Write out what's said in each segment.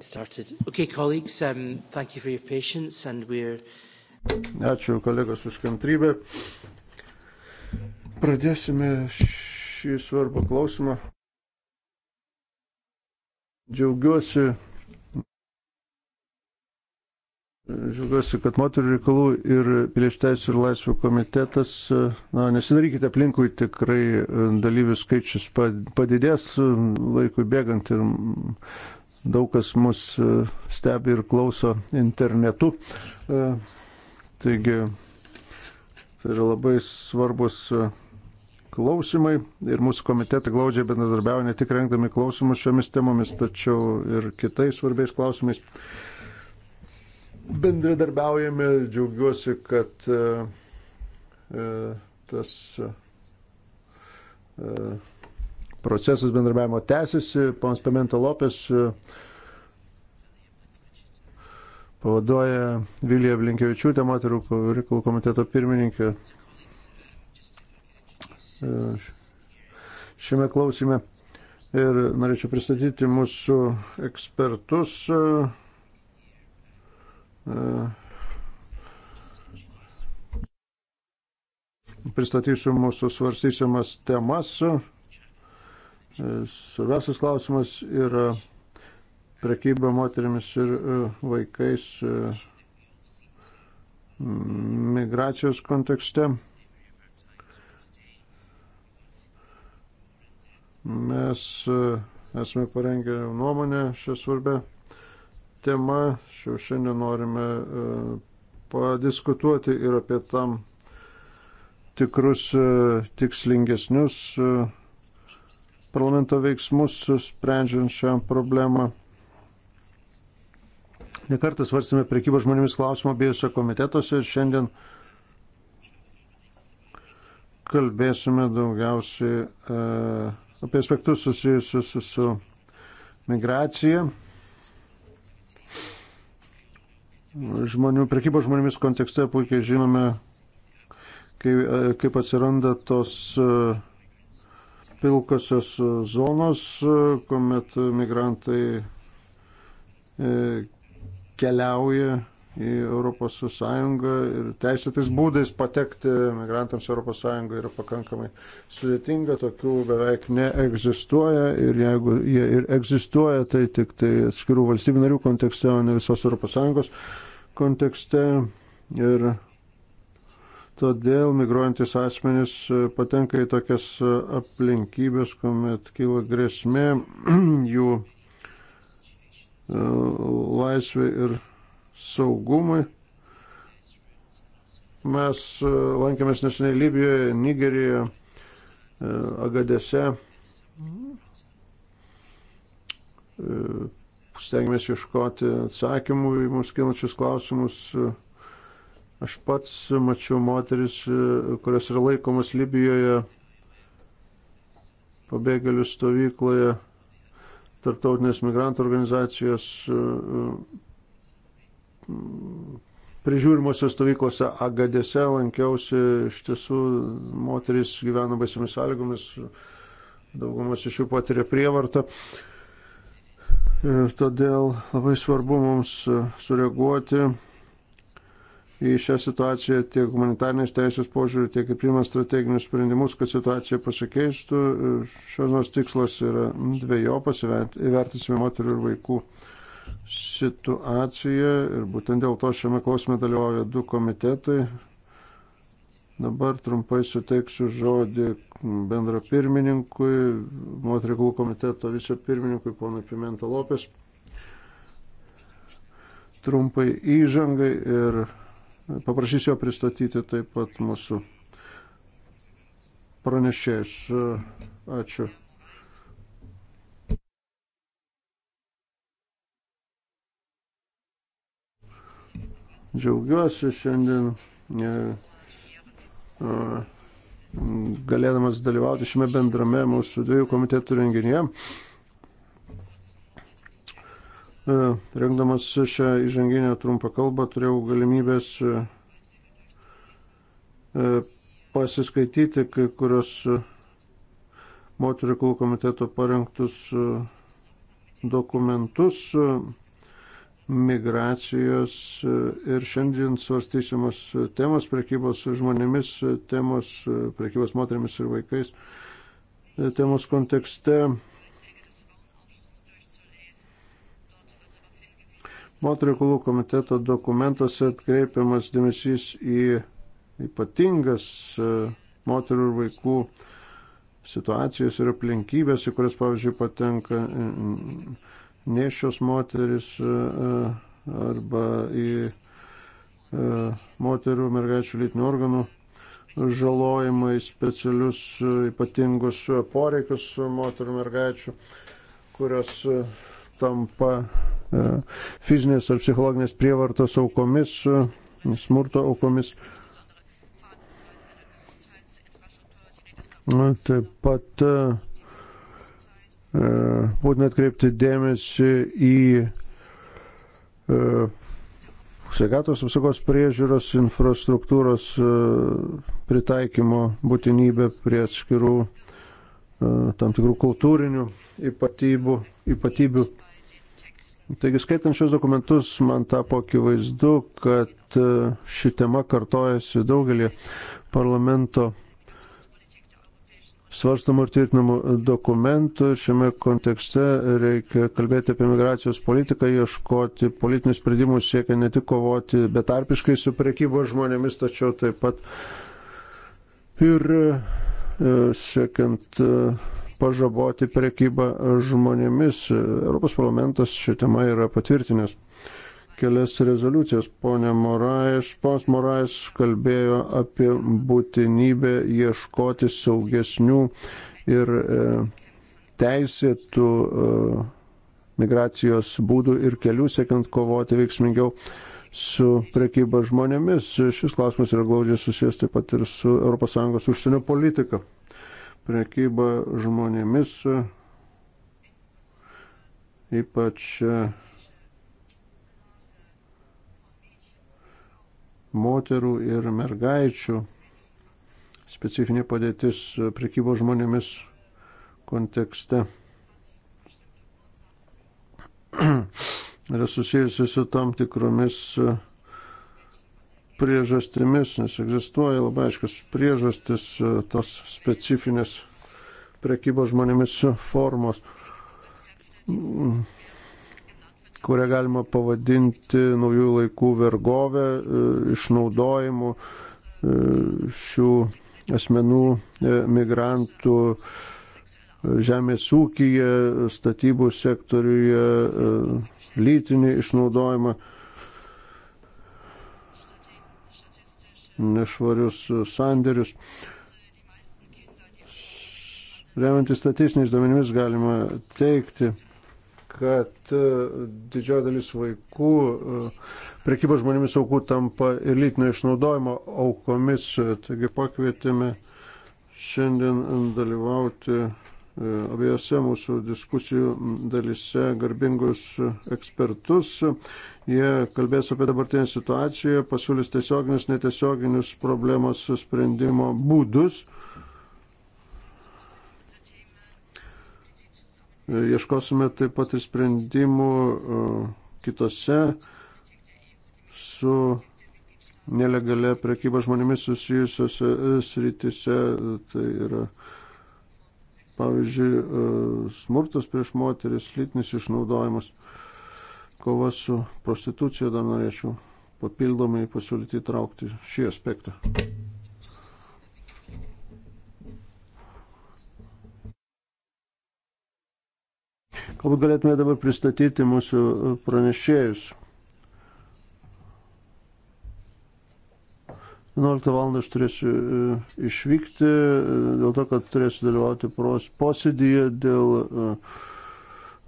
Started. Okay, colleagues, um, thank you for your patience and we're... Ačiū kolegos už kantrybę. Pradėsime šį svarbą klausimą. Džiaugiuosi, džiaugiuosi, kad moterų reikalų ir pilieš teisų ir laisvių komitetas, na, nesidarykite aplinkui, tikrai dalyvių skaičius padidės laikui bėgant ir daug kas mus e, stebi ir klauso internetu. E, taigi, tai yra labai svarbus e, klausimai ir mūsų komitetai glaudžiai bendradarbiavo ne tik rengdami klausimus šiomis temomis, tačiau ir kitais svarbiais klausimais. Bendradarbiaujame, džiaugiuosi, kad e, tas e, procesas bendrabiavimo tęsiasi. Ponas Pimento Lopes e, pavaduoja Vilija Blinkevičiūtė, moterų reikalų komiteto pirmininkė. E, šiame klausime ir norėčiau pristatyti mūsų ekspertus. E, pristatysiu mūsų svarstysiamas temas. Svarbiausias klausimas yra prekyba moteriamis ir e, vaikais e, migracijos kontekste. Mes e, esame parengę nuomonę šią svarbę temą. Šiuo šiandien norime padiskutuoti ir apie tam tikrus tikslingesnius parlamento veiksmus sprendžiant šią problemą. Nekartą svarstėme priekybos žmonėmis klausimą abiejose komitetuose ir šiandien kalbėsime daugiausiai e, apie aspektus susijusius su, su migracija. Žmonių, prekybos žmonėmis kontekste puikiai žinome, kai, e, kaip atsiranda tos e, pilkosios zonos, kuomet migrantai e, keliauja į Europos Sąjungą ir teisėtais būdais patekti migrantams Europos Sąjungą yra pakankamai sudėtinga, tokių beveik neegzistuoja ir jeigu jie ir egzistuoja, tai tik tai atskirų valstybių narių kontekste, o ne visos Europos Sąjungos kontekste. Ir Todėl migruojantis asmenys e, patenka į tokias e, aplinkybės, kuomet kyla grėsmė jų e, laisvė ir saugumui. Mes lankėmės neseniai Libijoje, Nigerijoje, Agadėse. Stengiamės ieškoti atsakymų į mums kilančius klausimus. Aš pats mačiau moteris, e, kurios yra laikomas Libijoje pabėgėlių stovykloje, tarptautinės migrantų organizacijos e, e, prižiūrimosios stovyklose Agadėse lankiausi, iš tiesų moteris gyvena baisiamis sąlygomis, daugumas iš jų patiria prievartą. Ir todėl labai svarbu mums sureaguoti į šią situaciją tiek humanitarnės teisės požiūrį, tiek ir priimant strateginius sprendimus, kad situacija pasikeistų. Šios nors tikslas yra dviejopas, įvertinsime moterių ir vaikų situaciją ir būtent dėl to šiame klausime dalyvauja du komitetai. Dabar trumpai suteiksiu žodį bendra pirmininkui, moterų komiteto viso pirmininkui, ponui Pimenta Lopės. Trumpai įžangai ir Paprašysiu jo pristatyti taip pat mūsų pranešėjus. Ačiū. Džiaugiuosi šiandien e, e, galėdamas dalyvauti šiame bendrame mūsų dviejų komitetų renginėje. E, rengdamas šią įžanginę trumpą kalbą turėjau galimybės e, e, pasiskaityti kai kurios moterų reikalų komiteto parengtus dokumentus migracijos ir šiandien svarstysimos temos, prekybos žmonėmis, temos, prekybos moterimis ir vaikais, temos kontekste Moterų reikalų komiteto dokumentuose atkreipiamas dėmesys į ypatingas e, moterų ir vaikų situacijos ir aplinkybės, į kurias, pavyzdžiui, patenka nešios moteris e, e, arba į moterų mergaičių lytinių organų žalojimą, į specialius ypatingus poreikius moterų mergaičių, kurios tampa E, fizinės ar psichologinės prievartos aukomis, e, smurto aukomis. Taip pat e, būtina atkreipti dėmesį į sveikatos apsaugos priežiūros infrastruktūros pritaikymo būtinybę prie atskirų tam tikrų kultūrinių ypatybių. ypatybių. Taigi skaitant šios dokumentus man tapo akivaizdu, kad e, ši tema kartojasi daugelį parlamento svarstamų ir tvirtinamų dokumentų. Šiame kontekste reikia kalbėti apie migracijos politiką, ieškoti politinių sprendimų, siekia ne tik kovoti betarpiškai su priekybos žmonėmis, tačiau taip pat ir e, siekiant e, pažaboti prekybą žmonėmis. Europos parlamentas šią temą yra patvirtinęs kelias rezoliucijas. Pone Morais, pons Morais kalbėjo apie būtinybę ieškoti saugesnių ir e, teisėtų e, migracijos būdų ir kelių, siekiant kovoti veiksmingiau su prekyba žmonėmis. Šis klausimas yra glaudžiai susijęs taip pat ir su ES užsienio politika prekyba žmonėmis, ypač moterų ir mergaičių specifinė padėtis prekybos žmonėmis kontekste yra susijusi su tam tikromis priežastimis, nes egzistuoja labai aiškus priežastis e, tos specifinės prekybos žmonėmis formos, kurią galima pavadinti naujų laikų vergovę, e, išnaudojimu e, šių asmenų migrantų žemės ūkyje, statybų sektoriuje, lytinį išnaudojimą. nešvarius sandėrius. Remiantis statistiniais duomenimis galima teikti, kad e, didžioji dalis vaikų e, prekybos žmonėmis aukų tampa ir lytinio išnaudojimo aukomis. Taigi pakvietėme šiandien dalyvauti E, abiejose mūsų diskusijų dalise garbingus ekspertus. Jie kalbės apie dabartinę situaciją, pasiūlys tiesioginius, netiesioginius problemos sprendimo būdus. E, ieškosime taip pat ir sprendimų e, kitose su nelegalia prekyba žmonėmis susijusiose srityse. Tai yra uh, pavyzdžiui, e, smurtas prieš moteris, lytinis išnaudojimas, kova su prostitucija, dar norėčiau papildomai pasiūlyti įtraukti šį aspektą. Galbūt galėtume dabar pristatyti mūsų pranešėjus. 11 val. aš turėsiu e, išvykti e, dėl to, kad turėsiu dalyvauti posėdėje dėl e,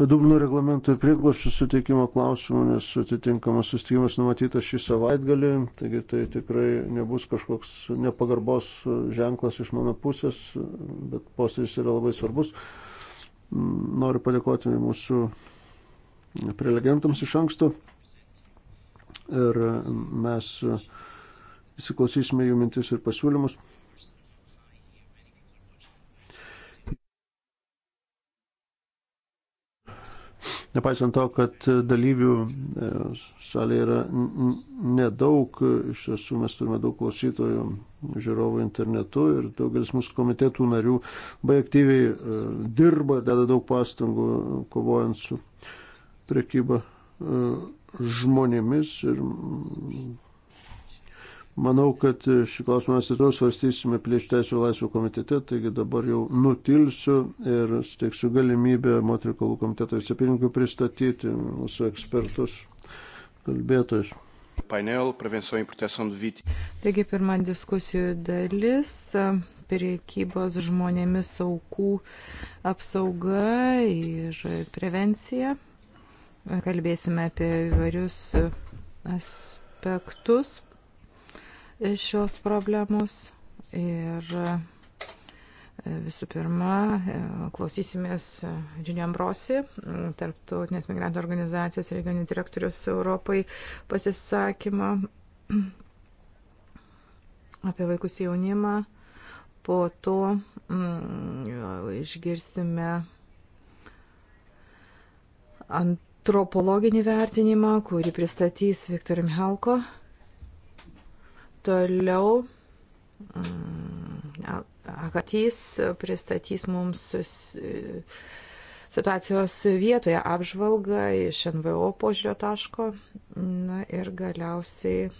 Dublino reglamento ir prieglašų suteikimo klausimų, nes atitinkamas sustikimas numatytas šį savaitgalį, taigi tai tikrai nebus kažkoks nepagarbos ženklas iš mano pusės, bet posėdis yra labai svarbus. Noriu padėkoti mūsų prelegentams iš anksto ir mes įsiklausysime jų mintis ir pasiūlymus. Nepaisant to, kad dalyvių e, salėje yra nedaug, iš tiesų mes turime daug klausytojų žiūrovų internetu ir daugelis mūsų komitetų narių labai aktyviai e, dirba, deda daug pastangų kovojant su priekyba e, žmonėmis ir Manau, kad e, šį klausimą mes ir toliau svarstysime piliečių teisų ir laisvų komitete, taigi dabar jau nutilsiu ir steiksiu galimybę moterų kalų komiteto įsipininkų pristatyti mūsų ekspertus, kalbėtojus. Painel, prevencijos ir protekcijos vyti. Taigi pirma diskusijų dalis e, - priekybos žmonėmis aukų apsauga ir prevencija. Kalbėsime apie įvairius e, aspektus šios problemos ir e, Visų pirma, e, klausysimės Džiniam Brosi, Tarptautinės migrantų organizacijos regionių direktorius Europai pasisakymą apie vaikus jaunimą. Po to mm, išgirsime antropologinį vertinimą, kurį pristatys Viktor Mihalko. Toliau mm, Akatys pristatys mums situacijos vietoje apžvalgą iš NVO požiūrio taško na, ir galiausiai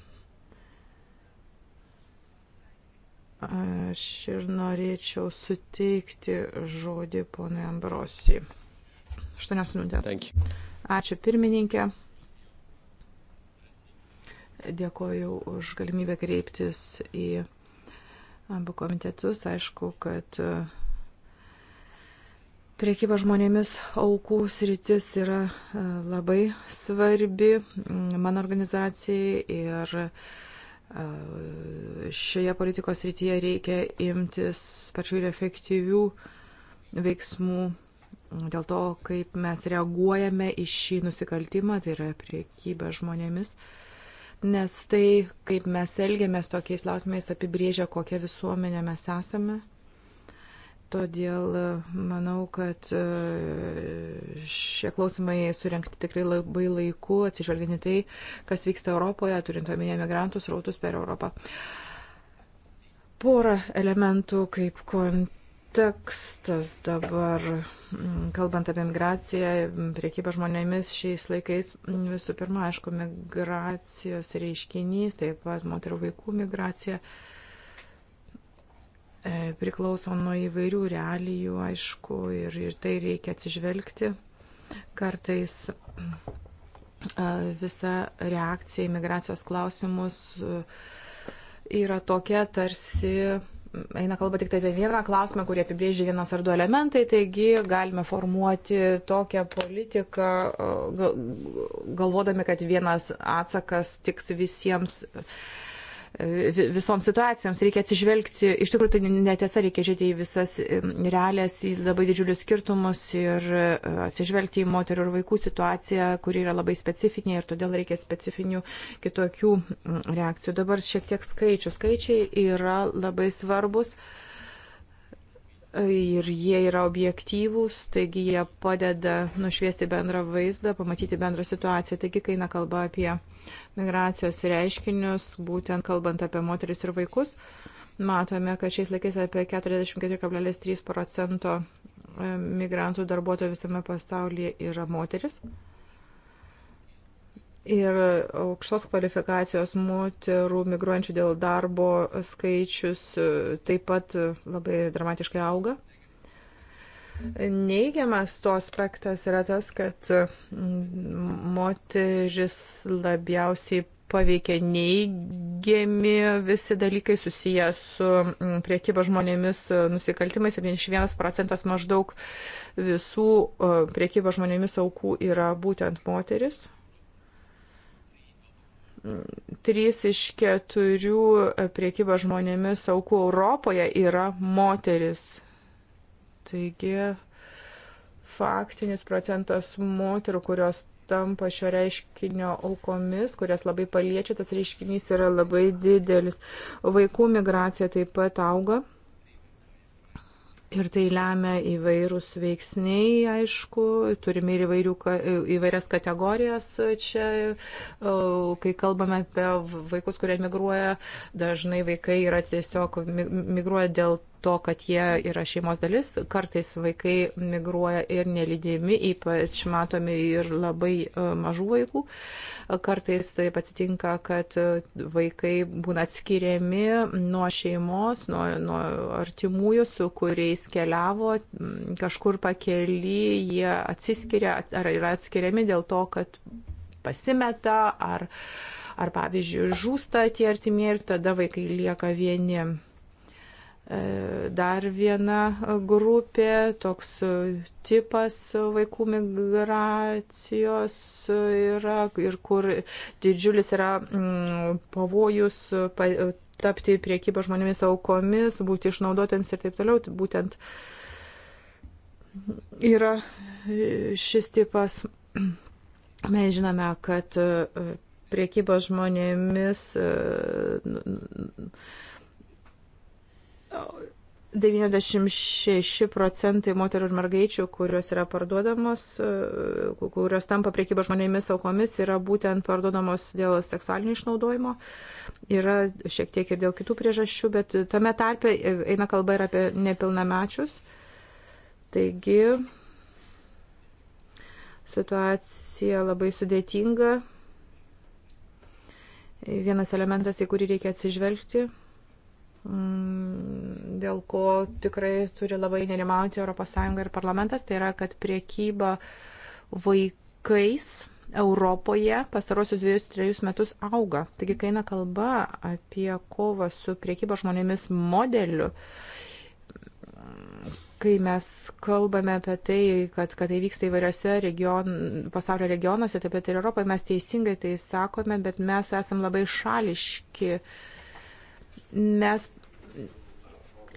aš ir norėčiau suteikti žodį ponui Ambrosi. 8 minutės. Ačiū pirmininkė. Dėkoju už galimybę kreiptis į abu komitetus. Aišku, kad e, Priekyba žmonėmis aukų sritis yra e, labai svarbi mano organizacijai ir e, šioje politikos srityje reikia imtis pačių ir efektyvių veiksmų dėl to, kaip mes reaguojame į šį nusikaltimą, tai yra priekyba žmonėmis. Uh, nes tai, kaip mes elgiamės tokiais lausmais, apibrėžia, kokią visuomenę mes esame. Todėl e, manau, kad e, šie klausimai surinkti tikrai labai laiku, atsižvelginti tai, kas vyksta Europoje, turint omenyje migrantus rautus per Europą. Porą elementų kaip kont tekstas dabar, mm, kalbant apie migraciją, priekybą žmonėmis šiais laikais, mm, visų pirma, aišku, migracijos reiškinys, taip pat moterų vaikų migracija e, priklauso nuo įvairių realijų, aišku, ir, ir tai reikia atsižvelgti. Kartais e, visa reakcija į migracijos klausimus e, yra tokia, tarsi eina kalba tik tai apie vieną klausimą, kurį apibrėžia vienas ar du elementai, taigi galime formuoti tokią politiką, galvodami, kad vienas atsakas tiks visiems visoms situacijoms. Reikia atsižvelgti, iš tikrųjų tai netiesa, reikia žiūrėti į visas realės, į labai didžiulius skirtumus ir e, atsižvelgti į moterų ir vaikų situaciją, kuri yra labai specifinė ir todėl reikia specifinių kitokių reakcijų. Dabar šiek tiek skaičių. Skaičiai yra labai svarbus. Uh, ir jie yra objektyvūs, taigi jie padeda nušviesti bendrą vaizdą, pamatyti bendrą situaciją. Taigi, kai eina kalba apie migracijos reiškinius, būtent kalbant apie moteris ir vaikus, matome, kad šiais laikais apie 44,3 procento e, migrantų darbuotojų visame pasaulyje yra moteris ir aukštos kvalifikacijos moterų migruojančių dėl darbo skaičius e, taip pat e, labai dramatiškai auga. Neigiamas to aspektas yra tas, kad e, moteris labiausiai paveikia neigiami visi dalykai susiję su priekyba žmonėmis nusikaltimais. 71 procentas maždaug visų priekyba žmonėmis aukų yra būtent moteris. Trys iš keturių e, priekyba žmonėmis aukų Europoje yra moteris. Taigi faktinis procentas moterų, kurios tampa šio reiškinio aukomis, kurias labai paliečia, tas reiškinys yra labai didelis. Vaikų migracija taip pat auga. Ir tai lemia įvairūs veiksniai, aišku, turime ir įvairių, įvairias kategorijas čia, kai kalbame apie vaikus, kurie migruoja, dažnai vaikai yra tiesiog migruoja dėl to, kad jie yra šeimos dalis, kartais vaikai migruoja ir nelydimi, ypač matomi ir labai e, mažų vaikų. Kartais taip atsitinka, kad e, vaikai būna atskiriami nuo šeimos, nuo, nuo artimųjų, su kuriais keliavo, kažkur pakeli, jie atsiskiria ar yra atskiriami dėl to, kad pasimeta ar, ar pavyzdžiui, žūsta tie artimieji ir tada vaikai lieka vieni dar viena grupė, toks e, tipas vaikų migracijos e, yra ir kur didžiulis yra mm, pavojus e, tapti priekybą žmonėmis aukomis, būti išnaudotėms ir taip toliau. Tai būtent yra šis tipas. Mes žinome, kad priekyba žmonėmis 96 procentai moterų ir mergaičių, kurios yra parduodamos, e, kurios tampa priekybo žmonėmis aukomis, yra būtent parduodamos dėl seksualinio išnaudojimo. Yra šiek tiek ir dėl kitų priežasčių, bet tame tarpe e, eina kalba ir apie nepilnamečius. Taigi situacija labai sudėtinga. Vienas elementas, į kurį reikia atsižvelgti Mm, dėl ko tikrai turi labai nerimauti ES ir parlamentas, tai yra, kad priekyba vaikais Europoje pastarosius dviejus, trejus metus auga. Taigi, kai eina kalba apie kovą su priekyba žmonėmis modeliu, kai mes kalbame apie tai, kad, kad tai vyksta įvairiose region, pasaulio regionuose, taip pat ir Europoje, mes teisingai tai sakome, bet mes esam labai šališki uh, mes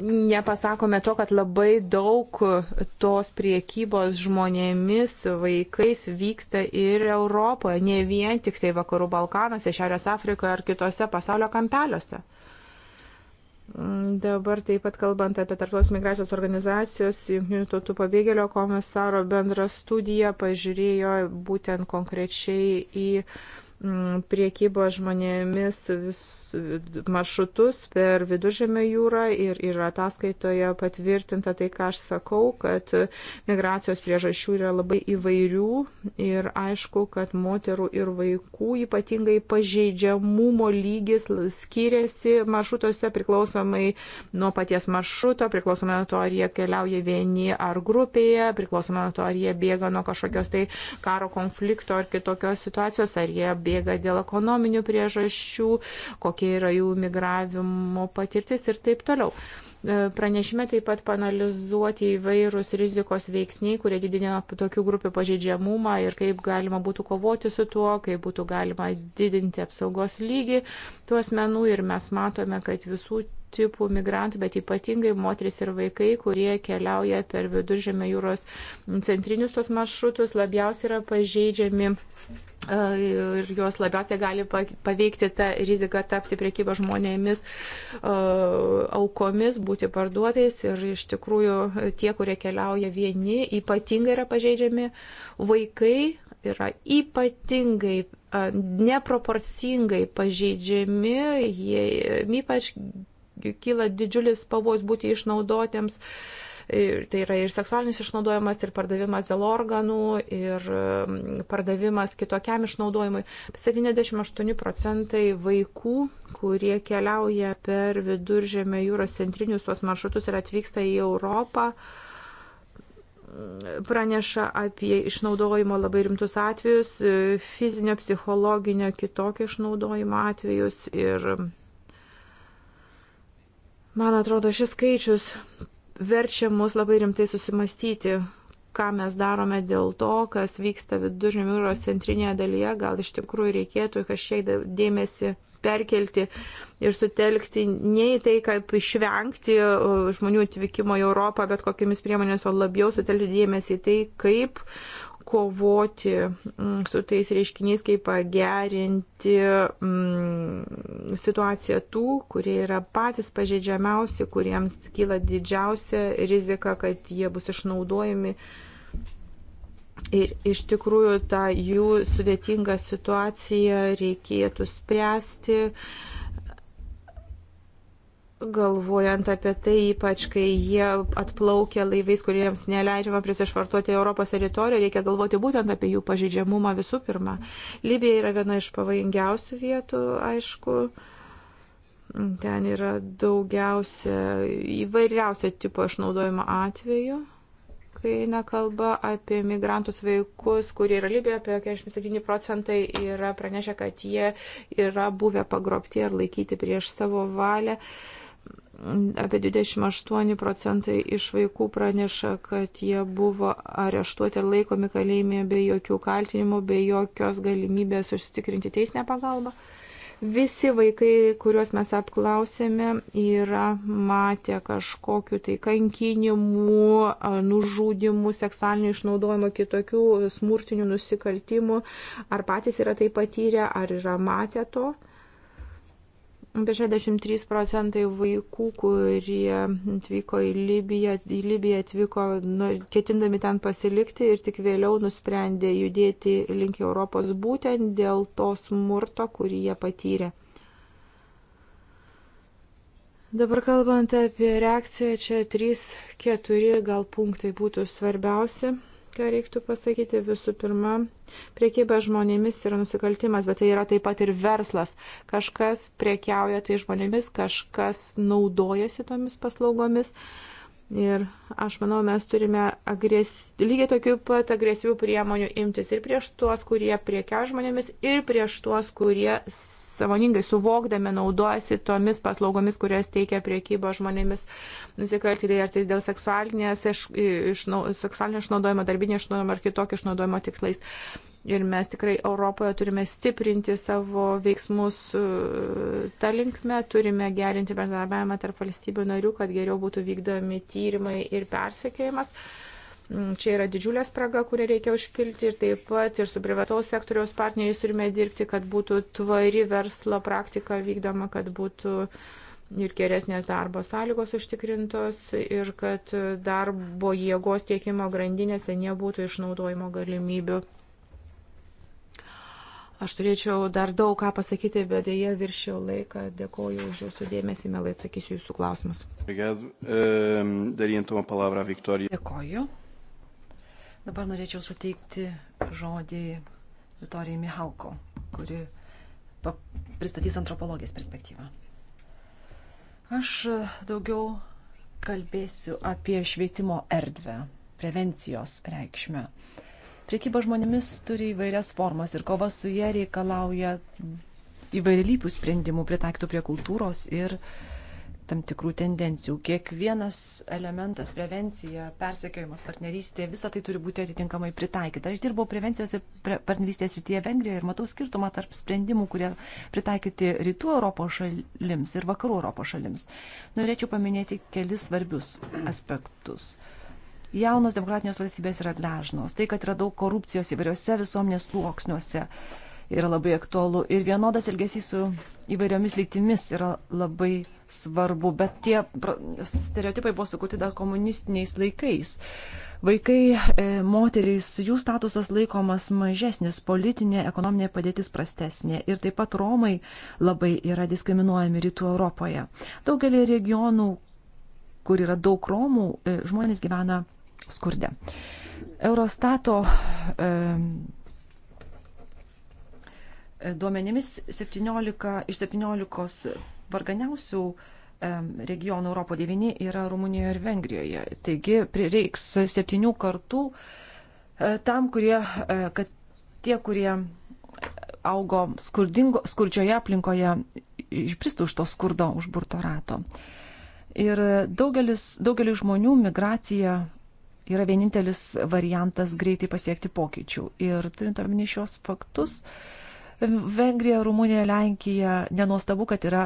nepasakome to, kad labai daug tos priekybos žmonėmis, vaikais vyksta ir Europoje, ne vien tik tai Vakarų Balkanuose, Šiaurės Afrikoje ar kitose pasaulio kampeliuose. Dabar taip pat kalbant apie Tartos migracijos organizacijos, Junktinių tautų pabėgėlio komisaro bendrą studiją pažiūrėjo būtent konkrečiai į uh, Mm, priekybos žmonėmis vis, maršrutus per viduržėmio jūrą ir, ir ataskaitoje patvirtinta tai, ką aš sakau, kad migracijos priežasčių yra labai įvairių ir aišku, kad moterų ir vaikų ypatingai pažeidžiamumo lygis skiriasi maršrutuose priklausomai nuo paties maršruto, priklausomai nuo to, ar jie keliauja vieni ar grupėje, priklausomai nuo to, ar jie bėga nuo kažkokios tai karo konflikto ar kitokios situacijos, ar jie bėga pajėgą dėl ekonominių priežasčių, kokia yra jų migravimo patirtis ir taip toliau. E, pranešime taip pat panalizuoti įvairūs rizikos veiksniai, kurie didina tokių grupių pažeidžiamumą ir kaip galima būtų kovoti su tuo, kaip būtų galima didinti apsaugos lygį tų asmenų ir mes matome, kad visų tipų migrantų, bet ypatingai moteris ir vaikai, kurie keliauja per viduržėmio jūros centrinius tos maršrutus, labiausiai yra pažeidžiami ir juos labiausiai gali paveikti ta rizika tapti priekybą žmonėmis aukomis, būti parduotais ir iš tikrųjų tie, kurie keliauja vieni, ypatingai yra pažeidžiami vaikai, yra ypatingai neproporcingai pažeidžiami, jie ypač kyla didžiulis pavojus būti išnaudotėms. Uh, Ir tai yra ir seksualinis išnaudojimas, ir pardavimas dėl organų, ir mm, pardavimas kitokiam išnaudojimui. 78 procentai vaikų, kurie keliauja per viduržėmę jūros centrinius tuos maršrutus ir atvyksta į Europą, mm, praneša apie išnaudojimo labai rimtus atvejus, fizinio, psichologinio, kitokio išnaudojimo atvejus ir mm, Man atrodo, šis skaičius verčia mus labai rimtai susimastyti, ką mes darome dėl to, kas vyksta viduržėmio jūros centrinėje dalyje, gal iš tikrųjų reikėtų kažkiek dėmesį perkelti ir sutelkti ne į tai, kaip išvengti žmonių atvykimo į Europą, bet kokiamis priemonės, o labiau sutelkti dėmesį į tai, kaip kovoti mm, su tais reiškiniais, kaip pagerinti mm, situaciją tų, kurie yra patys pažeidžiamiausi, kuriems kyla didžiausia rizika, kad jie bus išnaudojami. Ir iš tikrųjų tą jų sudėtingą situaciją reikėtų spręsti. Uh, galvojant apie tai, ypač kai jie atplaukia laivais, kuriems neleidžiama prisišvartuoti Europos teritoriją, reikia galvoti būtent apie jų pažydžiamumą visų pirma. Libija yra viena iš pavojingiausių vietų, aišku. Ten yra daugiausia įvairiausio tipo išnaudojimo atveju, kai eina kalba apie migrantus vaikus, kurie yra Libijoje, apie 47 procentai yra pranešę, kad jie yra buvę pagrobti ar laikyti prieš savo valią. Uh, apie 28 procentai iš vaikų praneša, kad jie buvo areštuoti ir laikomi kalėjime be jokių kaltinimų, be jokios galimybės užsitikrinti teisinę pagalbą. Visi vaikai, kuriuos mes apklausėme, yra matę kažkokiu tai kankinimu, nužudimu, seksualiniu išnaudojimu, kitokių smurtinių nusikaltimų, ar patys yra tai patyrę, ar yra matę to. Apie 63 procentai vaikų, kurie atvyko į Libiją, į Libiją atvyko nu, ketindami ten pasilikti ir tik vėliau nusprendė judėti link Europos būtent dėl to smurto, kurį jie patyrė. Dabar kalbant apie reakciją, čia 3-4 gal punktai būtų svarbiausi ką reiktų pasakyti. Visų pirma, priekyba žmonėmis yra nusikaltimas, bet tai yra taip pat ir verslas. Kažkas priekiauja tai žmonėmis, kažkas naudojasi tomis paslaugomis. Ir aš manau, mes turime agres... lygiai tokių pat agresyvių priemonių imtis ir prieš tuos, kurie priekia žmonėmis, ir prieš tuos, kurie samoningai suvokdami naudojasi tomis paslaugomis, kurias teikia priekybo žmonėmis nusikaltėliai, ar tai dėl seksualinio išnaudojimo, darbinio išnaudojimo ar kitokio išnaudojimo tikslais. Ir mes tikrai Europoje turime stiprinti savo veiksmus e, tą linkmę, turime gerinti bendradarbiavimą tarp valstybių narių, kad geriau būtų vykdomi tyrimai ir persekėjimas. Uh, Mm, čia yra didžiulė spraga, kurią reikia užpilti ir taip pat ir su privataus sektoriaus partneriais turime dirbti, kad būtų tvari verslo praktika vykdoma, kad būtų ir geresnės darbo sąlygos užtikrintos ir kad darbo jėgos tiekimo grandinėse nebūtų išnaudojimo galimybių. Aš turėčiau dar daug ką pasakyti, bet dėja viršiau laiką. Dėkoju už jūsų dėmesį, mielai atsakysiu jūsų klausimus. Ehm, Dėkoju. Dabar norėčiau suteikti žodį Vitorijai Mihalko, kuri pristatys antropologijos perspektyvą. Aš daugiau kalbėsiu apie švietimo erdvę, prevencijos reikšmę. Priekyba žmonėmis turi įvairias formas ir kova su jie reikalauja įvairialypių sprendimų pritaikytų prie kultūros ir uh, tam tikrų tendencijų. Kiekvienas elementas - prevencija, persekiojimas, partnerystė - visa tai turi būti atitinkamai pritaikyta. Aš dirbau prevencijos ir pre partnerystės rytyje Vengrijoje ir matau skirtumą tarp sprendimų, kurie pritaikyti rytų Europos šalims ir vakarų Europos šalims. Norėčiau paminėti kelis svarbius aspektus jaunos demokratinės valstybės yra gležnos. Tai, kad yra daug korupcijos įvairiose visuomenės sluoksniuose, yra labai aktualu. Ir vienodas elgesys su įvairiomis lytimis yra labai svarbu, bet tie stereotipai buvo sukurti dar komunistiniais laikais. Vaikai, e, moterys, jų statusas laikomas mažesnis, politinė, ekonominė padėtis prastesnė ir taip pat Romai labai yra diskriminuojami rytų Europoje. Daugelį regionų, kur yra daug Romų, e, žmonės gyvena skurde. Eurostato e, e duomenimis 17, iš 17 varganiausių regionų Europo 9 yra Rumunijoje ir Vengrijoje. Taigi prireiks septynių kartų e, tam, kurie, e, kad tie, kurie augo skurdžioje aplinkoje, išpristų už to skurdo užburto rato. Ir daugelis, daugelis žmonių migracija yra vienintelis variantas greitai pasiekti pokyčių. Ir turint omeny šios faktus, uh, Vengrija, Rumunija, Lenkija, nenuostabu, kad yra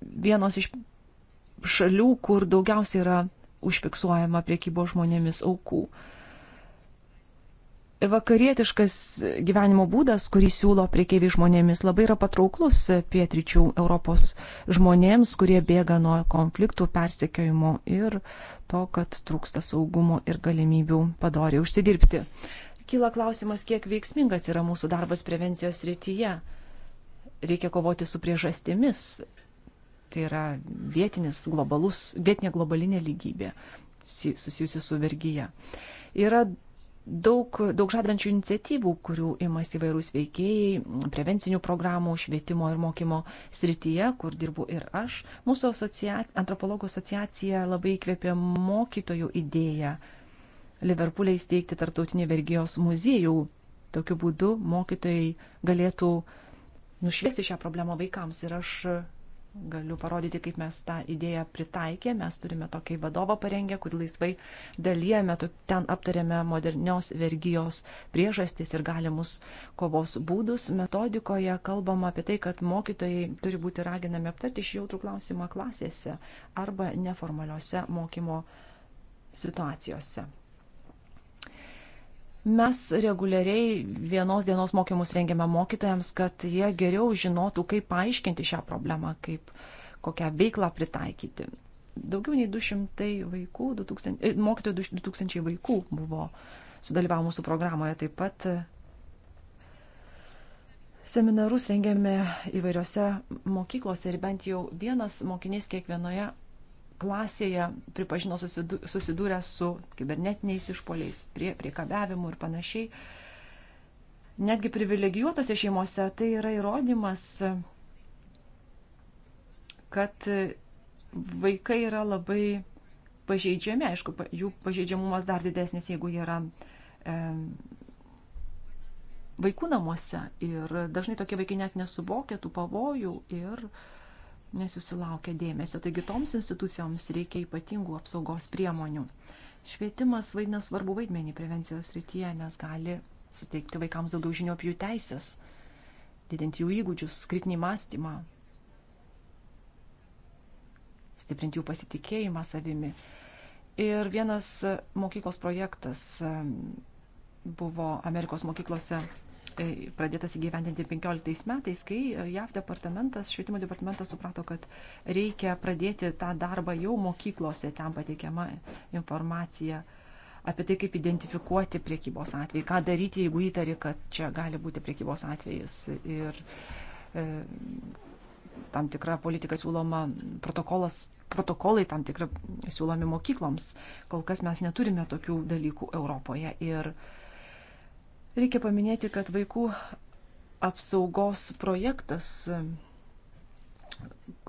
vienos iš šalių, kur daugiausiai yra užfiksuojama priekybo žmonėmis aukų. Vakarietiškas gyvenimo būdas, kurį siūlo priekeiviai žmonėmis, labai yra patrauklus pietryčių Europos žmonėms, kurie bėga nuo konfliktų, persekiojimo ir to, kad trūksta saugumo ir galimybių padoriai užsidirbti kyla klausimas, kiek veiksmingas yra mūsų darbas prevencijos rytyje. Reikia kovoti su priežastimis. Tai yra vietinis, globalus, vietinė globalinė lygybė susijusi su vergyje. Yra daug, daug žadančių iniciatyvų, kurių imasi įvairūs veikėjai, prevencinių programų, švietimo ir mokymo srityje, kur dirbu ir aš. Mūsų asociacija, antropologų asociacija labai įkvėpė mokytojų idėją Liverpulė įsteigti tarptautinį vergijos muziejų. Tokiu būdu mokytojai galėtų nušviesti šią problemą vaikams. Ir aš galiu parodyti, kaip mes tą idėją pritaikė. Mes turime tokį vadovą parengę, kurį laisvai dalyjame, ten aptarėme modernios vergyjos priežastis ir galimus kovos būdus. Metodikoje kalbama apie tai, kad mokytojai turi būti raginami aptarti šį jautrų klausimą klasėse arba neformaliuose mokymo situacijose. Mes reguliariai vienos dienos mokymus rengiame mokytojams, kad jie geriau žinotų, kaip paaiškinti šią problemą, kaip kokią veiklą pritaikyti. Daugiau nei 200 vaikų, 2000, e, mokytojų 2000 vaikų buvo sudalyvavo mūsų programoje. Taip pat e, seminarus rengėme įvairiose mokyklose ir bent jau vienas mokinys kiekvienoje klasėje pripažino susidūrę su kibernetiniais išpoliais, prie, priekabiavimu ir panašiai. Netgi privilegijuotose šeimose tai yra įrodymas, kad vaikai yra labai pažeidžiami, aišku, jų pažeidžiamumas dar didesnis, jeigu jie yra e, vaikų namuose ir dažnai tokie vaikai net nesuvokia tų pavojų ir e, nesusilaukia dėmesio. Taigi toms institucijoms reikia ypatingų apsaugos priemonių. Švietimas vaidina svarbu vaidmenį prevencijos rytyje, nes gali suteikti vaikams daugiau žinių apie jų teisės, didinti jų įgūdžius, kritinį mąstymą, stiprinti jų pasitikėjimą savimi. Ir vienas mokyklos projektas ehm, buvo Amerikos mokyklose E, pradėtas įgyvendinti 15 metais, kai e, JAV departamentas, švietimo departamentas suprato, kad reikia pradėti tą darbą jau mokyklose, ten pateikiama informacija apie tai, kaip identifikuoti priekybos atvejį, ką daryti, jeigu įtari, kad čia gali būti priekybos atvejis. Ir e, tam tikra politika siūloma, protokolas, protokolai tam tikra siūlomi mokykloms. Kol kas mes neturime tokių dalykų Europoje. Ir e, Reikia paminėti, kad vaikų apsaugos projektas,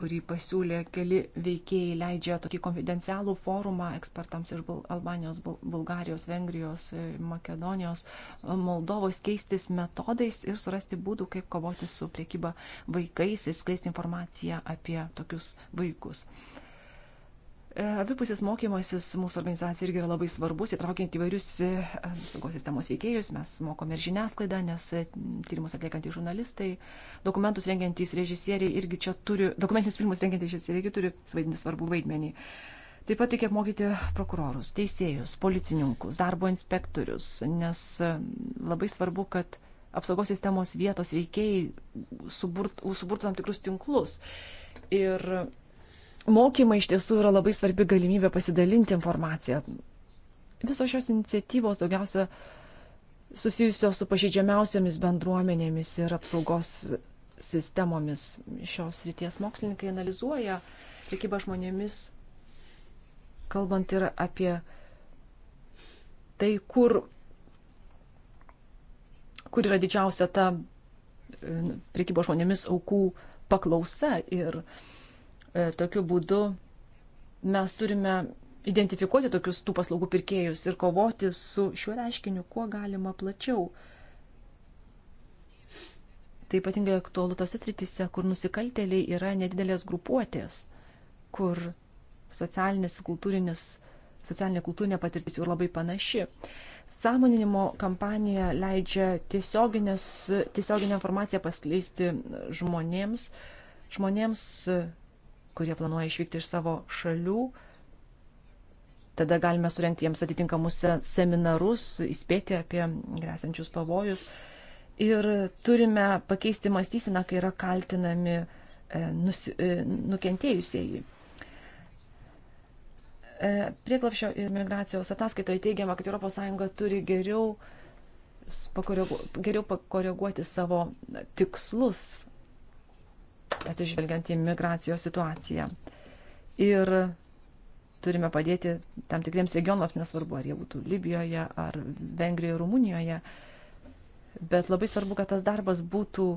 kurį pasiūlė keli veikėjai, leidžia tokį konfidencialų forumą ekspertams iš Albanijos, Bulgarijos, Vengrijos, Makedonijos, Moldovos keistis metodais ir surasti būdų, kaip kovoti su priekyba vaikais ir skleisti informaciją apie tokius vaikus. Uh, Abipusis mokymasis mūsų organizacija irgi yra labai svarbus, įtraukiant įvairius e, saugos sistemos veikėjus. Mes mokome ir žiniasklaidą, nes e, tyrimus atliekantys žurnalistai, dokumentus rengiantys režisieriai irgi čia turi, dokumentinius filmus rengiantys režisieriai irgi turi suvaidinti svarbų vaidmenį. Taip pat reikia apmokyti prokurorus, teisėjus, policininkus, darbo inspektorius, nes e, labai svarbu, kad apsaugos sistemos vietos veikėjai suburt, suburtų tam tikrus tinklus. Ir mokymai iš tiesų yra labai svarbi galimybė pasidalinti informaciją. Visos šios iniciatyvos daugiausia susijusios su pažydžiamiausiamis bendruomenėmis ir apsaugos sistemomis. Šios ryties mokslininkai analizuoja prekybą žmonėmis, kalbant ir apie tai, kur, kur yra didžiausia ta e, prekybos žmonėmis aukų paklausa. Ir uh, E, tokiu būdu mes turime identifikuoti tokius tų paslaugų pirkėjus ir kovoti su šiuo reiškiniu kuo galima plačiau. Tai ypatingai aktualu tose srityse, kur nusikalteliai yra nedidelės grupuotės, kur socialinis, kultūrinis, socialinė kultūrinė patirtis jau labai panaši. Sąmoninimo kampanija leidžia tiesioginę informaciją paskleisti žmonėms, žmonėms kurie planuoja išvykti iš savo šalių. Tada galime surenkti jiems atitinkamus seminarus, įspėti apie grėsiančius pavojus. Ir turime pakeisti mąstyseną, kai yra kaltinami e, nus, e, nukentėjusieji. E, Prieklapšio ir migracijos ataskaitoje teigiama, kad ES turi geriau, pakoregu, geriau pakoreguoti savo tikslus atsižvelgiant į migracijos situaciją. Ir turime padėti tam tikriems regionams, nesvarbu, ar jie būtų Libijoje, ar Vengrijoje, Rumunijoje. Bet labai svarbu, kad tas darbas būtų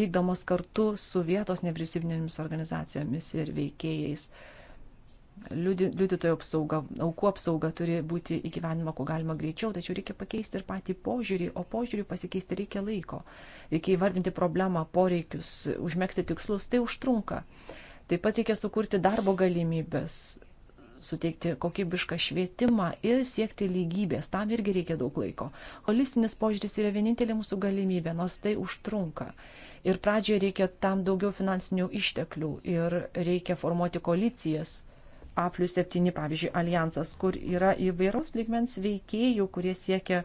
vykdomas kartu su vietos nevyriausybinėmis organizacijomis ir veikėjais, liudytojų apsauga, aukų apsauga turi būti įgyvenima kuo galima greičiau, tačiau reikia pakeisti ir patį požiūrį, o požiūrį pasikeisti reikia laiko. Reikia įvardinti problemą, poreikius, užmėgsti tikslus, tai užtrunka. Taip pat reikia sukurti darbo galimybės, suteikti kokybišką švietimą ir siekti lygybės. Tam irgi reikia daug laiko. Holistinis požiūris yra vienintelė mūsų galimybė, nors tai užtrunka. Ir pradžioje reikia tam daugiau finansinių išteklių ir reikia formuoti koalicijas A plus 7, pavyzdžiui, alijansas, kur yra įvairaus lygmens veikėjų, kurie siekia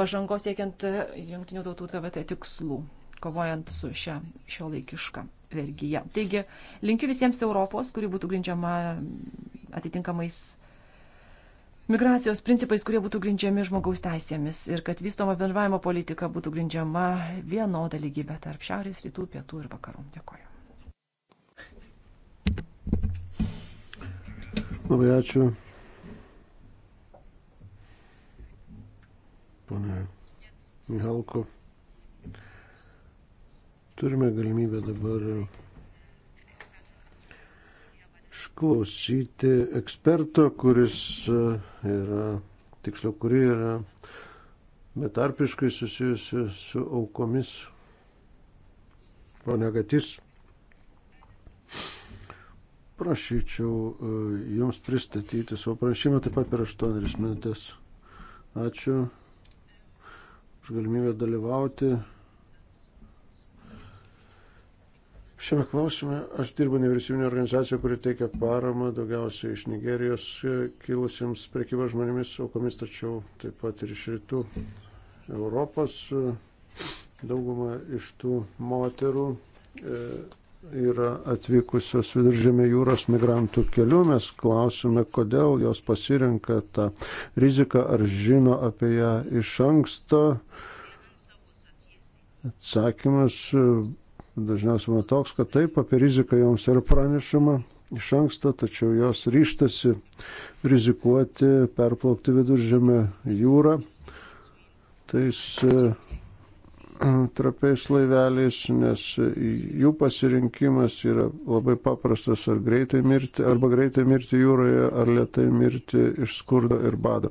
pažangos siekiant e, jungtinių tautų TVT tikslų, kovojant su šia šio laikiška vergyje. Taigi, linkiu visiems Europos, kuri būtų grindžiama atitinkamais migracijos principais, kurie būtų grindžiami žmogaus teisėmis ir kad vystoma bendravimo politika būtų grindžiama vienoda lygybė tarp šiaurės, rytų, pietų ir vakarų. Dėkuoju. Labai ačiū. Pane Mihalko. Turime galimybę dabar išklausyti eksperto, kuris e, yra, tiksliau, kuri yra betarpiškai susijusi su aukomis. Ponegatis prašyčiau e, Jums pristatyti savo pranešimą taip pat per 8 minutės. Ačiū už galimybę dalyvauti. Šiame klausime aš dirbu nevyriausybinė organizacija, kuri teikia paramą daugiausiai iš Nigerijos kilusiems prekybos žmonėmis aukomis, tačiau taip pat ir iš rytų Europos. Dauguma iš tų moterų e, yra atvykusios viduržėmė jūros migrantų keliu. Mes klausime, kodėl jos pasirenka tą riziką, ar žino apie ją iš anksto. Atsakymas e, dažniausiai būna toks, kad taip, apie riziką joms yra pranešama iš anksto, tačiau jos ryštasi rizikuoti, perplaukti viduržėmę jūrą tais e, trapiais laiveliais, nes jų pasirinkimas yra labai paprastas ar greitai mirti, arba greitai mirti jūroje, ar lietai mirti iš skurdo ir bado.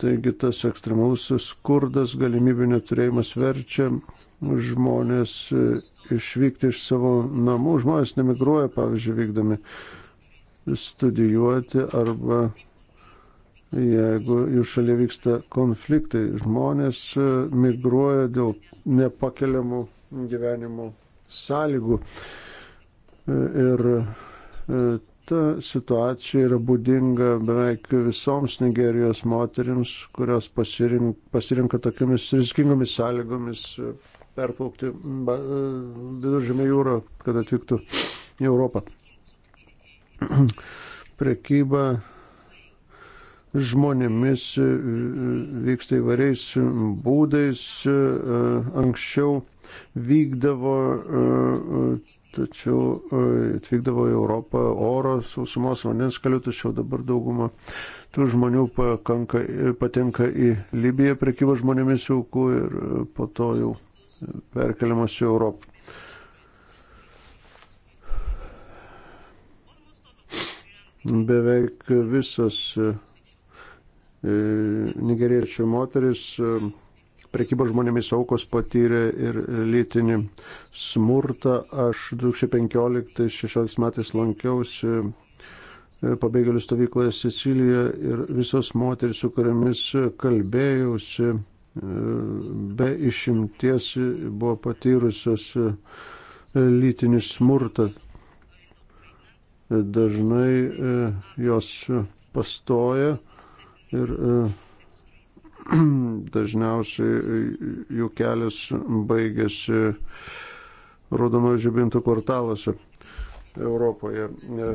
Taigi tas ekstremalus skurdas, galimybių neturėjimas verčia žmonės e, išvykti iš savo namų. Žmonės nemigruoja, pavyzdžiui, vykdami studijuoti arba jeigu jų šalia vyksta konfliktai. Žmonės e, migruoja dėl nepakeliamų gyvenimo sąlygų. E, ir e, ta situacija yra būdinga beveik visoms Nigerijos moteriams, kurios pasirink, pasirinka tokiamis riskingomis sąlygomis perplaukti viduržėmė jūrą, kad atvyktų į Europą. Prekyba žmonėmis e, e, vyksta įvairiais būdais. E, anksčiau vykdavo, tačiau atvykdavo į Europą oro sausumos vandens keliu, tačiau dabar dauguma tų žmonių pakanka, patenka į Libiją prekybą žmonėmis aukų ir po to jau perkeliamas į Europą. Beveik visas E, nigeriečių moteris e, prekybos žmonėmis aukos patyrė ir lytinį smurtą. Aš 2015-2016 metais lankiausi e, pabėgėlių stovykloje Sicilijoje ir visos moteris, su kuriamis kalbėjausi, be išimties buvo patyrusios lytinį smurtą. Dažnai jos pastoja ir e, dažniausiai e, jų kelias baigėsi raudono žibintų kvartaluose Europoje. E,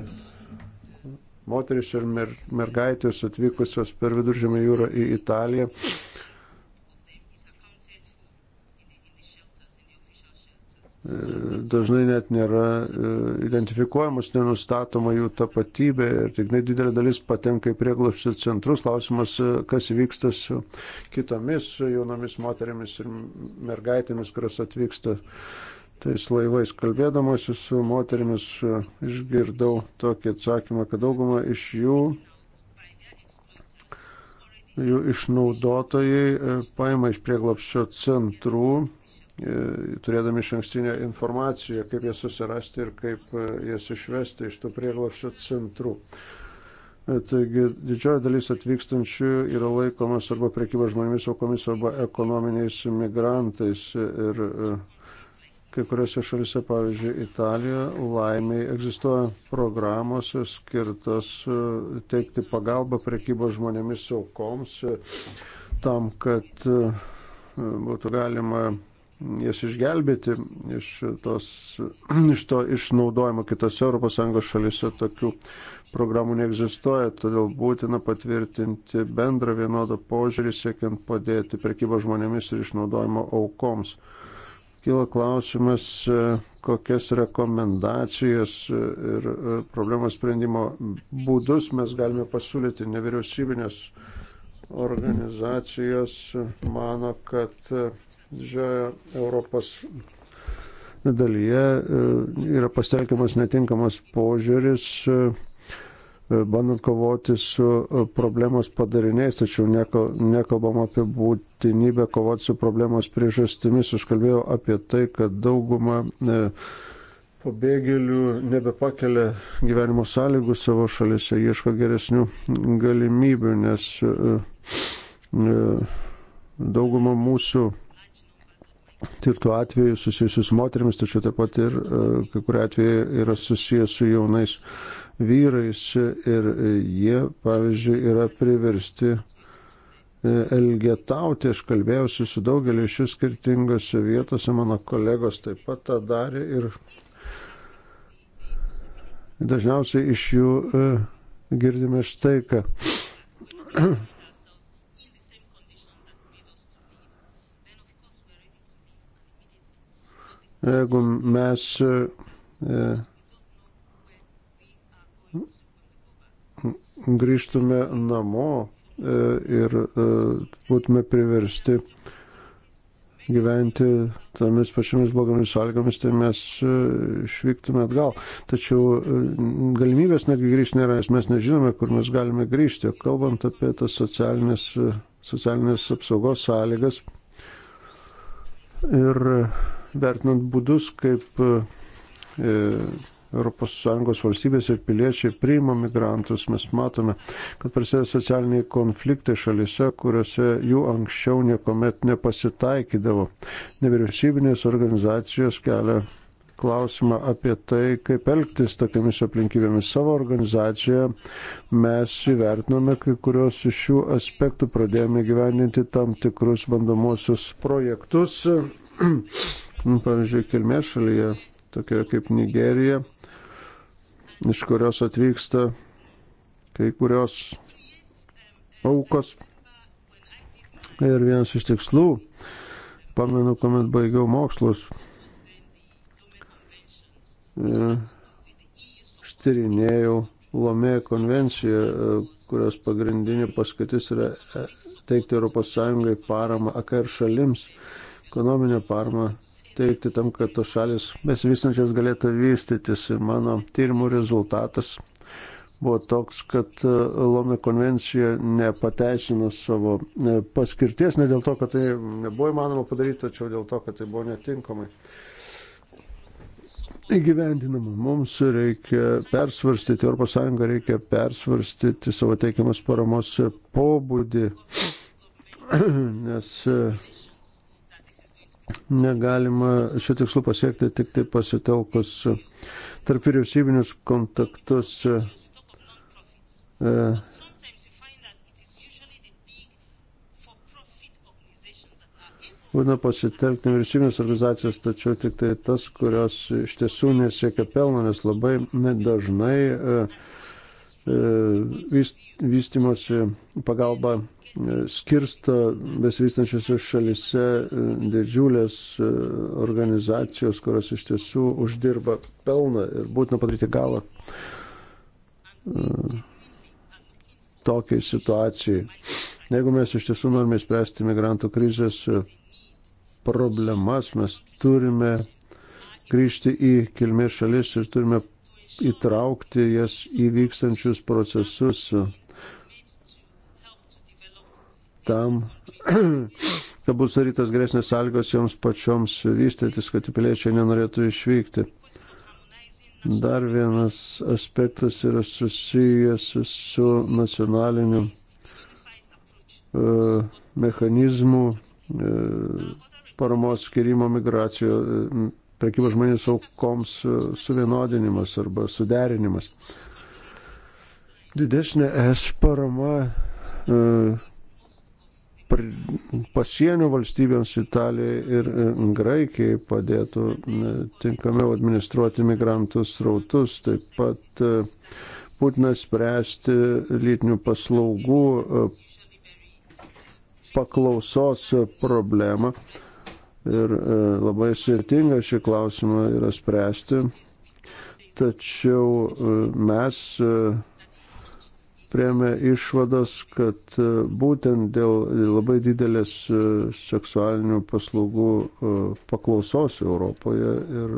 Moteris ir mergaitės atvykusios per viduržėmį jūrą į Italiją dažnai net nėra e, identifikuojamos, nenustatoma jų tapatybė ir tik nedidelė dalis patenka į prieglapščio centrus. Klausimas, e, kas vyksta su kitomis jaunomis moterimis ir mergaitėmis, kurios atvyksta tais laivais. Kalbėdamasi su moterimis e, išgirdau tokį atsakymą, kad dauguma iš jų jų išnaudotojai paima iš prieglapščio centrų E, turėdami iš ankstinę informaciją, kaip jas susirasti ir kaip e, jas išvesti iš tų prieglapščio centrų. E, taigi didžioji dalis atvykstančių yra laikomas arba prekyba žmonėmis aukomis arba ekonominiais migrantais. Ir kai kuriuose šalise, pavyzdžiui, Italija, laimiai egzistuoja programos skirtos teikti pagalbą prekyba žmonėmis aukoms tam, kad būtų galima jas išgelbėti iš, tos, iš to išnaudojimo kitose ES šalise tokių programų neegzistuoja, todėl būtina patvirtinti bendrą vienodą požiūrį, siekiant padėti prekybos žmonėmis ir išnaudojimo aukoms. Kilo klausimas, kokias rekomendacijas ir problemos sprendimo būdus mes galime pasiūlyti nevyriausybinės organizacijos mano, kad didžiojo Europos dalyje e, yra pasitelkiamas netinkamas požiūris, e, bandant kovoti su problemos padariniais, tačiau nekalbam apie būtinybę kovoti su problemos priežastimis. Aš kalbėjau apie tai, kad dauguma e, pabėgėlių nebepakelia gyvenimo sąlygų savo šalise, ieško geresnių galimybių, nes dauguma mūsų tirtų tai atveju susijusių su moteriamis, tačiau taip pat ir e, kai kurie atvejai yra susijęs su jaunais vyrais ir jie, pavyzdžiui, yra priversti e, elgetauti. Aš kalbėjausi su daugeliu iš jų skirtingose vietose, mano kolegos taip pat tą darė ir dažniausiai iš jų e, girdime štai ką. Jeigu mes e, grįžtume namo e, ir e, būtume priversti gyventi tomis pačiomis blogomis sąlygomis, tai mes išvyktume atgal. Tačiau galimybės netgi grįžti nėra, nes mes nežinome, kur mes galime grįžti. O kalbant apie tas socialinės, socialinės apsaugos sąlygas ir vertinant būdus, kaip ES e, valstybės ir piliečiai priima migrantus, mes matome, kad prasideda socialiniai konfliktai šalise, kuriuose jų anksčiau niekuomet nepasitaikydavo. Nevyriausybinės organizacijos kelia klausimą apie tai, kaip elgtis tokiamis aplinkybėmis. Savo organizacijoje mes įvertinome kai kurios iš šių aspektų, pradėjome gyveninti tam tikrus bandomuosius projektus. Nu, pavyzdžiui, kilmės šalyje, tokia kaip Nigerija, iš kurios atvyksta kai kurios aukos. Ir vienas iš tikslų, pamenu, kuomet baigiau mokslus, e, ištyrinėjau Lomė konvenciją, e, kurios pagrindinė paskatis yra e, teikti ES paramą AKR šalims, ekonominę paramą suteikti tam, kad tos šalis besivystančios galėtų vystytis. Ir mano tyrimų rezultatas buvo toks, kad e, Lomė konvencija nepateisino savo e, paskirties, ne dėl to, kad tai nebuvo įmanoma padaryti, tačiau dėl to, kad tai buvo netinkamai įgyvendinama. Mums reikia persvarstyti, ES reikia persvarstyti savo teikiamas paramos pobūdį, nes e, negalima šių tikslų pasiekti tik tai pasitelkus tarp vyriausybinius kontaktus. E, Būtina pasitelkti vyriausybinės organizacijas, tačiau tik tai tas, kurios iš tiesų nesiekia pelno, nes labai dažnai e, e, vyst, vystimosi pagalba skirsto besivystančiose šalise e, didžiulės e, organizacijos, kurios iš tiesų uždirba pelną ir būtina padaryti galą e, tokiai situacijai. Jeigu mes iš tiesų norime spręsti migrantų krizės problemas, mes turime grįžti į kilmės šalis ir turime įtraukti jas įvykstančius procesus tam, kad bus darytas geresnės sąlygos joms pačioms vystytis, kad piliečiai nenorėtų išvykti. Dar vienas aspektas yra susijęs su nacionaliniu uh, mechanizmu uh, paramos skirimo migracijų, uh, e, prekybos žmonės aukoms uh, suvienodinimas arba suderinimas. Didesnė es parama uh, pasienio valstybėms Italijai ir e, Graikijai padėtų e, tinkamiau administruoti migrantų srautus. Taip pat Putinas e, spręsti lytinių paslaugų paklausos problemą. Ir labai svirtinga šį klausimą yra spręsti. Tačiau mes prieėmė išvados, kad e, būtent dėl labai didelės e, seksualinių paslaugų e, paklausos Europoje ir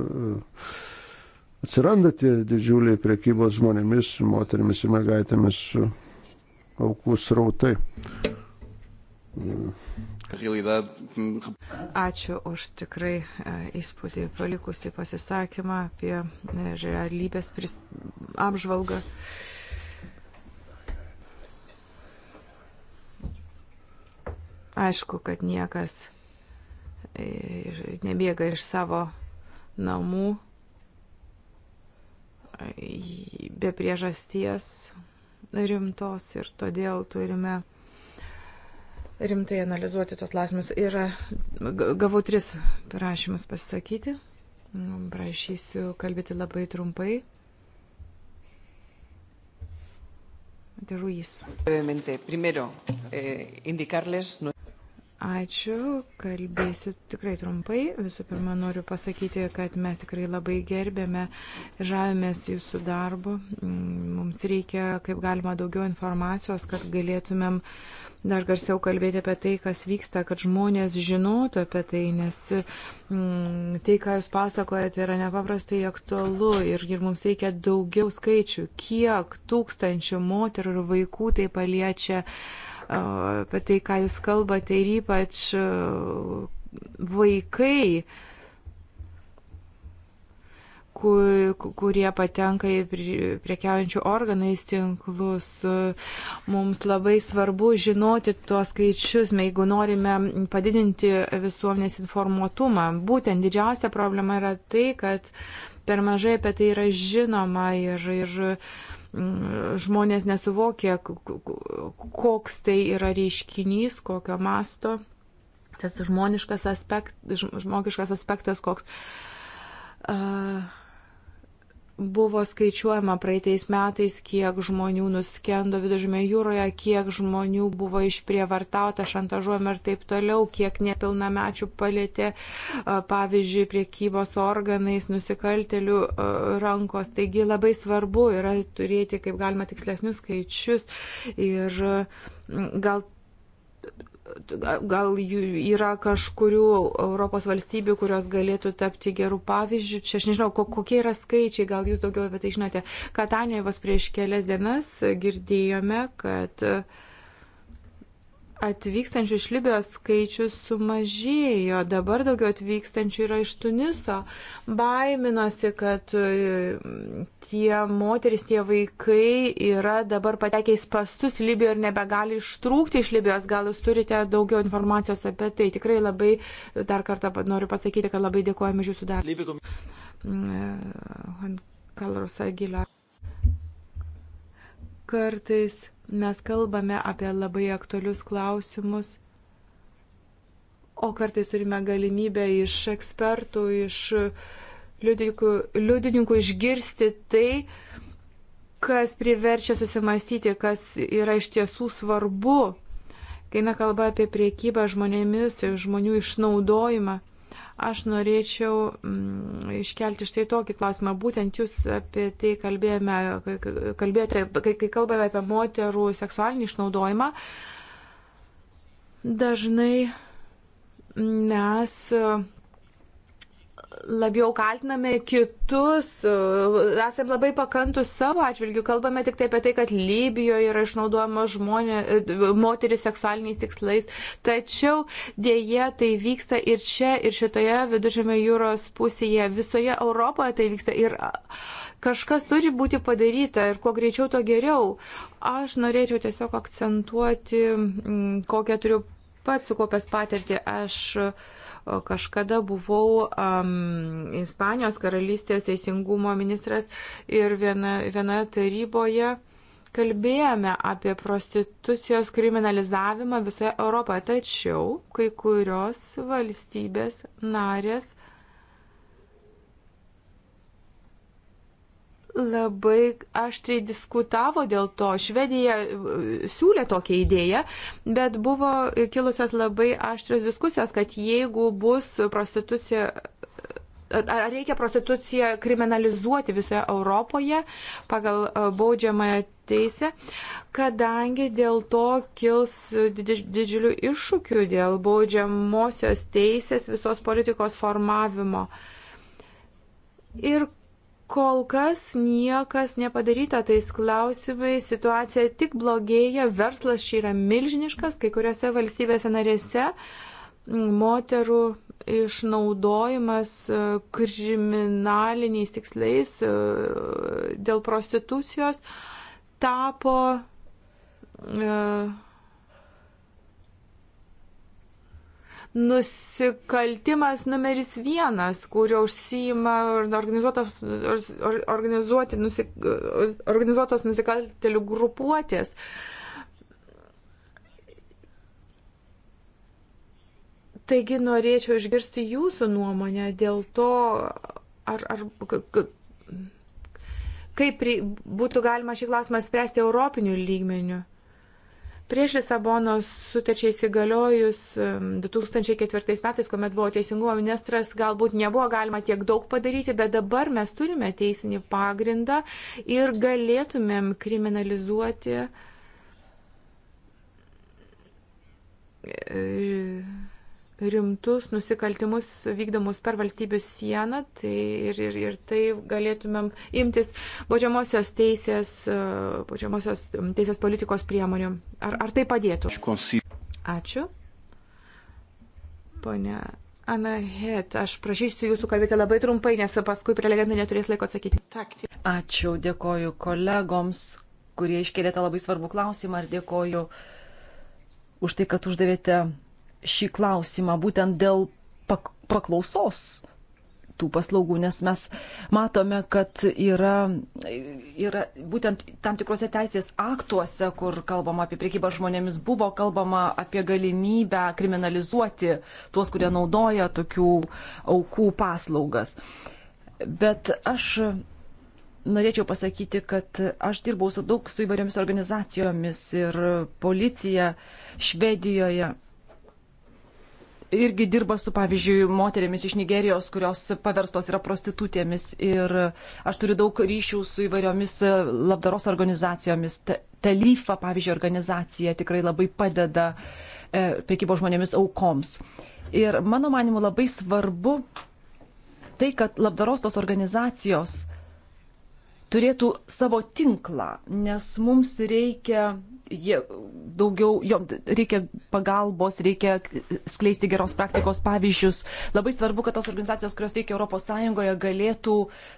atsiranda tie didžiuliai priekybos žmonėmis, moterimis ir mergaitėmis aukų srautai. Ačiū už tikrai įspūdį palikusį pasisakymą apie realybės pris... apžvalgą. Aišku, kad niekas e, nebėga iš savo namų be priežasties rimtos ir todėl turime rimtai analizuoti tos klausimus. Ir e, gavau tris prašymus pasisakyti. Prašysiu kalbėti labai trumpai. De Ruiz. Primero, eh, indicarles... Ačiū, kalbėsiu tikrai trumpai. Visų pirma, noriu pasakyti, kad mes tikrai labai gerbėme ir žavimės jūsų darbu. Mums reikia kaip galima daugiau informacijos, kad galėtumėm dar garsiau kalbėti apie tai, kas vyksta, kad žmonės žinotų apie tai, nes mm, tai, ką jūs pasakojate, yra nepaprastai aktualu ir, ir mums reikia daugiau skaičių, kiek tūkstančių moterų ir vaikų tai paliečia. Uh, apie tai, ką jūs kalbate ir ypač vaikai, kurie patenka į priekiaujančių organais tinklus. Mums labai svarbu žinoti tuos skaičius, jeigu norime padidinti visuomenės informuotumą. Būtent didžiausia problema yra tai, kad per mažai apie tai yra žinoma ir, ir Mm, žmonės nesuvokia, koks tai yra reiškinys, kokio masto, tas žmoniškas aspekt, žmogiškas aspektas, koks. Uh, buvo skaičiuojama praeitais metais, kiek žmonių nuskendo viduržmė jūroje, kiek žmonių buvo išprievartauta, šantažuojama ir taip toliau, kiek nepilnamečių palėtė, pavyzdžiui, priekybos organais, nusikaltelių rankos. Taigi labai svarbu yra turėti kaip galima tikslesnius skaičius ir gal gal yra kažkurių Europos valstybių, kurios galėtų tapti gerų pavyzdžių. Čia aš nežinau, kokie yra skaičiai, gal jūs daugiau apie tai žinote. Katanijoje vos prieš kelias dienas girdėjome, kad uh, atvykstančių iš Libijos skaičius sumažėjo, dabar daugiau atvykstančių yra iš Tuniso. Baiminosi, kad e, tie moteris, tie vaikai yra dabar patekę į spastus Libijoje ir nebegali ištrūkti iš Libijos. Gal jūs turite daugiau informacijos apie tai? Tikrai labai, dar kartą noriu pasakyti, kad labai dėkojame už jūsų darbą. Kalrusa Gila. Kartais Mes kalbame apie labai aktualius klausimus, o kartais turime galimybę iš ekspertų, iš liudininkų, liudininkų išgirsti tai, kas priverčia susimastyti, kas yra iš tiesų svarbu, kai eina kalba apie priekybą žmonėmis, žmonių išnaudojimą. Aš norėčiau mm, iškelti štai tokį klausimą. Būtent jūs apie tai kalbėjome, kalbėjote, kai, kai kalbame apie moterų seksualinį išnaudojimą. Dažnai mes labiau kaltiname kitus, e, esame labai pakantus savo atžvilgių, kalbame tik tai apie tai, kad Libijoje yra išnaudojama žmonė, e, moteris seksualiniais tikslais, tačiau dėje tai vyksta ir čia, ir šitoje viduržėme jūros pusėje, visoje Europoje tai vyksta ir kažkas turi būti padaryta ir kuo greičiau, to geriau. Aš norėčiau tiesiog akcentuoti, kokią turiu pats sukaupęs patirtį. Aš e, kažkada buvau um, Ispanijos karalystės teisingumo ministras ir viena, vienoje taryboje kalbėjome apie prostitucijos kriminalizavimą visoje Europoje, tačiau kai kurios valstybės narės labai aštriai diskutavo dėl to. Švedija e, siūlė tokią idėją, bet buvo kilusios labai aštrios diskusijos, kad jeigu bus prostitucija e, ar reikia prostituciją kriminalizuoti visoje Europoje pagal e, baudžiamąją teisę, kadangi dėl to kils didžiulių iššūkių dėl baudžiamosios teisės visos politikos formavimo. Ir Kol kas niekas nepadaryta tais klausimais, situacija tik blogėja, verslas čia yra milžiniškas, kai kuriuose valstybėse narėse moterų išnaudojimas e, kriminaliniais tikslais e, dėl prostitucijos tapo e, nusikaltimas numeris vienas, kurio užsijima organizuotos, nusik, organizuotos nusikaltelių grupuotės. Taigi norėčiau išgirsti jūsų nuomonę dėl to, ar, ar, kaip būtų galima šį klausimą spręsti europiniu lygmeniu. Prieš Lisabonos sutarčiai įsigaliojus 2004 metais, kuomet buvo teisingumo ministras, galbūt nebuvo galima tiek daug padaryti, bet dabar mes turime teisinį pagrindą ir galėtumėm kriminalizuoti. E, rimtus nusikaltimus vykdomus per valstybių sieną tai ir, ir, ir tai galėtumėm imtis baudžiamosios teisės, baudžiamosios teisės politikos priemonių. Ar, ar tai padėtų? Ačiū. Pone Anahet, aš prašysiu jūsų kalbėti labai trumpai, nes paskui prelegentai neturės laiko atsakyti. Ačiū, dėkoju kolegoms, kurie iškėlėte labai svarbų klausimą ir dėkoju už tai, kad uždavėte šį klausimą būtent dėl paklausos tų paslaugų, nes mes matome, kad yra, yra būtent tam tikrose teisės aktuose, kur kalbama apie priekybą žmonėmis, buvo kalbama apie galimybę kriminalizuoti tuos, kurie naudoja tokių aukų paslaugas. Bet aš norėčiau pasakyti, kad aš dirbau su daug su įvairiomis organizacijomis ir policija Švedijoje irgi dirba su, pavyzdžiui, moterėmis iš Nigerijos, kurios paverstos yra prostitutėmis. Ir aš turiu daug ryšių su įvairiomis labdaros organizacijomis. Talyfa, pavyzdžiui, organizacija tikrai labai padeda e, prekybo žmonėmis aukoms. Ir mano manimu labai svarbu tai, kad labdaros tos organizacijos turėtų savo tinklą, nes mums reikia jie daugiau, jom reikia pagalbos, reikia skleisti geros praktikos pavyzdžius. Labai svarbu, kad tos organizacijos, kurios veikia ES, galėtų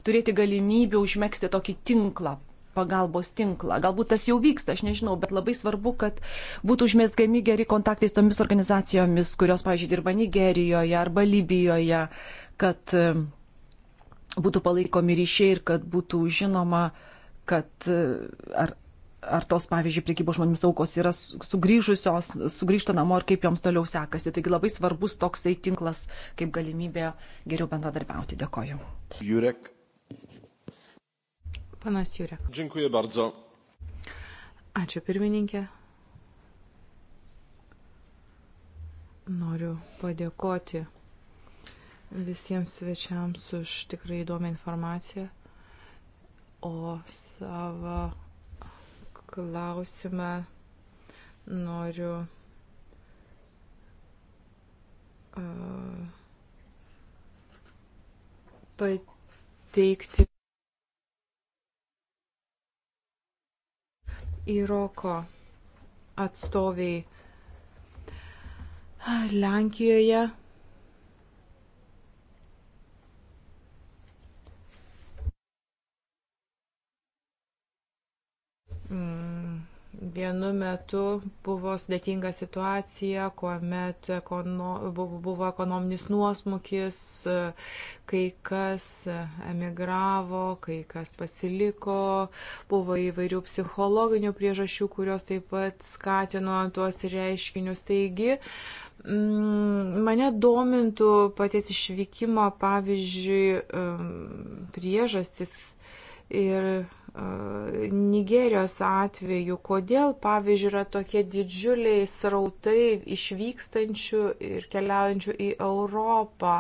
turėti galimybę užmėgsti tokį tinklą pagalbos tinklą. Galbūt tas jau vyksta, aš nežinau, bet labai svarbu, kad būtų užmėsgami geri kontaktai su tomis organizacijomis, kurios, pavyzdžiui, dirba Nigerijoje arba Libijoje, kad e, būtų palaikomi ryšiai ir kad būtų žinoma, kad e, ar ar tos, pavyzdžiui, priekybos žmonėmis aukos yra sugrįžusios, sugrįžta namo ir kaip joms toliau sekasi. Taigi labai svarbus toksai tinklas kaip galimybė geriau bendradarbiauti. Dėkoju. Jurek. Panas Jurek. Dziękuję bardzo. Ačiū pirmininkė. Noriu padėkoti visiems svečiams už tikrai įdomią informaciją. O savo klausimą noriu pateikti Iroko atstoviai Lenkijoje. Mm Vienu metu buvo sudėtinga situacija, kuomet ekono, buvo ekonominis nuosmukis, kai kas emigravo, kai kas pasiliko, buvo įvairių psichologinių priežasčių, kurios taip pat skatino tuos reiškinius. Taigi, mm, Mane domintų paties išvykimo, pavyzdžiui, mm, priežastis ir Nigerijos atveju, kodėl, pavyzdžiui, yra tokie didžiuliai srautai išvykstančių ir keliaujančių į Europą.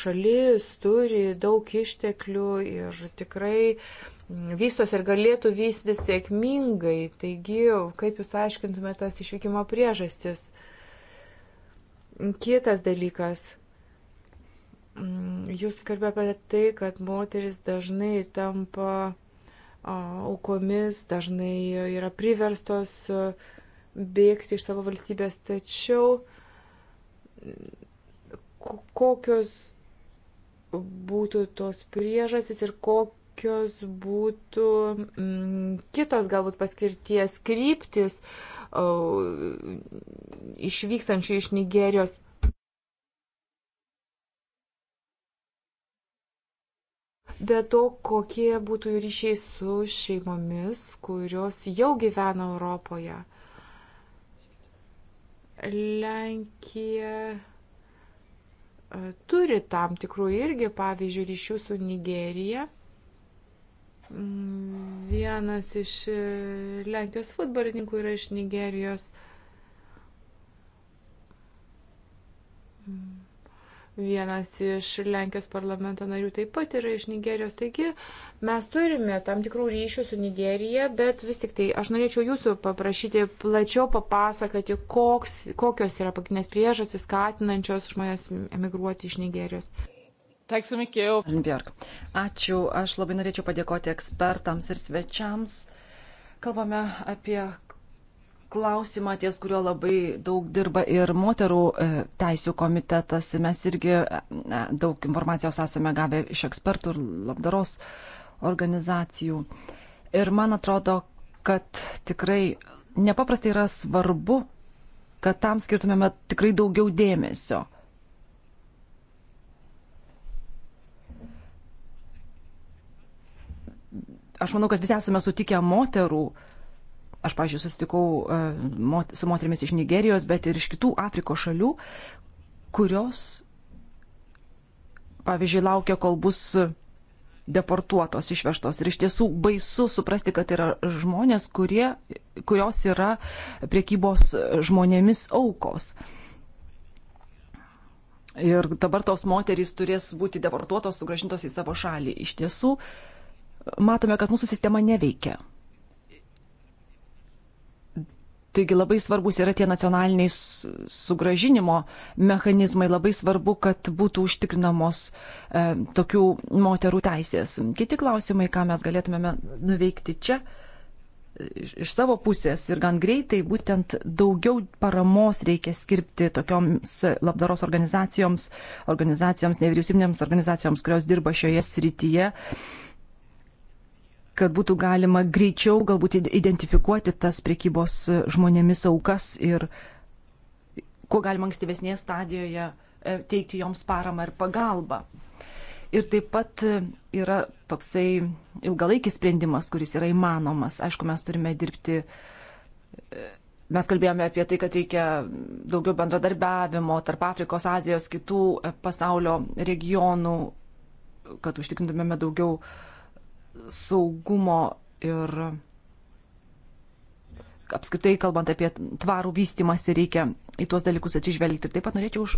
Šalis turi daug išteklių ir tikrai vystos ir galėtų vystytis sėkmingai. Taigi, kaip Jūs aiškintumėte tas išvykimo priežastis? Kitas dalykas Mm, jūs kalbėjote apie tai, kad moteris dažnai tampa aukomis, dažnai yra priverstos bėgti iš savo valstybės, tačiau kokios būtų tos priežastys ir kokios būtų mm, kitos galbūt paskirties kryptis išvykstančių iš Nigerijos Be to, kokie būtų ryšiai su šeimomis, kurios jau gyvena Europoje. Lenkija e, turi tam tikrų irgi, pavyzdžiui, ryšių su Nigerija. Mm, vienas iš e, Lenkijos futbolininkų yra iš Nigerijos. Mm. Vienas iš Lenkijos parlamento narių taip pat yra iš Nigerijos. Taigi mes turime tam tikrų ryšių su Nigerija, bet vis tik tai aš norėčiau jūsų paprašyti plačiau papasakoti, koks, kokios yra pagrindinės priežastys skatinančios žmonės emigruoti iš Nigerijos. Ačiū. Aš labai norėčiau padėkoti ekspertams ir svečiams. Kalbame apie klausimą, ties kurio labai daug dirba ir moterų e, teisų komitetas. Mes irgi e, daug informacijos esame gavę iš ekspertų ir labdaros organizacijų. Ir man atrodo, kad tikrai nepaprastai yra svarbu, kad tam skirtumėme tikrai daugiau dėmesio. Aš manau, kad visi esame sutikę moterų, uh, Aš, pažiūrėjau, susitikau e, mot, su moterimis iš Nigerijos, bet ir iš kitų Afrikos šalių, kurios, pavyzdžiui, laukia, kol bus deportuotos, išvežtos. Ir iš tiesų baisu suprasti, kad yra žmonės, kurie, kurios yra priekybos žmonėmis aukos. Ir dabar tos moterys turės būti deportuotos, sugražintos į savo šalį. Iš tiesų, matome, kad mūsų sistema neveikia. Taigi labai svarbus yra tie nacionaliniai sugražinimo mechanizmai, labai svarbu, kad būtų užtikrinamos e, tokių moterų teisės. Kiti klausimai, ką mes galėtumėme nuveikti čia e, iš, iš savo pusės ir gan greitai, būtent daugiau paramos reikia skirti tokioms labdaros organizacijoms, organizacijoms, nevyriausybinėms organizacijoms, kurios dirba šioje srityje. E, kad būtų galima greičiau galbūt identifikuoti tas priekybos žmonėmis aukas ir kuo galima ankstyvesnėje stadijoje e, teikti joms paramą ir pagalbą. Ir taip pat e, yra toksai ilgalaikis sprendimas, kuris yra įmanomas. Aišku, mes turime dirbti, e, mes kalbėjome apie tai, kad reikia daugiau bendradarbiavimo tarp Afrikos, Azijos, kitų pasaulio regionų, kad užtikrintumėme daugiau uh, saugumo ir apskritai kalbant apie tvarų vystimąsi reikia į tuos dalykus atsižvelgti. Taip pat norėčiau už,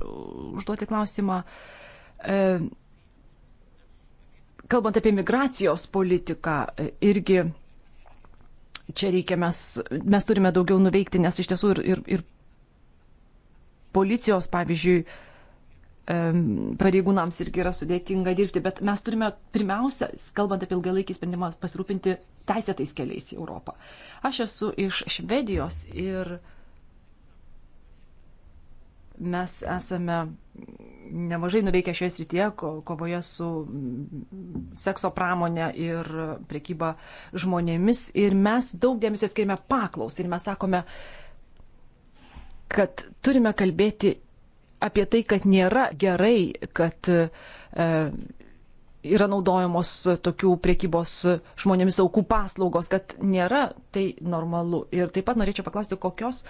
užduoti klausimą. E, kalbant apie migracijos politiką, e, irgi čia reikia mes, mes turime daugiau nuveikti, nes iš tiesų ir, ir, ir policijos, pavyzdžiui, pareigūnams irgi yra sudėtinga dirbti, bet mes turime pirmiausia, kalbant apie ilgalaikį sprendimą, pasirūpinti teisėtais keliais į Europą. Aš esu iš Švedijos ir mes esame nemažai nuveikę šioje srityje, ko, kovoje su mm, sekso pramonė ir priekyba žmonėmis ir mes daug dėmesio skiriame paklaus ir mes sakome, kad turime kalbėti apie tai, kad nėra gerai, kad e, yra naudojamos tokių priekybos žmonėmis aukų paslaugos, kad nėra tai normalu. Ir taip pat norėčiau paklausti, kokios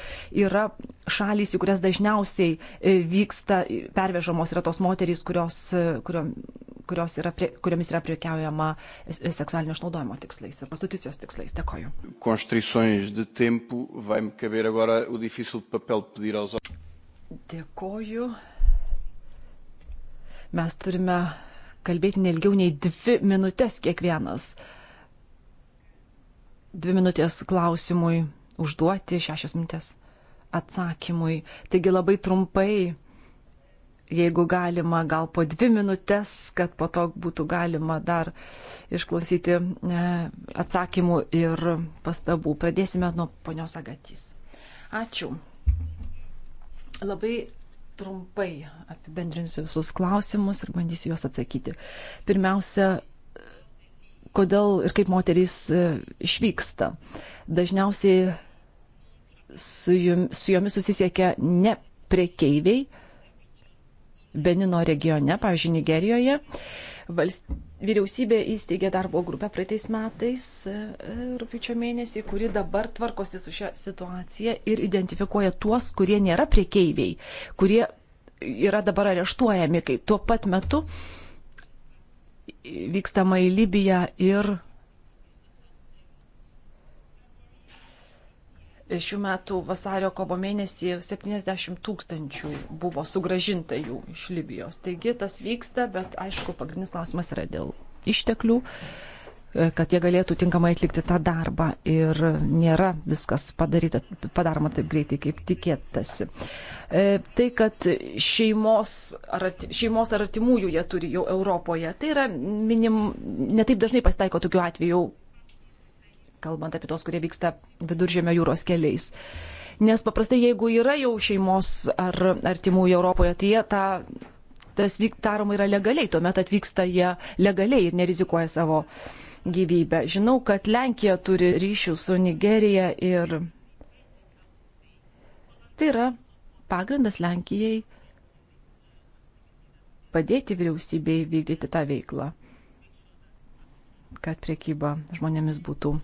yra šalys, į kurias dažniausiai e, vyksta pervežamos yra tos moterys, kurios, e, kurio, kurios yra prie, kuriomis yra priekiaujama e, seksualinio išnaudojimo tikslais ir prostitucijos tikslais. Dėkoju. Dėkoju. Mes turime kalbėti nelgiau nei dvi minutės kiekvienas. Dvi minutės klausimui užduoti, šešias minutės atsakymui. Taigi labai trumpai, jeigu galima, gal po dvi minutės, kad po to būtų galima dar išklausyti e, atsakymų ir pastabų. Pradėsime nuo ponios Agatys. Ačiū. Labai trumpai apibendrinsiu visus klausimus ir bandysiu juos atsakyti. Pirmiausia, kodėl ir kaip moterys e, išvyksta. Dažniausiai su, jum, su jomis susisiekia ne prekeiviai, Benino regione, pavyzdžiui, Nigerijoje. Valst... Vyriausybė įsteigė darbo grupę praeitais metais, e, rūpiučio mėnesį, kuri dabar tvarkosi su šią situaciją ir identifikuoja tuos, kurie nėra priekeiviai, kurie yra dabar areštuojami, kai tuo pat metu vykstama į Libiją ir šių metų vasario kovo mėnesį 70 tūkstančių buvo sugražinta jų iš Libijos. Taigi tas vyksta, bet aišku, pagrindinis klausimas yra dėl išteklių, e, kad jie galėtų tinkamai atlikti tą darbą ir nėra viskas padaryta, padaroma taip greitai, kaip tikėtasi. E, tai, kad šeimos ar, šeimos ar artimųjų jie turi jau Europoje, tai yra minim, netaip dažnai pasitaiko tokių atvejų kalbant apie tos, kurie vyksta viduržėmio jūros keliais. Nes paprastai, jeigu yra jau šeimos ar artimųjų Europoje, tai jie tą, tas vyk, daroma yra legaliai, tuomet atvyksta jie legaliai ir nerizikuoja savo gyvybę. Žinau, kad Lenkija turi ryšių su Nigerija ir tai yra pagrindas Lenkijai padėti vyriausybei vykdyti tą veiklą, kad priekyba žmonėmis būtų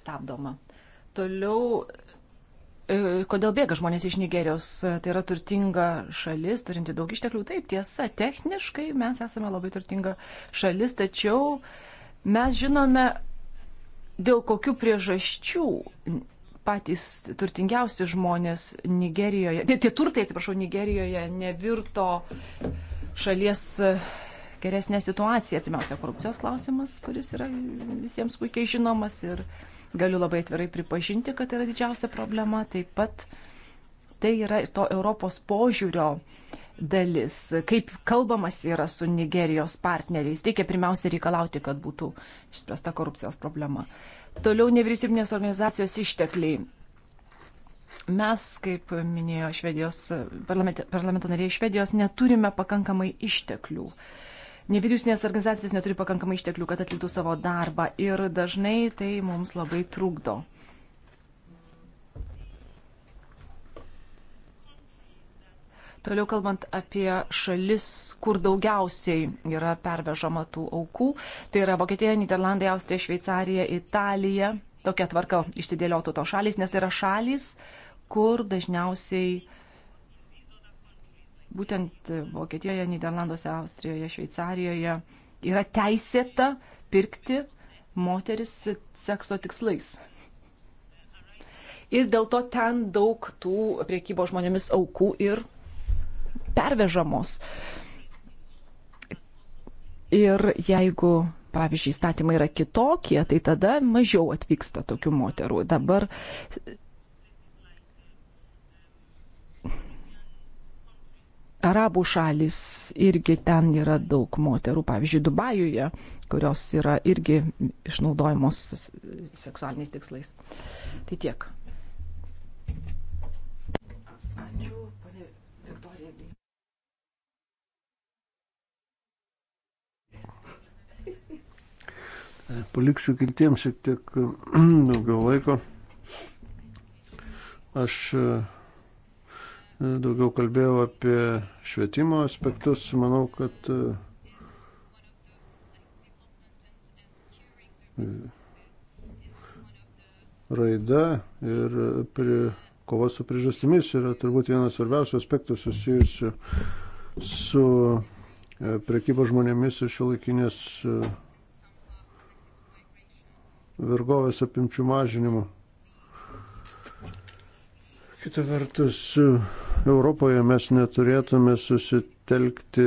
stabdoma. Toliau, e, kodėl bėga žmonės iš Nigerijos? Tai yra turtinga šalis, turinti daug išteklių. Taip, tiesa, techniškai mes esame labai turtinga šalis, tačiau mes žinome, dėl kokių priežasčių patys turtingiausi žmonės Nigerijoje, tie, tie turtai, atsiprašau, Nigerijoje nevirto šalies e, geresnė situacija. Pirmiausia, korupcijos klausimas, kuris yra visiems puikiai žinomas ir uh, Galiu labai atvirai pripažinti, kad tai yra didžiausia problema. Taip pat tai yra to Europos požiūrio dalis, kaip kalbamas yra su Nigerijos partneriais. Reikia pirmiausia reikalauti, kad būtų išspręsta korupcijos problema. Toliau nevyriausybinės organizacijos ištekliai. Mes, kaip minėjo švedijos, parlamento nariai švedijos, neturime pakankamai išteklių. Uh, nevyriausinės organizacijos neturi pakankamai išteklių, kad atliktų savo darbą ir dažnai tai mums labai trukdo. Toliau kalbant apie šalis, kur daugiausiai yra pervežama tų aukų, tai yra Vokietija, Niderlandai, Austrija, Šveicarija, Italija. Tokia tvarka išsidėliotų to šalis, nes tai yra šalis, kur dažniausiai uh, Būtent Vokietijoje, Niderlanduose, Austrijoje, Šveicarijoje yra teisėta pirkti moteris sekso tikslais. Ir dėl to ten daug tų priekybo žmonėmis aukų ir pervežamos. Ir jeigu, pavyzdžiui, įstatymai yra kitokie, tai tada mažiau atvyksta tokių moterų. Dabar arabų šalis irgi ten yra daug moterų, pavyzdžiui, Dubajuje, kurios yra irgi išnaudojamos seksualiniais tikslais. Tai tiek. Ačiū, ponė Viktorija. Paliksiu kitiems šiek tiek daugiau laiko. Aš uh, daugiau kalbėjau apie švietimo aspektus. Manau, kad e, raida ir pri, kova su priežastimis yra turbūt vienas svarbiausių aspektų susijusių su e, prekybos žmonėmis ir šiuolaikinės e, vergovės apimčių mažinimu. Kita vertus, Europoje mes neturėtume susitelkti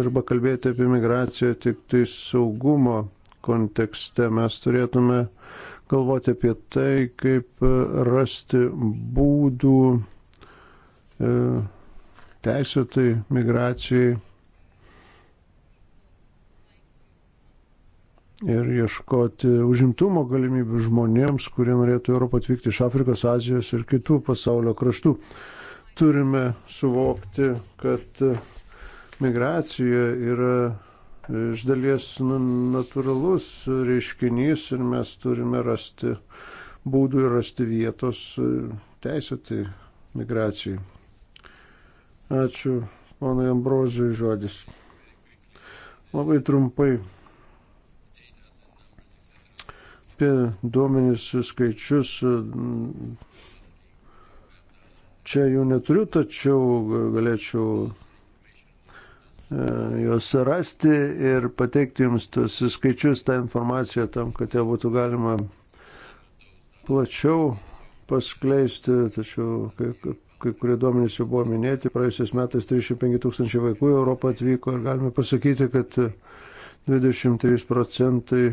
arba kalbėti apie migraciją tik tai saugumo kontekste. Mes turėtume galvoti apie tai, kaip rasti būdų e, teisėtai migracijai ir ieškoti užimtumo galimybių žmonėms, kurie norėtų Europą atvykti iš Afrikos, Azijos ir kitų pasaulio kraštų. E, turime suvokti, kad migracija yra iš dalies natūralus reiškinys ir mes turime rasti būdų ir rasti vietos teisėtai migracijai. Ačiū, ponai Ambrozijui žodis. Labai trumpai apie duomenis skaičius čia jų neturiu, tačiau galėčiau e, juos rasti ir pateikti jums tos skaičius, tą informaciją tam, kad ją būtų galima plačiau paskleisti, tačiau kai, kai kurie duomenys jau buvo minėti, praėjusiais metais 35 tūkstančiai vaikų į Europą atvyko ir galime pasakyti, kad 23 procentai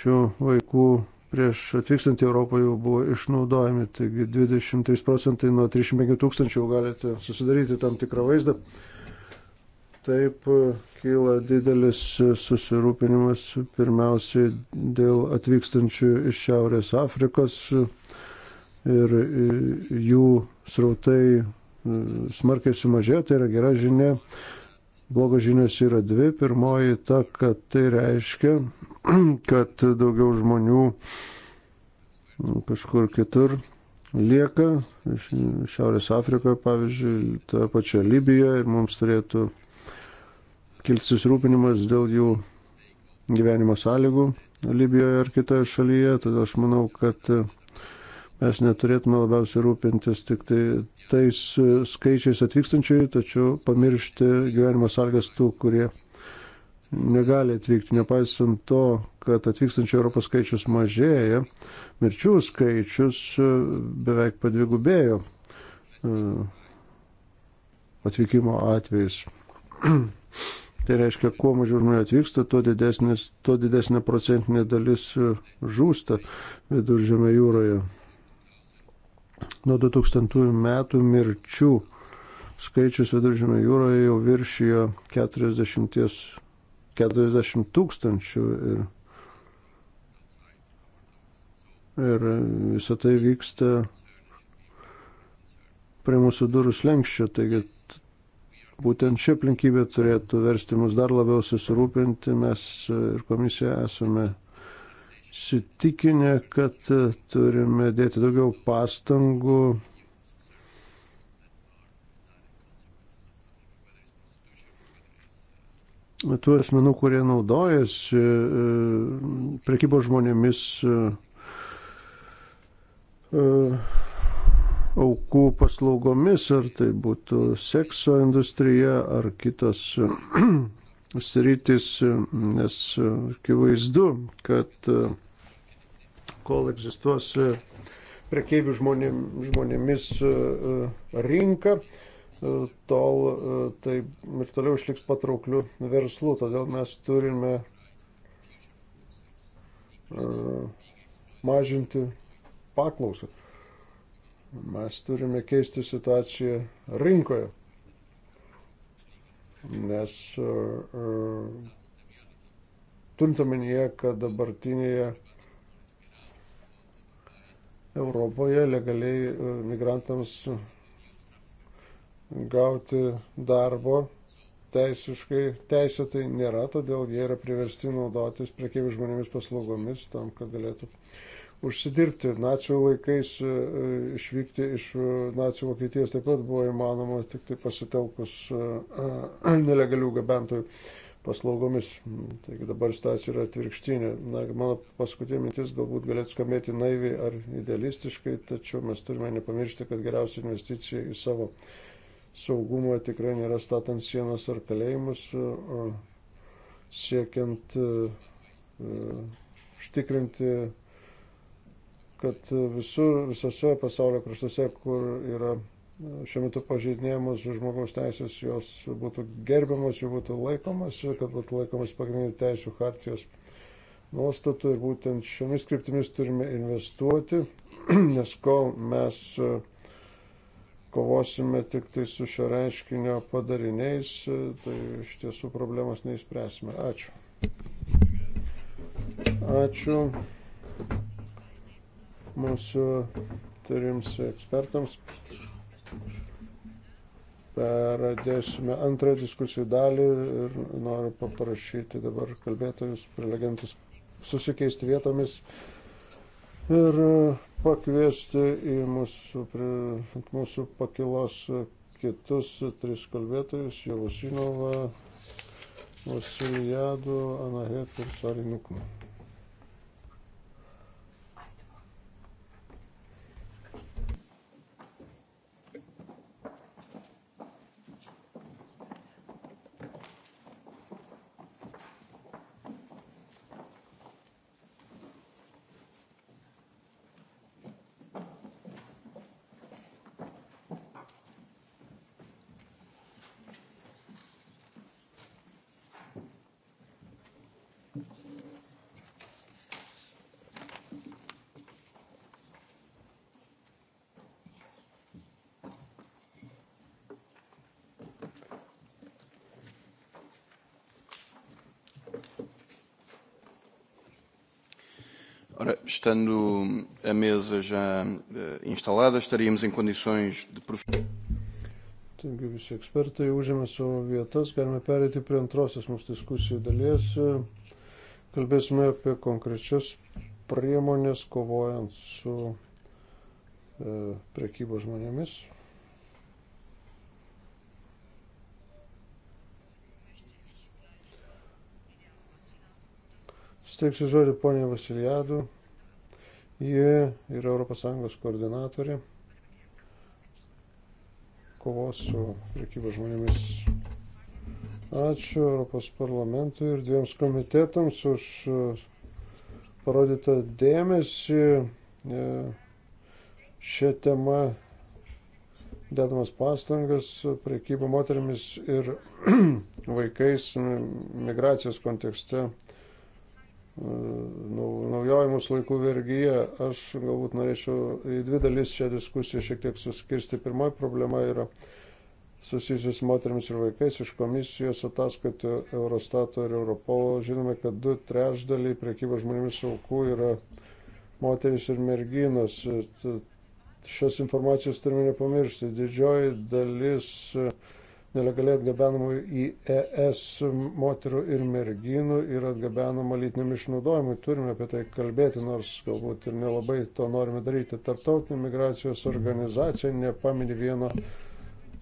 šių vaikų prieš atvykstant į Europą jau buvo išnaudojami, taigi 23 procentai nuo 35 tūkstančių jau galite susidaryti tam tikrą vaizdą. Taip e, kyla didelis susirūpinimas pirmiausiai dėl atvykstančių iš Šiaurės Afrikos e, ir e, jų srautai smarkiai sumažėjo, tai yra gera žinia, Blogos žinios yra dvi. Pirmoji ta, kad tai reiškia, kad daugiau žmonių kažkur kitur lieka, Šiaurės Afrikoje, pavyzdžiui, toje pačioje Libijoje ir mums turėtų kilti susirūpinimas dėl jų gyvenimo sąlygų Libijoje ar kitoje šalyje. Todėl aš manau, kad mes neturėtume labiausiai rūpintis tik tai tais e, skaičiais atvykstančiųjų, tačiau pamiršti gyvenimo sąlygas tų, kurie negali atvykti. Nepaisant to, kad atvykstančių Europos skaičius mažėja, mirčių skaičius e, beveik padvigubėjo e, atvykimo atvejais. tai reiškia, kuo mažiau žmonių atvyksta, tuo, didesnis, tuo didesnė procentinė dalis žūsta viduržėme jūroje. Nuo 2000 metų mirčių skaičius viduržėmio jūroje jau viršijo 40, 40 tūkstančių ir, ir visą tai vyksta prie mūsų durų slengščio, taigi būtent ši aplinkybė turėtų versti mus dar labiau susirūpinti, mes ir komisija esame sitikinę, kad e, turime dėti daugiau pastangų tų asmenų, kurie naudojasi e, prekybos žmonėmis e, aukų paslaugomis, ar tai būtų sekso industrija, ar kitos sritis, nes akivaizdu, kad e, kol egzistuos e, prekeivių žmonėm, žmonėmis e, rinka, tol tai ir toliau išliks patrauklių verslų. Todėl mes turime mažinti paklausą. Mes turime keisti situaciją rinkoje nes e, e, turint omenyje, kad dabartinėje Europoje legaliai e, migrantams gauti darbo teisiškai teisė tai nėra, todėl jie yra priversti naudotis prekeivių žmonėmis paslaugomis tam, kad galėtų uh, užsidirbti. Nacijų laikais e, e, išvykti iš e, Nacijų Vokietijos taip pat buvo įmanoma tik tai pasitelkus nelegalių gabentojų paslaugomis. Taigi dabar situacija yra atvirkštinė. Na, mano paskutinė mintis galbūt galėtų skambėti naiviai ar idealistiškai, tačiau mes turime nepamiršti, kad geriausia investicija į savo saugumą tikrai nėra statant sienas ar kalėjimus, siekiant užtikrinti uh, kad e, visur, visose pasaulio kraštuose, kur yra e, šiuo metu pažeidinėjamos žmogaus teisės, jos būtų gerbiamos, jų būtų laikomas, kad būtų laikomas pagrindinių teisų hartijos nuostatų ir būtent šiomis kryptimis turime investuoti, nes kol mes e, kovosime tik tai su šio reiškinio padariniais, tai iš tiesų problemos neįspręsime. Ačiū. Ačiū mūsų turims ekspertams. Pradėsime antrą diskusijų dalį ir noriu paprašyti dabar kalbėtojus, prelegentus susikeisti vietomis ir pakviesti į mūsų, prie, mūsų pakilos kitus tris kalbėtojus - Jarusinovą, Vasilijadų, Anahet ir Sarinukmą. estando a mesa já eh, instalada, estaríamos em condições de prosseguir. Taigi visi ekspertai užėmė savo vietas, galime perėti prie antrosios mūsų diskusijų dalies. Kalbėsime apie konkrečias priemonės kovojant su e, eh, prekybos žmonėmis. Steiksiu žodį ponė Vasilijadu. Ji yra ES koordinatorė kovos su prekyba žmonėmis. Ačiū Europos parlamentui ir dviems komitetams už parodytą dėmesį šią temą, dedamas pastangas prekyba moterimis ir vaikais migracijos kontekste naujoji mūsų laikų vergyje. Aš galbūt norėčiau į dvi dalis šią diskusiją šiek tiek suskirsti. Pirmoji problema yra susijusius moteriams ir vaikais iš komisijos ataskaitų Eurostato ir Europolo. Žinome, kad du trešdaliai priekybos žmonėmis aukų yra moteris ir merginos. Šios informacijos turime nepamiršti. Didžioji dalis uh, nelegaliai atgabenamų į ES moterų ir merginų ir atgabenama lytiniam išnaudojimui. Turime apie tai kalbėti, nors galbūt ir nelabai to norime daryti. Tartautinė migracijos organizacija nepaminė vieno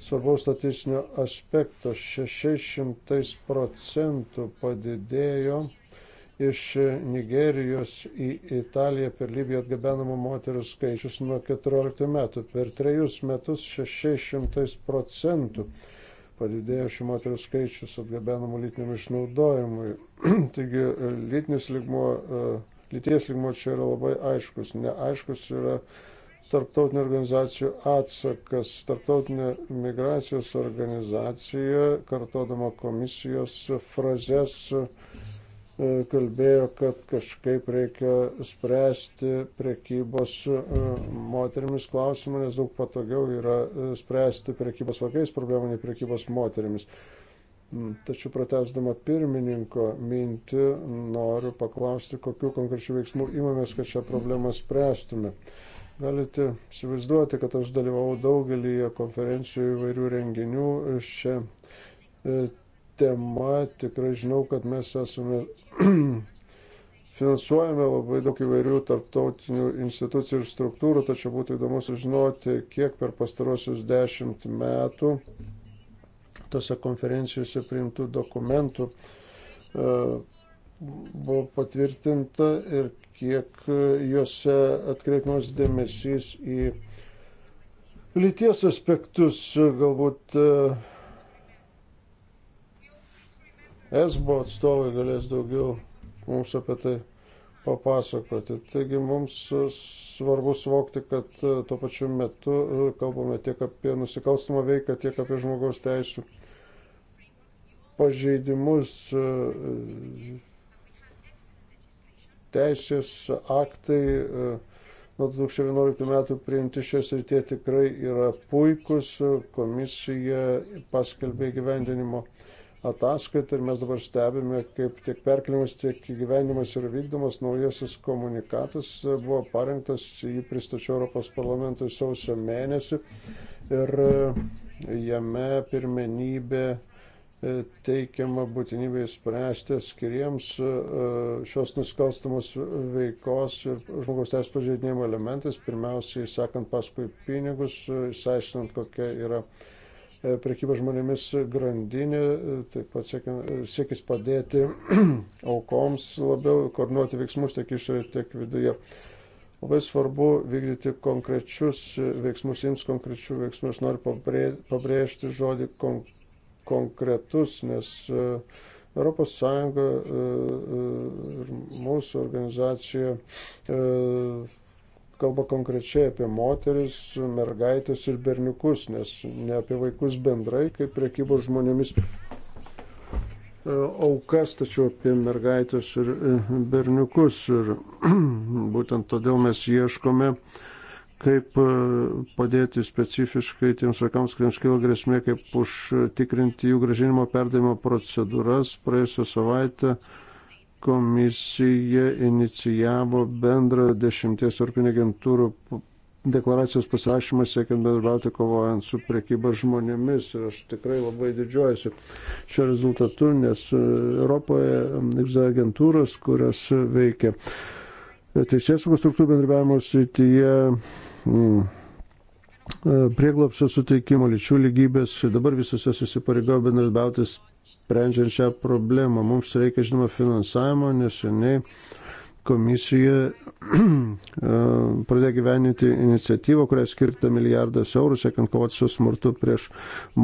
svarbaus statistinio aspekto. 600 procentų padidėjo iš Nigerijos į Italiją per Libiją atgabenamų moterų skaičius nuo 14 metų. Per trejus metus 600 procentų padidėjo šių moterų skaičius atgabenamų lytiniam išnaudojimui. Taigi lytinis ligmo, e, lyties ligmo čia yra labai aiškus. Neaiškus yra tarptautinių organizacijų atsakas. Tarptautinė migracijos organizacija, kartodama komisijos frazes, E, kalbėjo, kad kažkaip reikia spręsti prekybos e, moterimis klausimą, nes daug patogiau yra e, spręsti prekybos vaikais problemą nei prekybos moterimis. Mm, tačiau pratesdama pirmininko mintį, noriu paklausti, kokiu konkrečiu veiksmu imamės, kad šią problemą spręstume. Galite įsivaizduoti, kad aš dalyvau daugelį konferencijų įvairių renginių šią tema. Tikrai žinau, kad mes esame finansuojame labai daug įvairių tarptautinių institucijų ir struktūrų, tačiau būtų įdomu sužinoti, kiek per pastarosius dešimt metų tose konferencijose priimtų dokumentų e, buvo patvirtinta ir kiek juose atkreipimas dėmesys į lyties aspektus, galbūt e, ESBO atstovai galės daugiau mums apie tai papasakoti. Taigi mums svarbu suvokti, kad e, tuo pačiu metu e, kalbame tiek apie nusikalstamą veiką, tiek apie žmogaus teisų pažeidimus. E, teisės aktai nuo 2011 metų priimti šios rytie tikrai yra puikus. Komisija paskelbė gyvendinimo ataskaitą ir mes dabar stebime, kaip tiek perkelimas, tiek gyvenimas yra vykdomas. Naujasis komunikatas buvo parengtas, jį pristačiau Europos parlamentui sausio mėnesį ir e, jame pirmenybė e, teikiama būtinybė spręsti skiriems e, šios nusikalstamos veikos ir žmogaus teisų pažeidinėjimo elementais, pirmiausiai sekant paskui pinigus, išsiaiškinant, kokia yra E, prekybos žmonėmis grandinė, e, taip pat e, siekis padėti aukoms labiau koordinuoti veiksmus tiek išorėje, tiek viduje. Labai svarbu vykdyti konkrečius veiksmus, jums konkrečių veiksmų. Aš noriu pabrėžti žodį kon konkretus, nes ES ir mūsų organizacija kalba konkrečiai apie moteris, mergaitės ir berniukus, nes ne apie vaikus bendrai, kaip priekybos žmonėmis e, aukas, tačiau apie mergaitės ir e, berniukus. Ir būtent todėl mes ieškome, kaip e, padėti specifiškai tiems vaikams, kuriems kila grėsmė, kaip užtikrinti jų gražinimo perdavimo procedūras. Praėjusią savaitę uh, komisija inicijavo bendrą dešimties Europinė agentūrų deklaracijos pasirašymą siekiant bendrauti kovojant su priekyba žmonėmis. Ir aš tikrai labai didžiuojasi šiuo rezultatu, nes e, Europoje egzistuoja agentūros, kurios veikia e, teisėsaugos struktūrų bendradarbiavimo srityje. Mm, e, prieglopšio suteikimo, lyčių lygybės, dabar visose susipareigojo bendradarbiautis sprendžiant šią problemą. Mums reikia, žinoma, finansavimo, neseniai komisija e, pradėjo gyveninti iniciatyvą, kurią skirta milijardas eurų, siekiant kovoti su smurtu prieš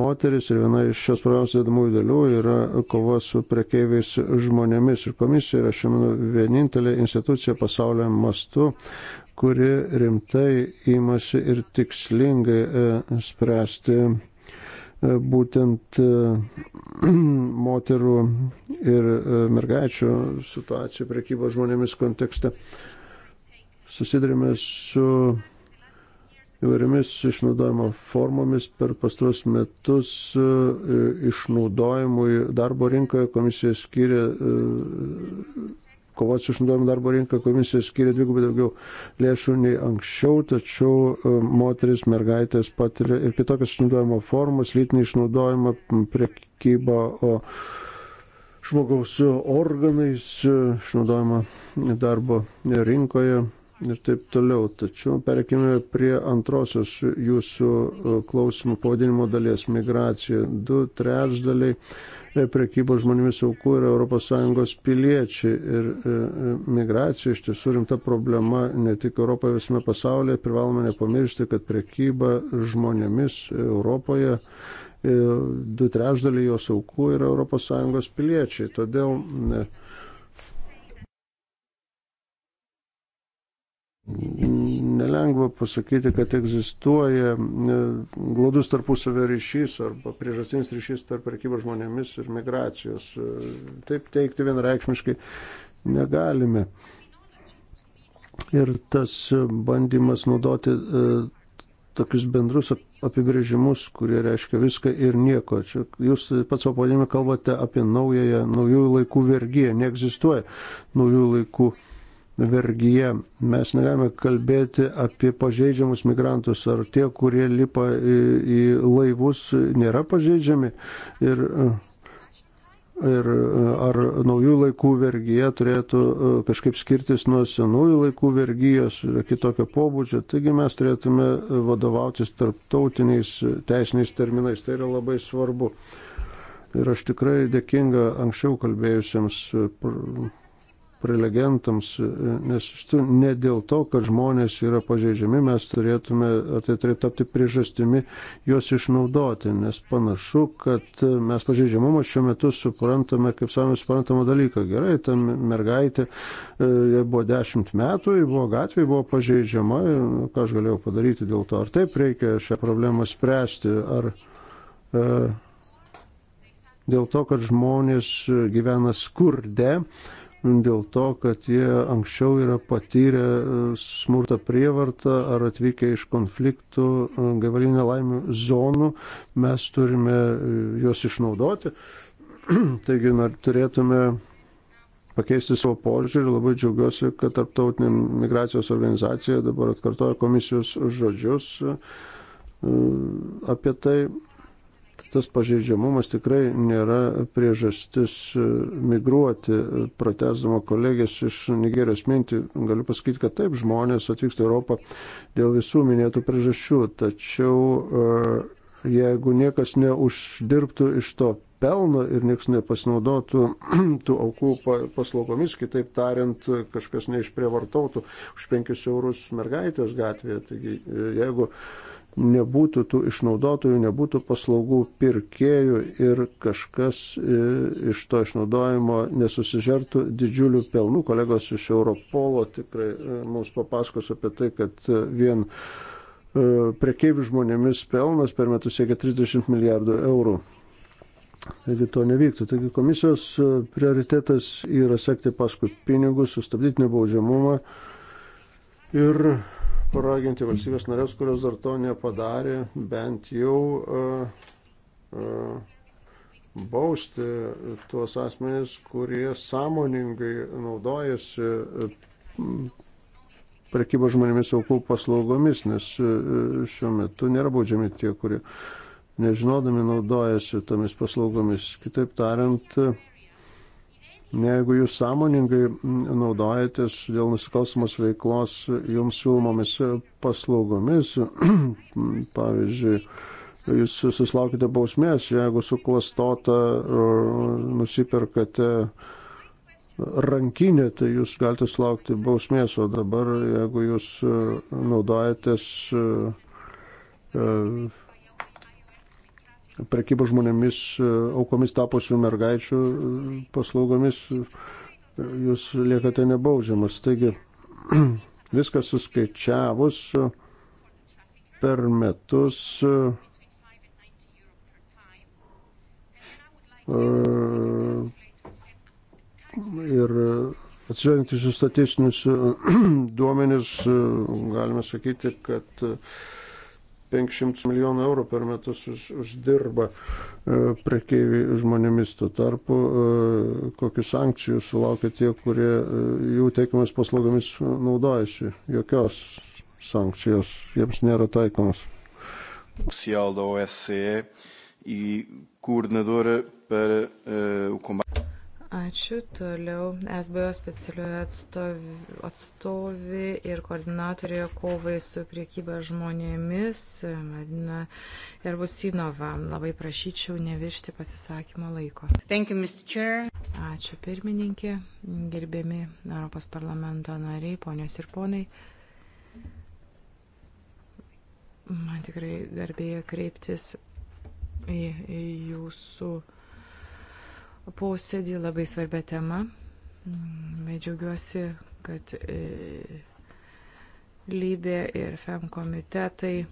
moteris. Ir viena iš šios problemos dėdamųjų dalių yra kova su prekeiviais žmonėmis. Ir komisija yra šiuo vienintelė institucija pasaulio mastu kuri rimtai įmasi ir tikslingai e, spręsti E, būtent e, moterų ir e, mergaičių situacijų prekybos žmonėmis kontekste. Susidurime su įvairiomis išnaudojimo formomis per pastarus metus išnaudojimui darbo rinkoje komisija skiria kovos su išnaudojimu darbo rinką komisija skiria dvigubai daugiau lėšų nei anksčiau, tačiau e, moteris, mergaitės patiria ir kitokias išnaudojimo formas, lytinį išnaudojimą, priekybą žmogaus organais, e, išnaudojimą darbo rinkoje. Ir taip toliau. Tačiau perkime prie antrosios jūsų e, klausimų pavadinimo dalies - migracija. Du trečdaliai Tai prekybos žmonėmis aukų yra ES piliečiai ir e, e, migracija iš tiesų rimta problema ne tik Europoje, visame pasaulyje. Privalome nepamiršti, kad prekyba žmonėmis Europoje e, du trešdaliai jos aukų yra ES piliečiai. Todėl ne, nelengva pasakyti, kad egzistuoja e, glaudus tarpusavio ryšys arba priežastinis ryšys tarp prekybos žmonėmis ir migracijos. E, taip teikti vienreikšmiškai negalime. Ir tas bandymas naudoti e, tokius bendrus apibrėžimus, kurie reiškia viską ir nieko. Čia jūs pats savo pavadinime kalbate apie naująją, naujųjų laikų vergyją. Neegzistuoja naujųjų laikų vergyją vergyje. Mes negalime kalbėti apie pažeidžiamus migrantus, ar tie, kurie lipa į, į laivus, nėra pažeidžiami. Ir, ir ar naujų laikų vergyje turėtų e, kažkaip skirtis nuo senųjų laikų vergyjos, kitokio pobūdžio. Taigi mes turėtume e, vadovautis tarptautiniais e, teisiniais terminais. Tai yra labai svarbu. Ir aš tikrai dėkinga anksčiau kalbėjusiems prelegentams, e, nes ne dėl to, kad žmonės yra pažeidžiami, mes turėtume, ar tai turėtų tapti priežastimi, juos išnaudoti, nes panašu, kad mes pažeidžiamumą šiuo metu suprantame kaip savami suprantamą dalyką. Gerai, ta mergaitė, e, jai buvo dešimt metų, jai buvo gatvėje, buvo pažeidžiama ir e, nu, ką aš galėjau padaryti dėl to, ar taip reikia šią problemą spręsti, ar. E, dėl to, kad žmonės gyvena skurde, dėl to, kad jie anksčiau yra patyrę e, smurtą prievartą ar atvykę iš konfliktų e, gaivalinė laimių zonų, mes turime e, juos išnaudoti. Taigi turėtume pakeisti savo požiūrį. Labai džiaugiuosi, kad Tarptautinė migracijos organizacija dabar atkartoja komisijos žodžius apie tai tas pažeidžiamumas tikrai nėra priežastis e, migruoti. E, Pratesdama kolegės iš Nigerijos mintį, galiu pasakyti, kad taip, žmonės atvyksta į Europą dėl visų minėtų priežasčių, tačiau e, jeigu niekas neuždirbtų iš to pelno ir niekas nepasinaudotų tų aukų paslaugomis, kitaip tariant, kažkas neišprievartautų už 5 eurus mergaitės gatvėje. Taigi, jeigu uh, nebūtų tų išnaudotojų, nebūtų paslaugų pirkėjų ir kažkas e, iš to išnaudojimo nesusižertų didžiulių pelnų. Kolegos iš Europolo tikrai e, mums papasakos apie tai, kad e, vien prekeivių žmonėmis pelnas per metus siekia 30 milijardų eurų. Taigi to nevyktų. Taigi komisijos prioritetas yra sekti paskui pinigus, sustabdyti nebaudžiamumą ir paraginti valstybės narės, kurios dar to nepadarė, bent jau uh, uh, bausti tuos asmenys, kurie sąmoningai naudojasi e, prekybos žmonėmis aukų paslaugomis, nes šiuo metu nėra baudžiami tie, kurie nežinodami naudojasi tomis paslaugomis. Kitaip tariant, uh, Jeigu jūs sąmoningai naudojatės dėl nusikalstamos veiklos jums siūlomomis paslaugomis, pavyzdžiui, jūs susilaukite bausmės, jeigu suklastota e, nusiperkate rankinė, tai jūs galite sulaukti bausmės, o dabar jeigu jūs e, naudojatės e, prekybos žmonėmis e, aukomis tapusių mergaičių e, paslaugomis e, jūs liekate nebaudžiamas. Taigi viską suskaičiavus per metus ir atsižvelgiant į statistinius duomenis galime sakyti, kad 500 milijonų eurų per metus už, uždirba e, prekeiviai žmonėmis. Tuo tarpu, e, kokių sankcijų sulaukia tie, kurie e, jų teikiamas paslaugomis naudojasi. Jokios sankcijos jiems nėra taikomos. Oficial da OSCE e coordenadora para uh, o combate. Ačiū. Toliau SBO specialioje atstovė atstovi ir koordinatorė kovai su priekyba žmonėmis, Madina Erbusinova. Labai prašyčiau neviršti pasisakymo laiko. Thank you, Ačiū pirmininkė, gerbiami Europos parlamento nariai, ponios ir ponai. Man tikrai garbėja kreiptis į, į jūsų posėdį labai svarbia tema. Mm, džiaugiuosi, kad e, Lybė ir FEM komitetai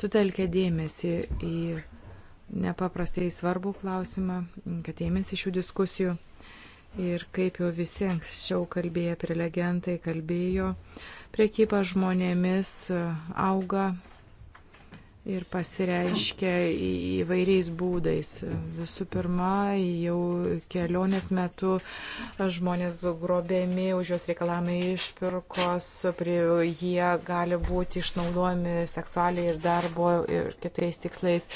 sutelkė dėmesį į nepaprastai svarbų klausimą, kad ėmėsi šių diskusijų ir kaip jau visi anksčiau kalbėję prelegentai kalbėjo, priekyba žmonėmis e, auga ir pasireiškia įvairiais būdais. Visų pirma, jau kelionės metu žmonės grobėmi, už juos reikalavimai išpirkos, prie, jie gali būti išnaudojami seksualiai ir darbo ir kitais tikslais.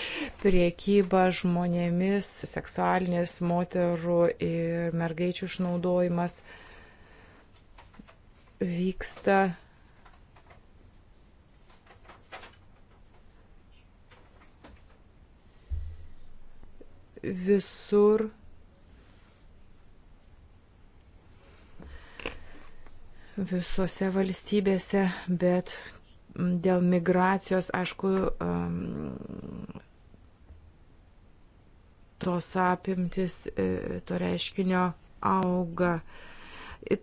Priekyba žmonėmis, seksualinis moterų ir mergaičių išnaudojimas vyksta visur visose valstybėse, bet dėl migracijos, aišku, tos apimtis e, to reiškinio auga.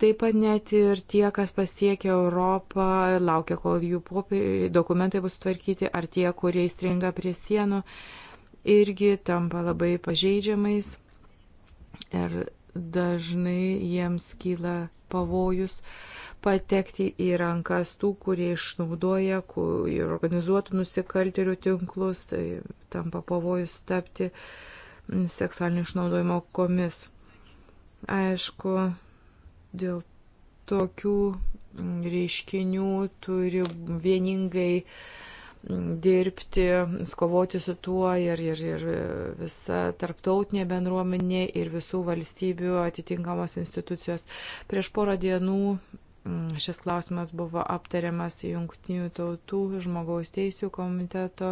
Taip pat net ir tie, kas pasiekia Europą, laukia, kol jų popieriai, dokumentai bus tvarkyti, ar tie, kurie įstringa prie sienų. Uh, irgi tampa labai pažeidžiamais ir dažnai jiems kyla pavojus patekti į rankas tų, kurie išnaudoja ir organizuotų nusikaltelių tinklus, tai tampa pavojus tapti seksualinio išnaudojimo komis. Aišku, dėl tokių reiškinių turi vieningai uh, dirbti, skovoti su tuo ir, ir, ir visa tarptautinė bendruomenė ir visų valstybių atitinkamos institucijos. Prieš porą dienų mm, šis klausimas buvo aptariamas Junktinių tautų žmogaus teisų komiteto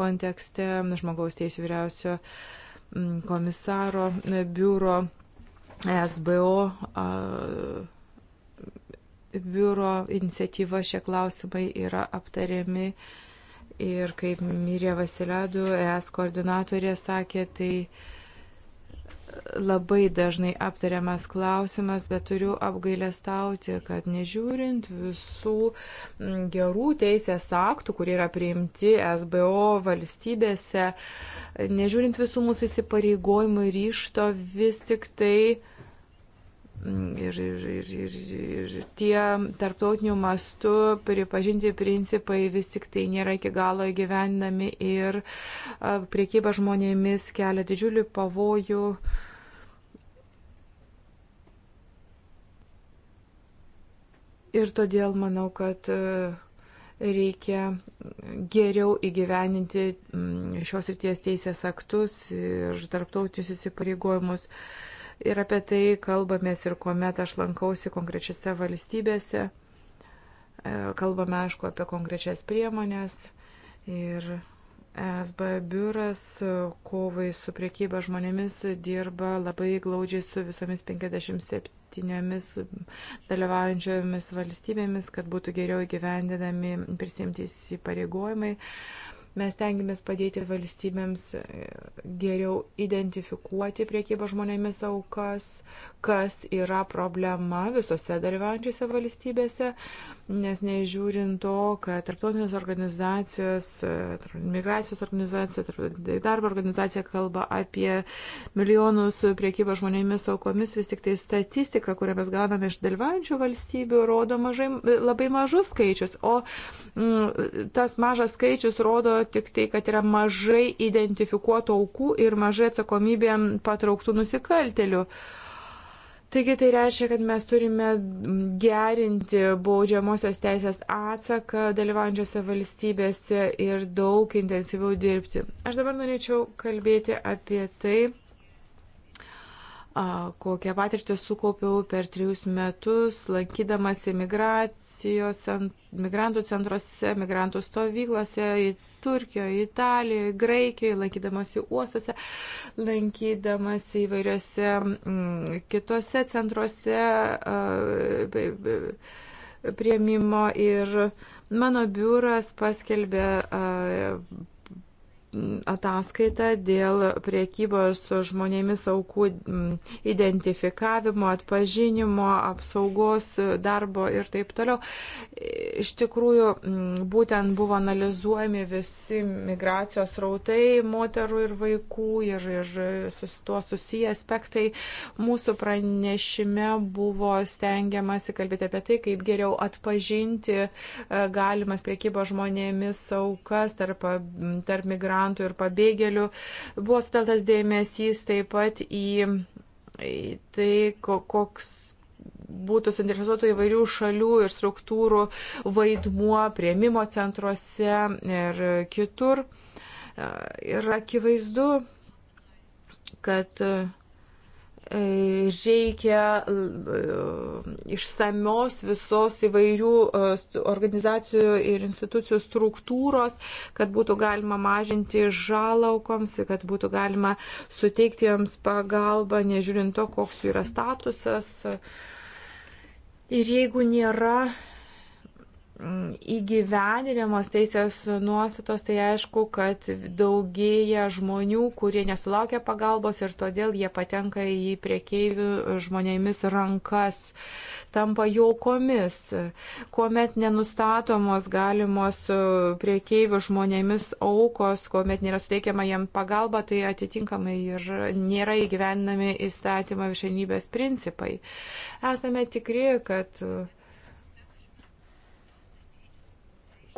kontekste, žmogaus teisų vyriausio mm, komisaro biuro, SBO. A, biuro iniciatyva šie klausimai yra aptariami uh, Ir kaip Mirė Vasiliadų, ES koordinatorė, sakė, tai labai dažnai aptariamas klausimas, bet turiu apgailestauti, kad nežiūrint visų gerų teisės aktų, kurie yra priimti SBO valstybėse, nežiūrint visų mūsų įsipareigojimų ryšto, vis tik tai ir, ir, ir, ir, ir tie tarptautinių mastų pripažinti principai vis tik tai nėra iki galo įgyvendami ir priekyba žmonėmis kelia didžiulį pavojų. Ir todėl manau, kad reikia geriau įgyveninti šios ryties teisės aktus ir tarptautinius įsipareigojimus. Uh, ir apie tai kalbamės ir kuomet aš lankausi konkrečiose valstybėse. E, kalbame, aišku, apie konkrečias priemonės ir SB biuras e, kovai su priekyba žmonėmis dirba labai glaudžiai su visomis 57 dabartinėmis dalyvaujančiomis valstybėmis, kad būtų geriau įgyvendinami prisimti įsipareigojimai. Mes tengiamės padėti valstybėms e, geriau identifikuoti priekybą žmonėmis aukas, kas yra problema visose dalyvaujančiose valstybėse, nes nežiūrint to, kad tarptautinės organizacijos, e, migracijos organizacija, darbo organizacija kalba apie milijonus priekybą žmonėmis aukomis, vis tik tai statistika, kurią mes gauname iš dalyvaujančių valstybių, rodo mažai, labai mažus skaičius, o m, mm, tas mažas skaičius rodo rodo tik tai, kad yra mažai identifikuotų aukų ir mažai atsakomybėm patrauktų nusikaltelių. Taigi tai reiškia, kad mes turime gerinti baudžiamosios teisės atsaką dalyvaujančiose valstybėse ir daug intensyviau dirbti. Aš dabar norėčiau kalbėti apie tai, kokią patirtį sukaupiau per trejus metus, lankydamas imigracijos, migrantų centruose, migrantų stovyklose, į Turkijoje, Italijoje, Graikijoje, lankydamasi uostuose, lankydamasi įvairiose m, mm, kitose centruose prieimimo ir mano biuras paskelbė ataskaitą dėl priekybos žmonėmis aukų identifikavimo, atpažinimo, apsaugos, darbo ir taip toliau. Iš tikrųjų, būtent buvo analizuojami visi migracijos rautai moterų ir vaikų ir, ir su tuo susiję aspektai. Mūsų pranešime buvo stengiamasi kalbėti apie tai, kaip geriau atpažinti e, galimas priekybos žmonėmis aukas tarp, tarp migracijos migrantų ir pabėgėlių. Buvo suteltas dėmesys taip pat į, į tai, koks būtų suinteresuotų įvairių šalių ir struktūrų vaidmuo prieimimo centruose ir kitur. E, ir akivaizdu, kad uh, E, reikia e, išsamios visos įvairių e, organizacijų ir institucijų struktūros, kad būtų galima mažinti žalaukoms, kad būtų galima suteikti joms pagalbą, nežiūrint to, koks jų yra statusas. Ir jeigu nėra Mm, įgyvendinamos teisės nuostatos, tai aišku, kad daugėja žmonių, kurie nesulaukia pagalbos ir todėl jie patenka į priekeivių žmonėmis rankas, tampa jaukomis, kuomet nenustatomos galimos priekeivių žmonėmis aukos, kuomet nėra suteikiama jam pagalba, tai atitinkamai ir nėra įgyvendinami įstatymą viršenybės principai. Esame tikri, kad uh,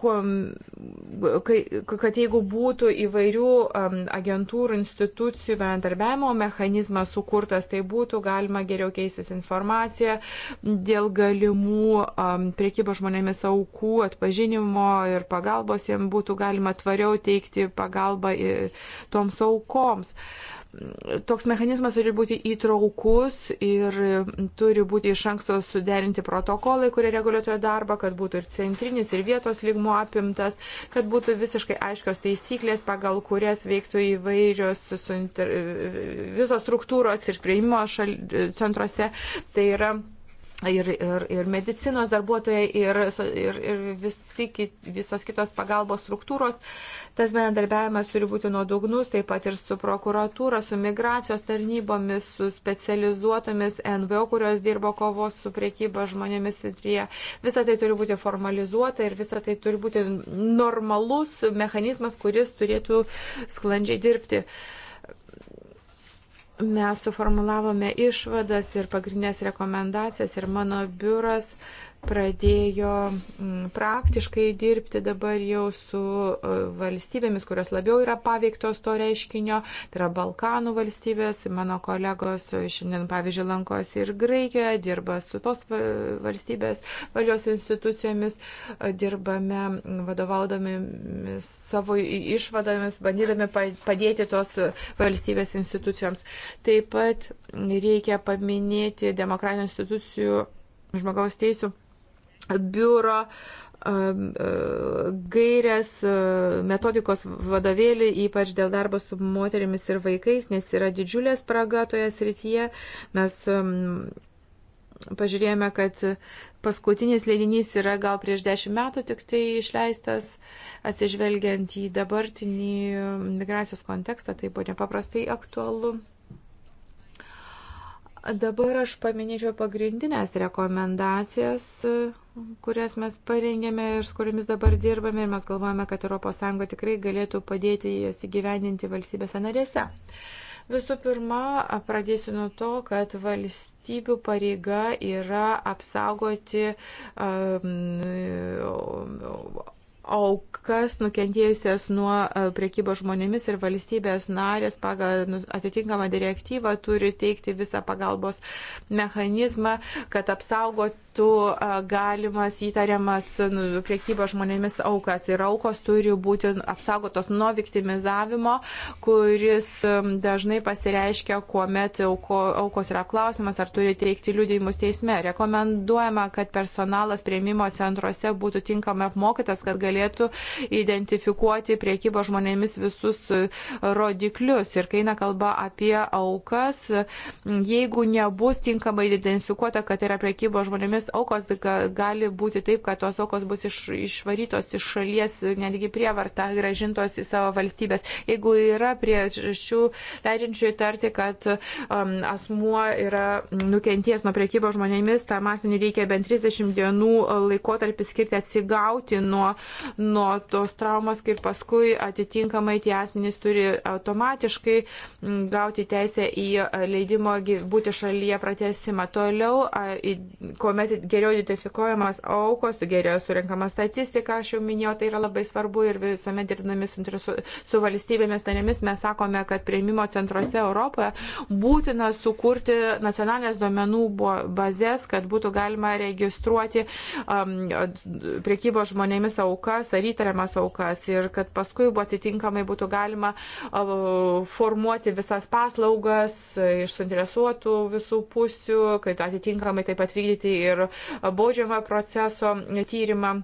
kad jeigu būtų įvairių um, agentūrų, institucijų bendarbiavimo mechanizmas sukurtas, tai būtų galima geriau keistis informaciją dėl galimų um, priekybo žmonėmis aukų atpažinimo ir pagalbos jiems būtų galima tvariau teikti pagalbą toms aukoms. Um, toks mechanizmas turi būti įtraukus ir turi būti iš anksto suderinti protokolai, kurie reguliuotojo darbą, kad būtų ir centrinis, ir vietos lygmo apimtas, kad būtų visiškai aiškios taisyklės, pagal kurias veiktų įvairios visos struktūros ir prieimimo šal, centruose. Tai yra ir, ir, ir medicinos darbuotojai, ir, ir, ir visi, kit, visos kitos pagalbos struktūros. Tas bendarbiavimas turi būti nuodugnus, taip pat ir su prokuratūra, su migracijos tarnybomis, su specializuotomis NVO, kurios dirbo kovos su priekyba žmonėmis sitryje. Visa tai turi būti formalizuota ir visa tai turi būti normalus mechanizmas, kuris turėtų sklandžiai dirbti. Uh, Mes suformulavome išvadas ir pagrindinės rekomendacijas ir mano biuras uh, pradėjo mm, praktiškai dirbti dabar jau su e, valstybėmis, kurios labiau yra paveiktos to reiškinio, tai yra Balkanų valstybės, mano kolegos šiandien, pavyzdžiui, lankosi ir Graikijoje, dirba su tos valstybės valios institucijomis, e, dirbame mm, vadovaudami savo išvadomis, bandydami padėti tos valstybės institucijoms. Taip pat reikia paminėti demokratinių institucijų žmogaus teisų biuro e, gairias, e, metodikos vadovėlį, ypač dėl darbo su moterimis ir vaikais, nes yra didžiulė spraga toje srityje. Mes pažiūrėjome, kad paskutinis leidinys yra gal prieš dešimt metų tik tai išleistas, atsižvelgiant į dabartinį migracijos kontekstą, tai buvo nepaprastai aktualu. Dabar aš paminėčiau pagrindinės rekomendacijas, kurias mes parengėme ir su kuriamis dabar dirbame ir mes galvojame, kad ES tikrai galėtų padėti jas įgyvendinti valstybėse narėse. Visų pirma, pradėsiu nuo to, kad valstybių pareiga yra apsaugoti um, aukas nukentėjusias nuo e, priekybos žmonėmis ir valstybės narės pagal nu, atitinkamą direktyvą turi teikti visą pagalbos mechanizmą, kad apsaugot metu galimas įtariamas nu, priekybos žmonėmis aukas ir aukos turi būti apsaugotos nuo viktimizavimo, kuris dažnai pasireiškia, kuomet auko, aukos yra klausimas, ar turi teikti liudijimus teisme. Rekomenduojama, kad personalas prieimimo centruose būtų tinkamai apmokytas, kad galėtų identifikuoti priekybos žmonėmis visus rodiklius. Ir kai eina kalba apie aukas, jeigu nebus tinkamai identifikuota, kad yra priekybos žmonėmis, mirties aukos gali būti taip, kad tos aukos bus iš, išvarytos iš šalies, netgi prievarta gražintos į savo valstybės. Jeigu yra priežasčių leidžiančių įtarti, kad um, asmuo yra nukenties nuo priekybos žmonėmis, tam asmeniu reikia bent 30 dienų laikotarpį skirti atsigauti nuo, nuo tos traumos, kaip paskui atitinkamai tie asmenys turi automatiškai mm, gauti teisę į leidimo būti šalyje pratesimą. Toliau, kuomet geriau identifikuojamas aukos, geriau surinkama statistika, aš jau minėjau, tai yra labai svarbu ir visuomet dirbdami su, su, su valstybėmis narėmis mes sakome, kad prieimimo centruose Europoje būtina sukurti nacionalinės duomenų bazės, kad būtų galima registruoti um, priekybo žmonėmis aukas ar įtariamas aukas ir kad paskui atitinkamai būtų galima um, formuoti visas paslaugas iš suinteresuotų visų pusių, kad atitinkamai taip pat vykdyti ir ir baudžiamojo proceso tyrimą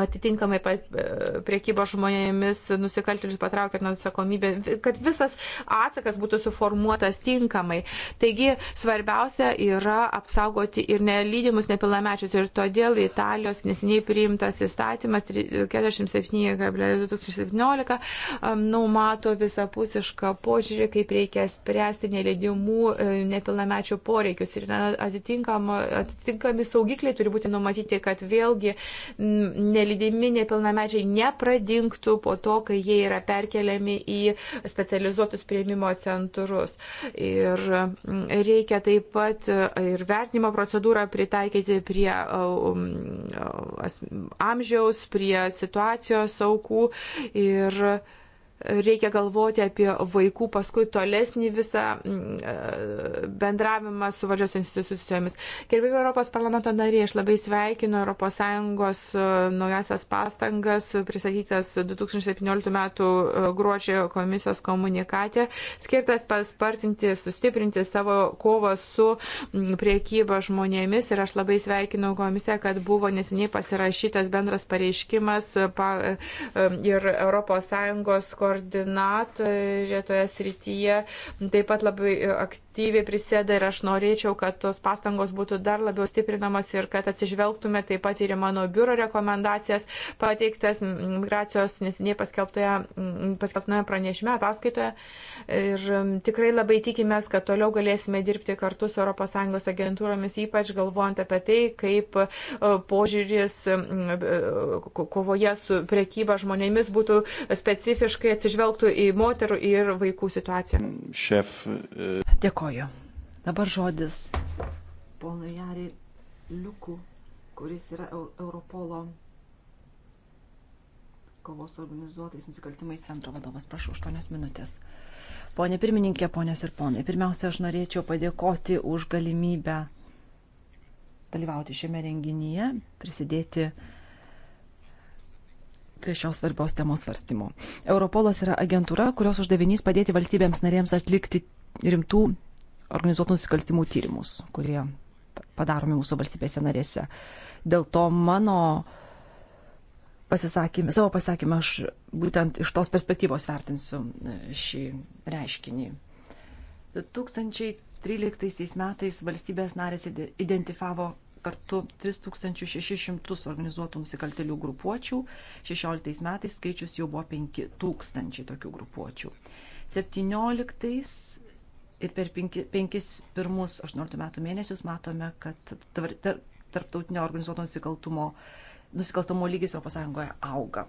atitinkamai e, priekybos žmonėmis nusikaltėlius patraukė nuo atsakomybę, kad visas atsakas būtų suformuotas tinkamai. Taigi svarbiausia yra apsaugoti ir nelydimus nepilnamečius ir todėl Italijos nesiniai priimtas įstatymas 47.2017 numato visapusišką požiūrį, kaip reikia spręsti nelydimų e, nepilnamečių poreikius ir atitinkami saugikliai turi būti numatyti, kad vėlgi nelydimų nelydimi nepilnamečiai nepradinktų po to, kai jie yra perkeliami į specializuotus prieimimo centrus. Ir mm, reikia taip pat e, ir vertinimo procedūrą pritaikyti prie e, um, e, amžiaus, prie situacijos aukų. Ir reikia galvoti apie vaikų paskui tolesnį visą mm, e, bendravimą su valdžios institucijomis. Gerbėjai Europos parlamento nariai, aš labai sveikinu ES e, naujasias pastangas pristatytas 2017 m. E, gruodžio komisijos komunikate, skirtas paspartinti, sustiprinti savo kovą su mm, priekyba žmonėmis ir aš labai sveikinu komisiją, kad buvo neseniai pasirašytas bendras pareiškimas ir ES koordinatorė toje srityje taip pat labai aktyviai aktyviai prisėda ir aš norėčiau, kad tos pastangos būtų dar labiau stiprinamas ir kad atsižvelgtume taip pat ir į mano biuro rekomendacijas pateiktas migracijos nesiniai paskelbtoje pranešime ataskaitoje. Ir tikrai labai tikimės, kad toliau galėsime dirbti kartu su ES agentūromis, ypač galvojant apie tai, kaip e, požiūris e, kovoje su priekyba žmonėmis būtų specifiškai atsižvelgtų į moterų ir vaikų situaciją. Šef. E, Dėkoju. Dėkoju. Dabar žodis ponui Jari Liuku, kuris yra Europolo kovos organizuotais nusikaltimais centro vadovas. Prašau, 8 minutės. Pone pirmininkė, ponios ir ponai, pirmiausia, aš norėčiau padėkoti už galimybę dalyvauti šiame renginyje, prisidėti prie šios svarbios temos svarstymo. Europolas yra agentūra, kurios uždavinys padėti valstybėms narėms atlikti rimtų organizuotų nusikalstimų tyrimus, kurie padaromi mūsų valstybėse narėse. Dėl to mano pasisakymą, savo pasakymą aš būtent iš tos perspektyvos vertinsiu e, šį reiškinį. 2013 metais valstybės narės identifavo kartu 3600 organizuotų nusikaltelių grupuočių, 16 metais skaičius jau buvo 5000 tokių grupuočių. 17 Ir per penki, penkis pirmus 18 metų mėnesius matome, kad tarptautinio organizuoto nusikaltumo, nusikalstamo lygis Europos Sąjungoje auga.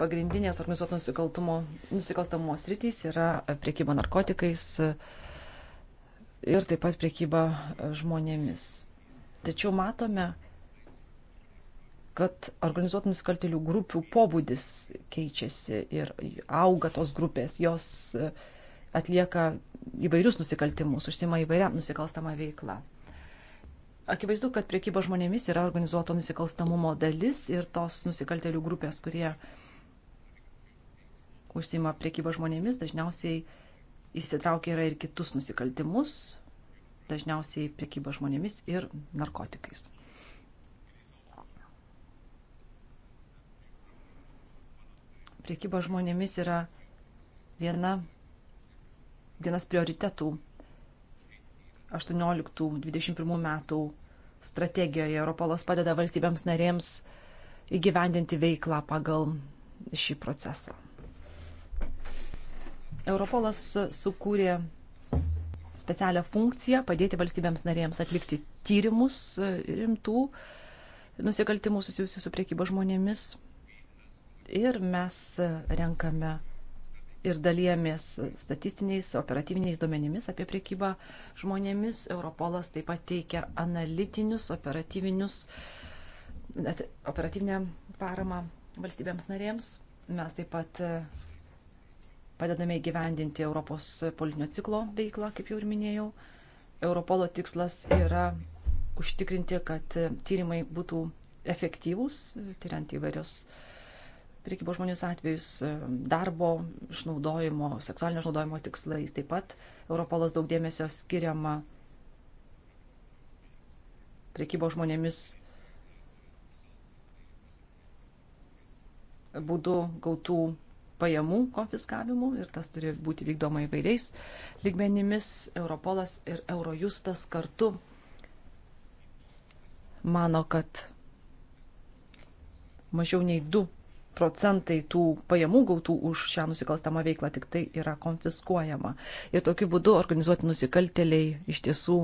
Pagrindinės organizuoto nusikaltumo, nusikalstamo sritys yra priekyba narkotikais e, ir taip pat priekyba e, žmonėmis. Tačiau matome, kad organizuotų nusikaltėlių grupių pobūdis keičiasi ir auga tos grupės, jos e, atlieka įvairius nusikaltimus, užsima įvairia nusikalstama veikla. Akivaizdu, kad priekyba žmonėmis yra organizuoto nusikalstamumo dalis ir tos nusikaltelių grupės, kurie užsima priekyba žmonėmis, dažniausiai įsitraukia yra ir kitus nusikaltimus, dažniausiai priekyba žmonėmis ir narkotikais. Priekyba žmonėmis yra viena vienas prioritetų 18-21 metų strategijoje. Europolas padeda valstybėms narėms įgyvendinti veiklą pagal šį procesą. Europolas sukūrė specialią funkciją padėti valstybėms narėms atlikti tyrimus rimtų nusikaltimų susijusių su priekyba žmonėmis. Ir mes renkame ir dalyjamės statistiniais, operatyviniais duomenimis apie priekybą žmonėmis. Europolas taip pat teikia analitinius, operatyvinius, operatyvinę paramą valstybėms narėms. Mes taip pat e, padedame įgyvendinti Europos politinio ciklo veiklą, kaip jau ir minėjau. Europolo tikslas yra užtikrinti, kad tyrimai būtų efektyvūs, tyriant įvairios uh, priekybo žmonės atvejus, e, darbo išnaudojimo, seksualinio išnaudojimo tikslais. Taip pat Europolas daug dėmesio skiriama priekybo žmonėmis būdu gautų pajamų konfiskavimu ir tas turi būti vykdoma įvairiais lygmenimis. Europolas ir Eurojustas kartu mano, kad mažiau nei 2 procentai tų pajamų gautų už šią nusikalstamą veiklą tik tai yra konfiskuojama. Ir tokiu būdu organizuoti nusikalteliai iš tiesų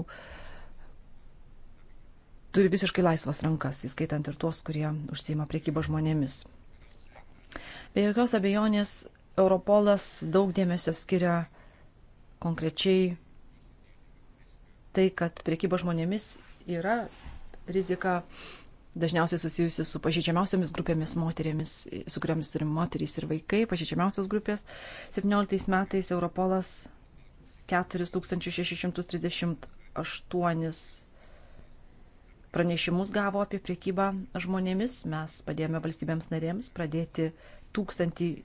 turi visiškai laisvas rankas, įskaitant ir tuos, kurie užsima priekybą žmonėmis. Be jokios abejonės, Europolas daug dėmesio skiria konkrečiai tai, kad priekyba žmonėmis yra rizika dažniausiai susijusi su pažeidžiamiausiamis grupėmis moterėmis, su kuriamis ir moterys ir vaikai, pažeidžiamiausios grupės. 17 metais Europolas 4638 pranešimus gavo apie priekybą žmonėmis. Mes padėjome valstybėms narėms pradėti 1063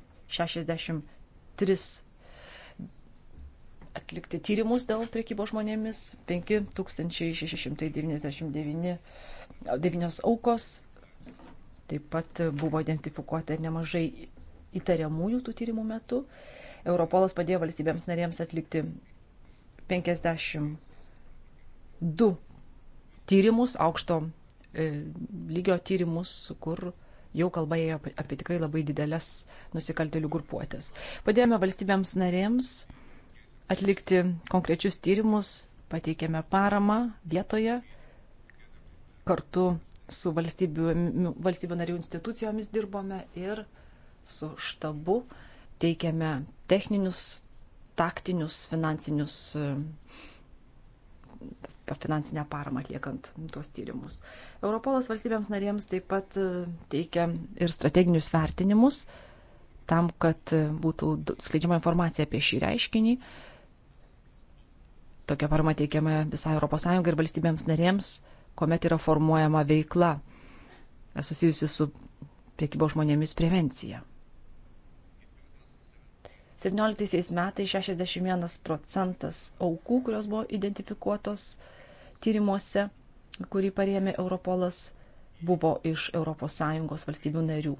atlikti tyrimus dėl priekybos žmonėmis, 5699 devynios aukos. Taip pat buvo identifikuota ir nemažai įtariamųjų tų tyrimų metu. Europolas padėjo valstybėms narėms atlikti 52 tyrimus, aukšto e, lygio tyrimus, kur jau kalba ėjo apie tikrai labai didelės nusikaltelių grupuotės. Padėjome valstybėms narėms atlikti konkrečius tyrimus, pateikėme paramą vietoje kartu su valstybių, valstybių narių institucijomis dirbome ir su štabu teikiame techninius, taktinius, finansinius, e, finansinę paramą atliekant tuos tyrimus. Europolas valstybėms narėms taip pat e, teikia ir strateginius vertinimus tam, kad e, būtų skleidžiama informacija apie šį reiškinį. Tokia parama teikiama visai ES ir valstybėms narėms kuomet yra formuojama veikla susijusi su priekybo žmonėmis prevencija. 17 metais 61 procentas aukų, kurios buvo identifikuotos tyrimuose, kurį parėmė Europolas, buvo iš ES valstybių narių.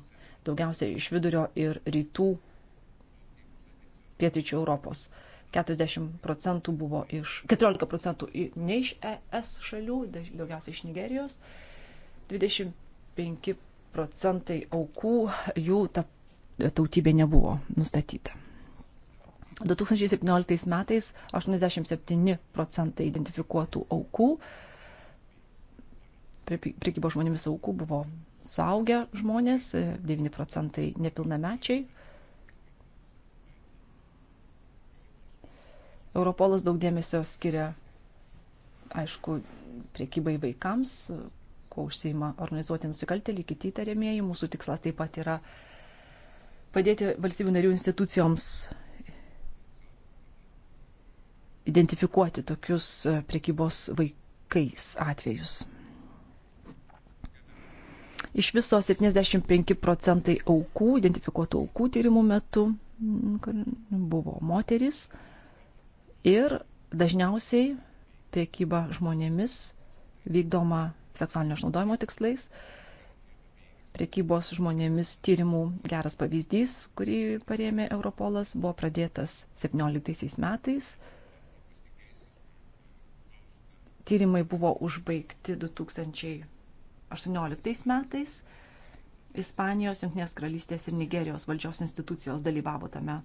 Daugiausiai iš vidurio ir rytų pietričių Europos. 40 procentų buvo iš, 14 procentų ne iš ES šalių, daugiausiai iš Nigerijos, 25 procentai aukų jų ta tautybė nebuvo nustatyta. 2017 metais 87 procentai identifikuotų aukų, priekybo žmonėmis aukų buvo suaugę žmonės, 9 procentai nepilnamečiai, Europolas daug dėmesio skiria, aišku, priekybai vaikams, kuo užsieima organizuoti nusikaltėlį, kiti įtariamieji. Mūsų tikslas taip pat yra padėti valstybių narių institucijoms identifikuoti tokius priekybos vaikais atvejus. Iš viso 75 procentai aukų, identifikuotų aukų tyrimų metu buvo moteris, ir dažniausiai priekyba žmonėmis vykdoma seksualinio išnaudojimo tikslais. Priekybos žmonėmis tyrimų geras pavyzdys, kurį parėmė Europolas, buvo pradėtas 17 metais. Tyrimai buvo užbaigti 2018 metais. Ispanijos, Junktinės karalystės ir Nigerijos valdžios institucijos dalyvavo tame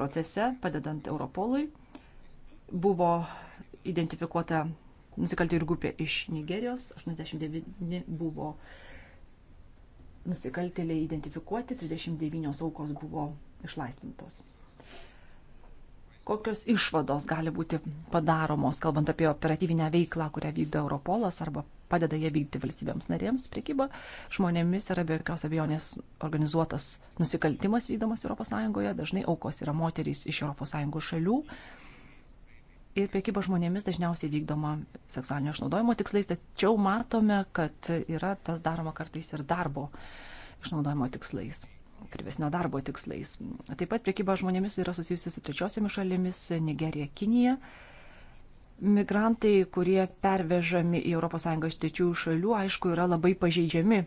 procese, padedant Europolui buvo identifikuota nusikaltėlių grupė iš Nigerijos, 89 buvo nusikaltėliai identifikuoti, 39 aukos buvo išlaisvintos. Kokios išvados gali būti padaromos, kalbant apie operatyvinę veiklą, kurią vykdo Europolas arba padeda jie vykdyti valstybėms narėms. Prekyba žmonėmis yra be jokios abejonės organizuotas nusikaltimas vykdomas ES. Dažnai aukos yra moterys iš ES šalių, ir priekyba žmonėmis dažniausiai vykdoma seksualinio išnaudojimo tikslais, tačiau matome, kad yra tas daroma kartais ir darbo išnaudojimo tikslais, privesnio darbo tikslais. Taip pat priekyba žmonėmis yra susijusi su trečiosiomis šalimis - Nigerija, Kinija. Migrantai, kurie pervežami į ES iš trečiųjų šalių, aišku, yra labai pažeidžiami,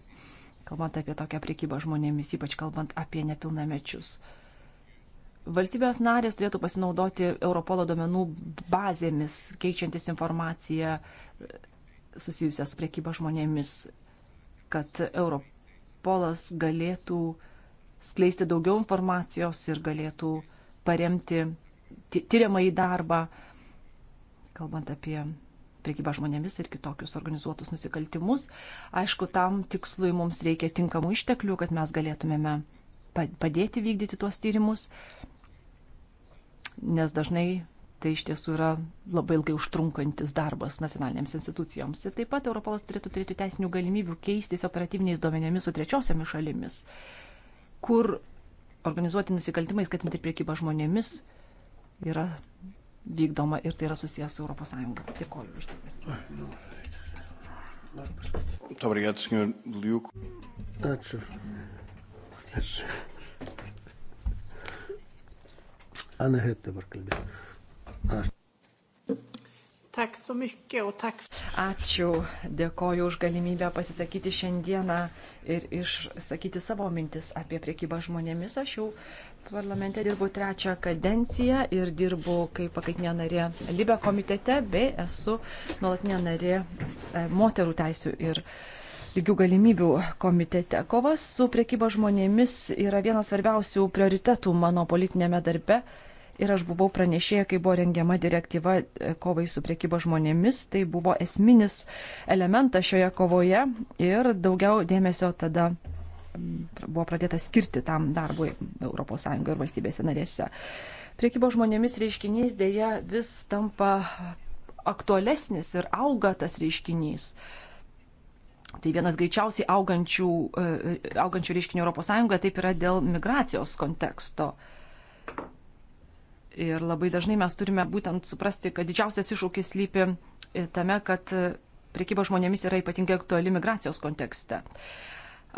kalbant apie tokią priekybą žmonėmis, ypač kalbant apie nepilnamečius. Valstybės narės turėtų pasinaudoti Europolo duomenų bazėmis, keičiantis informaciją e, susijusią su priekyba žmonėmis, kad Europolas galėtų skleisti daugiau informacijos ir galėtų paremti tyriamą į darbą, kalbant apie priekybą žmonėmis ir kitokius organizuotus nusikaltimus. Aišku, tam tikslui mums reikia tinkamų išteklių, kad mes galėtumėme padėti vykdyti tuos tyrimus nes dažnai tai iš tiesų yra labai ilgai užtrunkantis darbas nacionalinėms institucijoms. Ir taip pat Europolas turėtų turėti teisinių galimybių keistis operatyviniais duomenėmis su trečiosiomis šalimis, kur organizuoti nusikaltimai, skatinti priekybą žmonėmis, yra vykdoma ir tai yra susijęs su ES. Dėkoju už dėmesį. Ačiū. Ačiū. Anna Het dabar kalbėjo. Ačiū, dėkoju už galimybę pasisakyti šiandieną ir išsakyti savo mintis apie priekybą žmonėmis. Aš jau parlamente dirbu trečią kadenciją ir dirbu kaip pakaitinė narė Libė komitete, bei esu nuolatinė narė e, moterų teisų ir lygių galimybių komitete. Kova su priekyba žmonėmis yra vienas svarbiausių prioritetų mano politinėme darbe ir aš buvau pranešėja, kai buvo rengiama direktyva e, kovai su priekybo žmonėmis. Tai buvo esminis elementas šioje kovoje ir daugiau dėmesio tada mm, buvo pradėta skirti tam darbui ES ir valstybėse narėse. Priekybo žmonėmis reiškinys dėja vis tampa aktualesnis ir auga tas reiškinys. Tai vienas greičiausiai augančių, e, augančių reiškinių ES, taip yra dėl migracijos konteksto Ir labai dažnai mes turime būtent suprasti, kad didžiausias iššūkis lypi tame, kad priekyba žmonėmis yra ypatingai aktuali migracijos kontekste.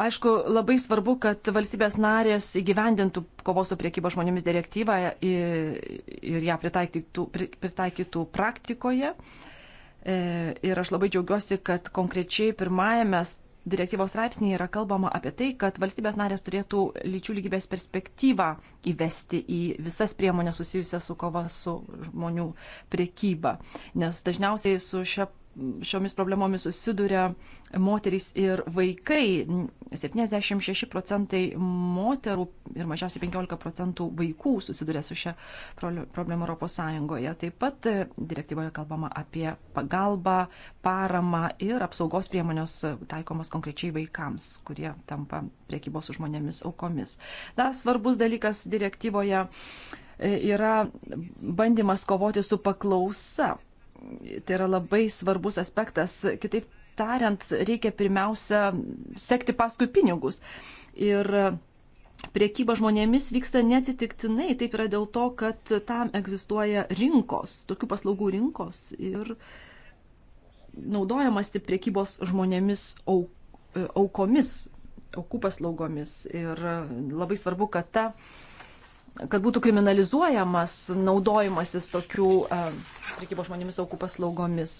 Aišku, labai svarbu, kad valstybės narės įgyvendintų kovos su priekyba žmonėmis direktyvą ir ją pritaikytų, pritaikytų praktikoje. E, ir aš labai džiaugiuosi, kad konkrečiai pirmajame direktyvos straipsnėje yra kalbama apie tai, kad valstybės narės turėtų lyčių lygybės perspektyvą įvesti į visas priemonės susijusias su kova su žmonių priekyba. Nes dažniausiai su šia šiomis problemomis susiduria moterys ir vaikai. 76 procentai moterų ir mažiausiai 15 procentų vaikų susiduria su šia problema ES. Taip pat direktyvoje kalbama apie pagalbą, paramą ir apsaugos priemonės taikomas konkrečiai vaikams, kurie tampa priekybos žmonėmis aukomis. Dar svarbus dalykas direktyvoje e, yra bandymas kovoti su paklausa tai yra labai svarbus aspektas. Kitaip tariant, reikia pirmiausia sekti paskui pinigus. Ir priekyba žmonėmis vyksta neatsitiktinai, taip yra dėl to, kad tam egzistuoja rinkos, tokių paslaugų rinkos ir naudojamasi priekybos žmonėmis au, aukomis, aukų paslaugomis. Ir labai svarbu, kad ta kad būtų kriminalizuojamas naudojimasis tokių e, prekybo žmonėmis aukų paslaugomis,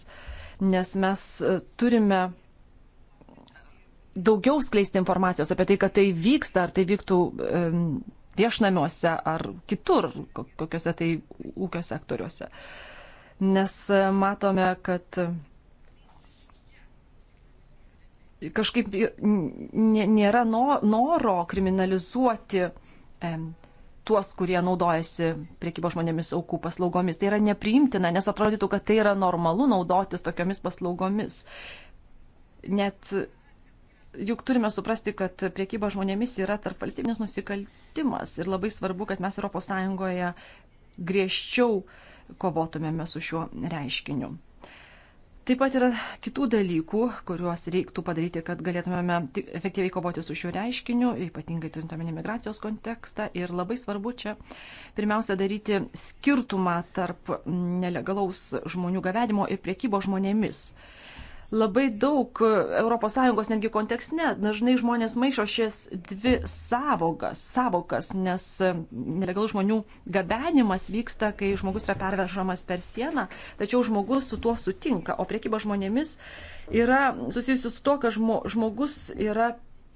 nes mes e, turime daugiau skleisti informacijos apie tai, kad tai vyksta, ar tai vyktų e, viešnamiuose ar kitur, kokiuose tai ūkio sektoriuose. Nes matome, kad kažkaip nėra noro kriminalizuoti tuos, kurie naudojasi priekybo žmonėmis aukų paslaugomis. Tai yra nepriimtina, nes atrodytų, kad tai yra normalu naudotis tokiomis paslaugomis. Net juk turime suprasti, kad priekyba žmonėmis yra tarp valstybinės nusikaltimas ir labai svarbu, kad mes ES griežčiau kovotumėme su šiuo reiškiniu. Taip pat yra kitų dalykų, kuriuos reiktų padaryti, kad galėtumėme efektyviai kovoti su šiuo reiškiniu, ypatingai turint omeny migracijos kontekstą. Ir labai svarbu čia pirmiausia daryti skirtumą tarp nelegalaus žmonių gavedimo ir priekybo žmonėmis. Uh, labai daug ES netgi kontekste dažnai žmonės maišo šias dvi savogas, savokas, nes e, nelegalų žmonių gabenimas vyksta, kai žmogus yra pervežamas per sieną, tačiau žmogus su tuo sutinka, o priekyba žmonėmis yra susijusi su to, kad žmogus yra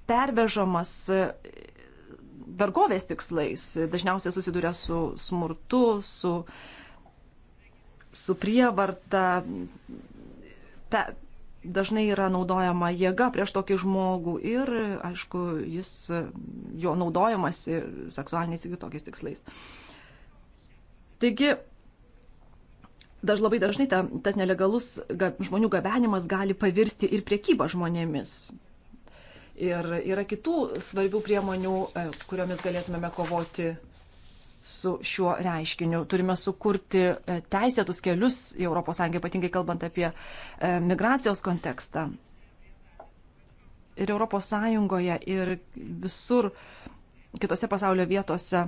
pervežamas e, vergovės tikslais, dažniausiai susiduria su smurtu, su, su prievarta, pe, dažnai yra naudojama jėga prieš tokį žmogų ir, aišku, jis jo naudojamasi seksualiniais ir kitokiais tikslais. Taigi, daž, labai dažnai ta, tas nelegalus ga, žmonių gabenimas gali pavirsti ir priekybą žmonėmis. Ir yra kitų svarbių priemonių, e, kuriomis galėtumėme kovoti su šiuo reiškiniu. Turime sukurti e, teisėtus kelius į ES, ypatingai kalbant apie e, migracijos kontekstą. Ir ES, ir visur kitose pasaulio vietose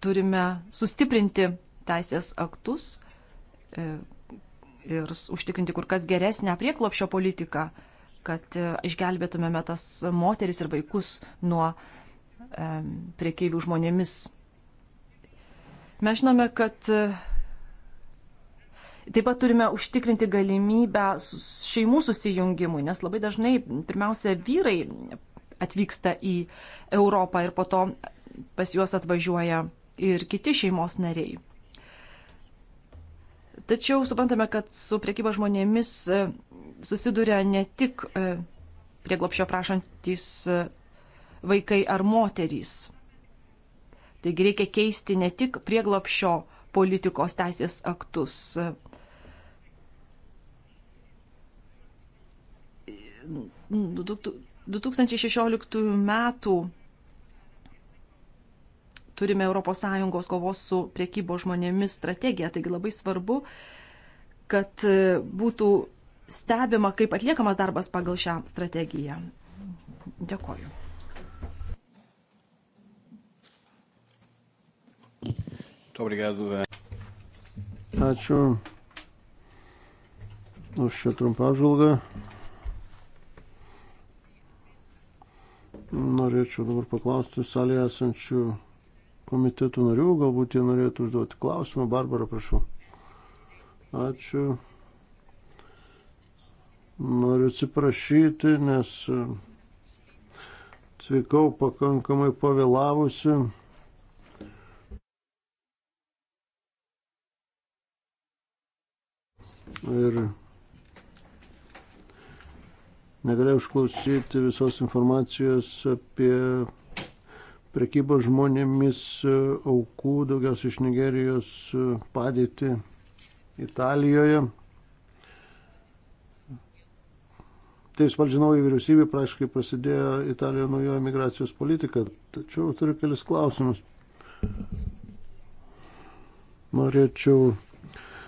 turime sustiprinti teisės aktus e, ir užtikrinti kur kas geresnę prieklopšio politiką, kad išgelbėtumėme tas moteris ir vaikus nuo priekyvių žmonėmis Mes žinome, kad e, taip pat turime užtikrinti galimybę šeimų susijungimui, nes labai dažnai pirmiausia vyrai atvyksta į Europą ir po to pas juos atvažiuoja ir kiti šeimos nariai. Tačiau suprantame, kad su priekyba žmonėmis e, susiduria ne tik e, prieglopšio prašantys vaikai ar moterys. Taigi reikia keisti ne tik prieglopšio politikos teisės aktus. Du, 2016 metų turime ES kovos su priekybo žmonėmis strategiją, taigi labai svarbu, kad būtų stebima, kaip atliekamas darbas pagal šią strategiją. Dėkoju. Eh. Ačiū už šią trumpą apžvalgą. Norėčiau dabar paklausti salėje esančių komitetų narių, galbūt jie norėtų užduoti klausimą. Barbara, prašau. Ačiū. Noriu atsiprašyti, nes eh, atvykau pakankamai pavėlavusi. ir negalėjau išklausyti visos informacijos apie prekybos žmonėmis aukų, daugiausiai iš Nigerijos padėti Italijoje. Tai valdžinoji vyriausybė praktiškai prasidėjo Italijoje naujoje migracijos politika. Tačiau turiu kelis klausimus. Norėčiau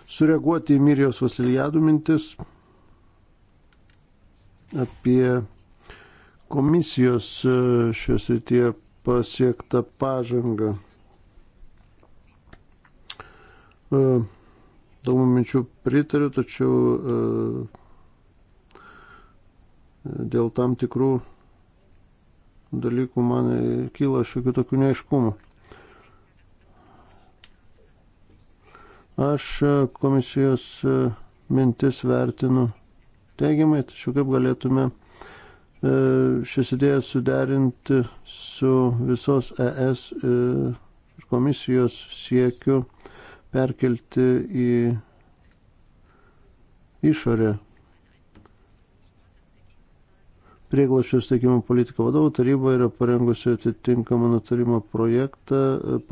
sureaguoti į Mirijos Vasilijadų mintis apie komisijos e, šios rytie pasiektą pažangą. E, Daug minčių pritariu, tačiau e, dėl tam tikrų dalykų man kyla šiokių tokių neaiškumų. Aš e, komisijos e, mintis vertinu teigiamai, tačiau kaip galėtume e, šias idėjas suderinti su visos ES ir komisijos siekiu perkelti į išorę prieglašio steigimo politiką. Vadovų taryba yra parengusi atitinkamą nutarimo projektą,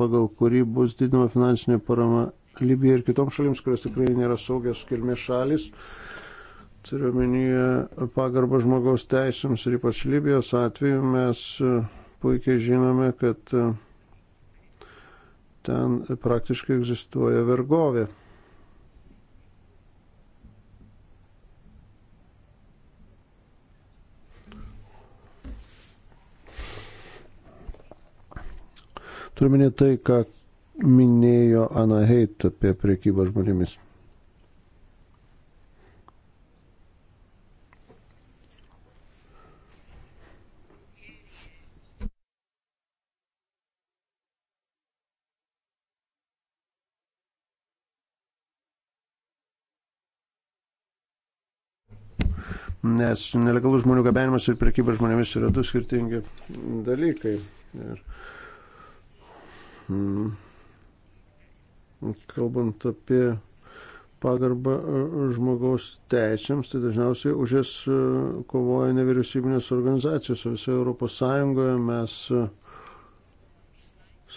pagal kurį bus didinama finansinė parama Libijai ir kitoms šalims, kurios tikrai nėra saugios kilmės šalis. Turiu omenyje pagarbą žmogaus teisėms ir ypač Libijos atveju mes e, puikiai žinome, kad e, ten praktiškai egzistuoja vergovė. Turime tai, ką minėjo Ana Heit apie priekybą žmonėmis. Nes nelegalų žmonių gabenimas ir prekyba žmonėmis yra du skirtingi dalykai. Ir, mm, kalbant apie pagarbą e, žmogaus teisėms, tai dažniausiai už jas e, kovoja nevyriausybinės organizacijos. Visoje Europos Sąjungoje mes e,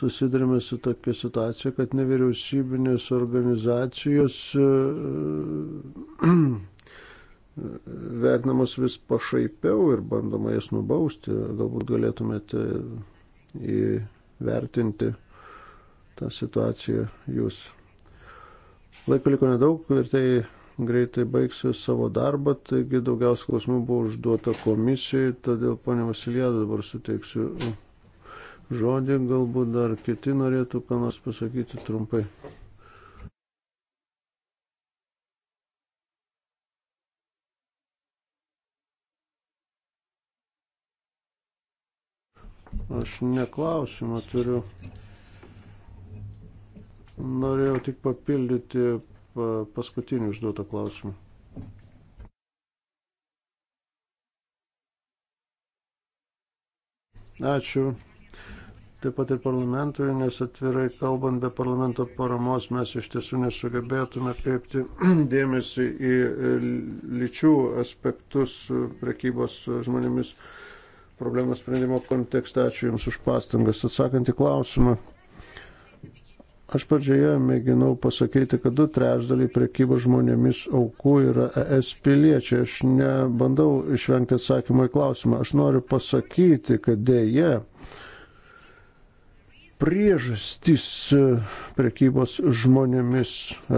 susidurime su tokia situacija, kad nevyriausybinės organizacijos vertinamos vis pašaipiau ir bandoma jas nubausti. Galbūt galėtumėte įvertinti tą situaciją jūs. Laiko liko nedaug ir tai greitai baigsiu savo darbą, taigi daugiausia klausimų buvo užduota komisijai, todėl ponė Vasilijada dabar suteiksiu žodį, galbūt dar kiti norėtų ką nors pasakyti trumpai. Aš neklausimą turiu. Norėjau tik papildyti paskutinį užduotą klausimą. Ačiū. Taip pat ir parlamentui, nes atvirai kalbant, be parlamento paramos mes iš tiesų nesugebėtume kreipti dėmesį į e, lyčių aspektus e, prekybos žmonėmis problemos sprendimo kontekste. Ačiū Jums už pastangas. Atsakant į klausimą, Aš pradžioje mėginau pasakyti, kad du trečdaliai prekybos žmonėmis aukų yra ES piliečiai. Aš nebandau išvengti atsakymą į klausimą. Aš noriu pasakyti, kad dėje priežastys e, prekybos žmonėmis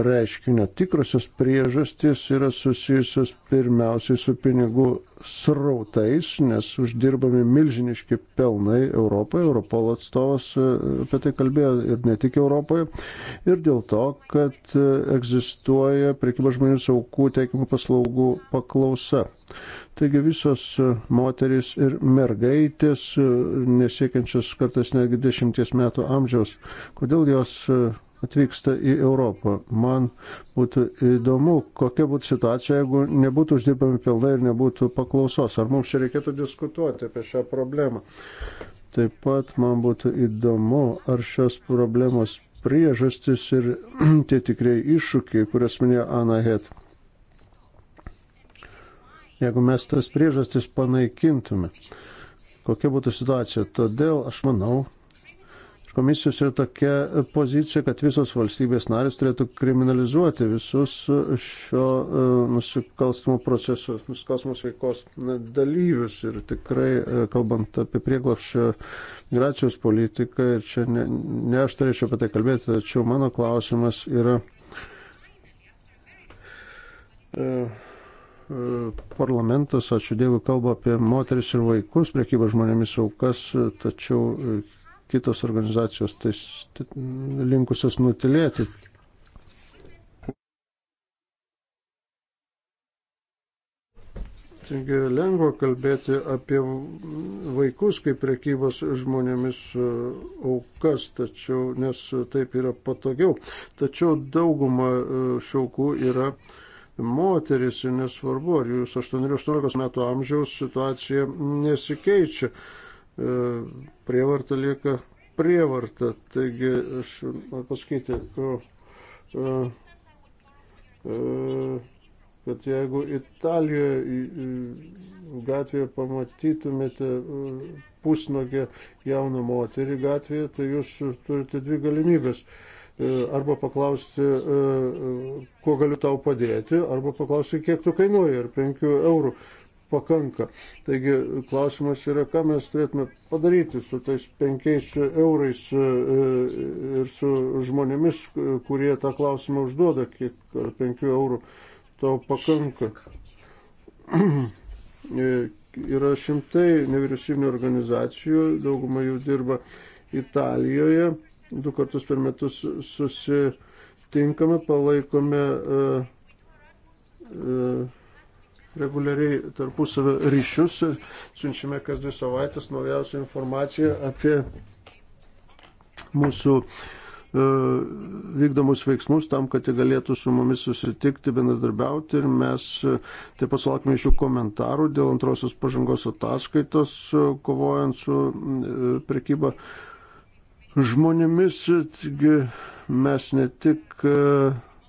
reiškinio. Tikrosios priežastys yra susijusios pirmiausiai su pinigų srautais, nes uždirbami milžiniški pelnai Europoje. Europol atstovas e, apie tai kalbėjo ir ne tik Europoje. Ir dėl to, kad e, egzistuoja prekybos žmonėmis aukų teikimų paslaugų paklausa. Taigi visos e, moteris ir mergaitės, e, nesiekiančios kartais negi dešimties metų amžiaus, kodėl jos e, atvyksta į Europą. Man būtų įdomu, kokia būtų situacija, jeigu nebūtų uždirbami pelnai ir nebūtų paklausos. Ar mums čia reikėtų diskutuoti apie šią problemą? Taip pat man būtų įdomu, ar šios problemos priežastis ir tie tikrieji iššūkiai, kurias minėjo Ana Het jeigu mes tas priežastis panaikintume. Kokia būtų situacija? Todėl aš manau, komisijos yra tokia pozicija, kad visos valstybės narės turėtų kriminalizuoti visus šio e, nusikalstamo proceso, nusikalstamos veikos dalyvius. Ir tikrai, e, kalbant apie prieglapščio migracijos politiką, čia ne, ne aš turėčiau apie tai kalbėti, tačiau mano klausimas yra. E, parlamentas, ačiū Dievui, kalba apie moteris ir vaikus, priekybą žmonėmis aukas, tačiau e, kitos organizacijos tai linkusios nutilėti. Taigi lengva kalbėti apie vaikus kaip prekybos žmonėmis e, aukas, tačiau, nes taip yra patogiau. Tačiau dauguma e, šiaukų yra uh, moteris, nesvarbu, ar jūs 8-18 metų amžiaus situacija nesikeičia. E, prievarta lieka prievarta. Taigi, aš pasakyti, e, e, kad jeigu Italijoje gatvėje pamatytumėte pusnogę jauną moterį gatvėje, tai jūs turite dvi galimybės. Uh, E, arba paklausti, e, e, kuo galiu tau padėti, arba paklausti, kiek tu kainuoji ir 5 eurų pakanka. Taigi klausimas yra, ką mes turėtume padaryti su tais 5 eurais ir su žmonėmis, kurie tą klausimą užduoda, kiek 5 eurų tau pakanka. yra šimtai nevyriausybinio organizacijų, dauguma jų dirba Italijoje du kartus per metus susitinkame, palaikome e, e, reguliariai tarpusavio ryšius, siunčiame kas dvi savaitės naujausią informaciją apie mūsų e, vykdomus veiksmus tam, kad jie galėtų su mumis susitikti, bendradarbiauti ir mes taip pat sulaukime iš jų komentarų dėl antrosios pažangos ataskaitos, kovojant su prekyba žmonėmis, taigi mes ne tik e,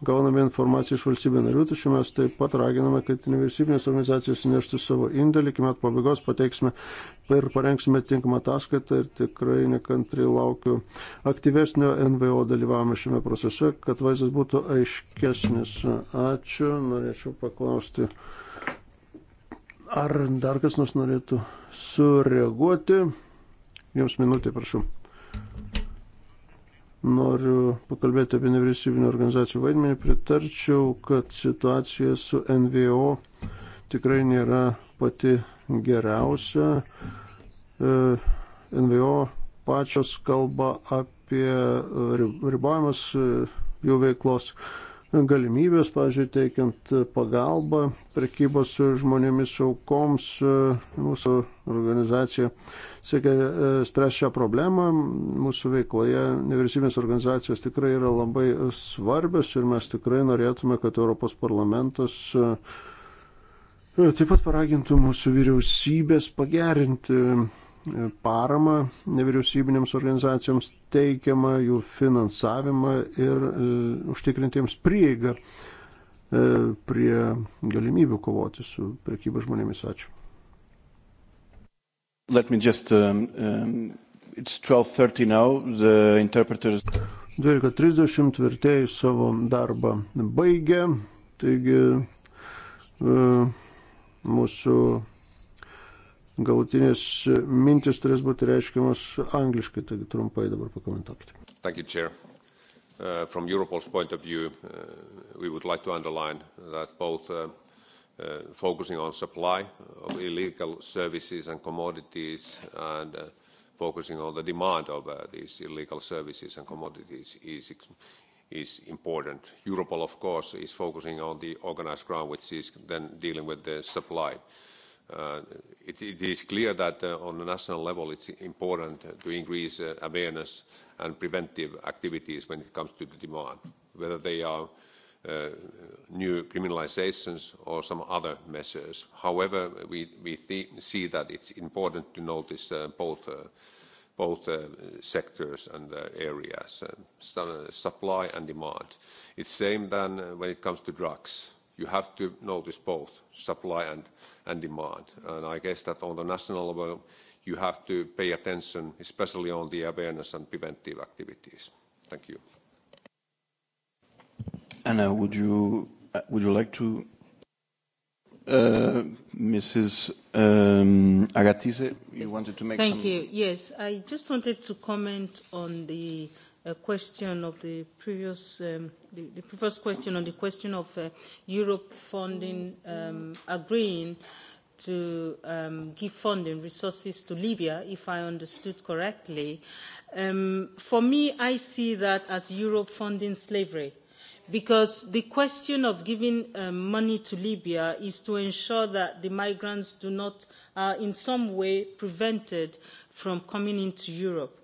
gauname informaciją iš valstybė narių, tačiau mes taip pat raginame, kad nevyriausybinės organizacijos neštų savo indėlį, iki metų pabaigos pateiksime ir parengsime tinkamą ataskaitą ir tikrai nekantriai laukiu aktyvesnio NVO dalyvavimo šiame procese, kad vaizdas būtų aiškesnis. Ačiū, norėčiau paklausti, ar dar kas nors norėtų sureaguoti. Jums minutė, prašau noriu pakalbėti apie nevyriausybinio organizacijų vaidmenį. Pritarčiau, kad situacija su NVO tikrai nėra pati geriausia. E, NVO pačios kalba apie ribojimas e, jų veiklos galimybės, pavyzdžiui, teikiant pagalbą prekybos su žmonėmis aukoms. E, mūsų organizacija siekia e, spręsti šią problemą. Mūsų veikloje nevyriausybės organizacijos tikrai yra labai svarbios ir mes tikrai norėtume, kad Europos parlamentas e, taip pat paragintų mūsų vyriausybės pagerinti paramą nevyriausybinėms organizacijoms teikiamą, jų finansavimą ir e, užtikrintiems prieigą e, prie galimybių kovoti su prekyba žmonėmis. Ačiū. Let me just, um, um, it's 12.30 now, the interpreters. 12.30 vertėjai savo darbą baigė, taigi uh, mūsų galutinės mintis turės būti reiškiamas angliškai, taigi trumpai dabar pakomentuokite. Thank you, Chair. Uh, from Europol's point of view, uh, we would like to underline that both uh, uh, focusing on supply of illegal services and commodities and uh, focusing on the demand of uh, these illegal services and commodities is, is important. Europol, of course, is focusing on the organized crime, which is then dealing with the supply. Uh, Uh, it, it is clear that uh, on the national level it's important to increase uh, awareness and preventive activities when it comes to the demand, whether they are uh, new criminalizations or some other measures. However, we, we th see that it's important to notice uh, both, uh, both uh, sectors and uh, areas, uh, su supply and demand. It's same than uh, when it comes to drugs you have to notice both supply and, and demand. And I guess that on the national level, you have to pay attention, especially on the awareness and preventive activities. Thank you. Anna, would you, would you like to? Uh, Mrs. Um, Agatise, you wanted to make Thank some... you. Yes, I just wanted to comment on the uh, uh, question of the previous, um, the, the first question on the question of uh, Europe funding um, agreeing to um, give funding resources to Libya, if I understood correctly. Um, for me, I see that as Europe funding slavery because the question of giving um, money to Libya is to ensure that the migrants do not, are uh, in some way prevented from coming into Europe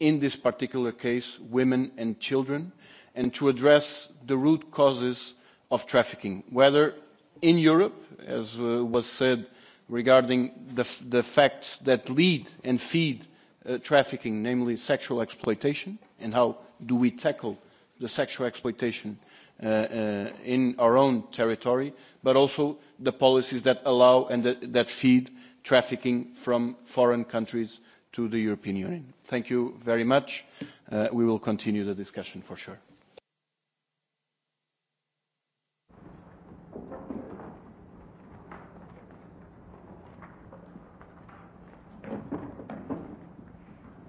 in this particular case, women and children, and to address the root causes of trafficking, whether in Europe, as uh, was said regarding the, the facts that lead and feed uh, trafficking, namely sexual exploitation, and how do we tackle the sexual exploitation uh, uh, in our own territory, but also the policies that allow and that, that feed trafficking from foreign countries uh, to the European Union. Thank you very much. Uh, we will continue the discussion for sure.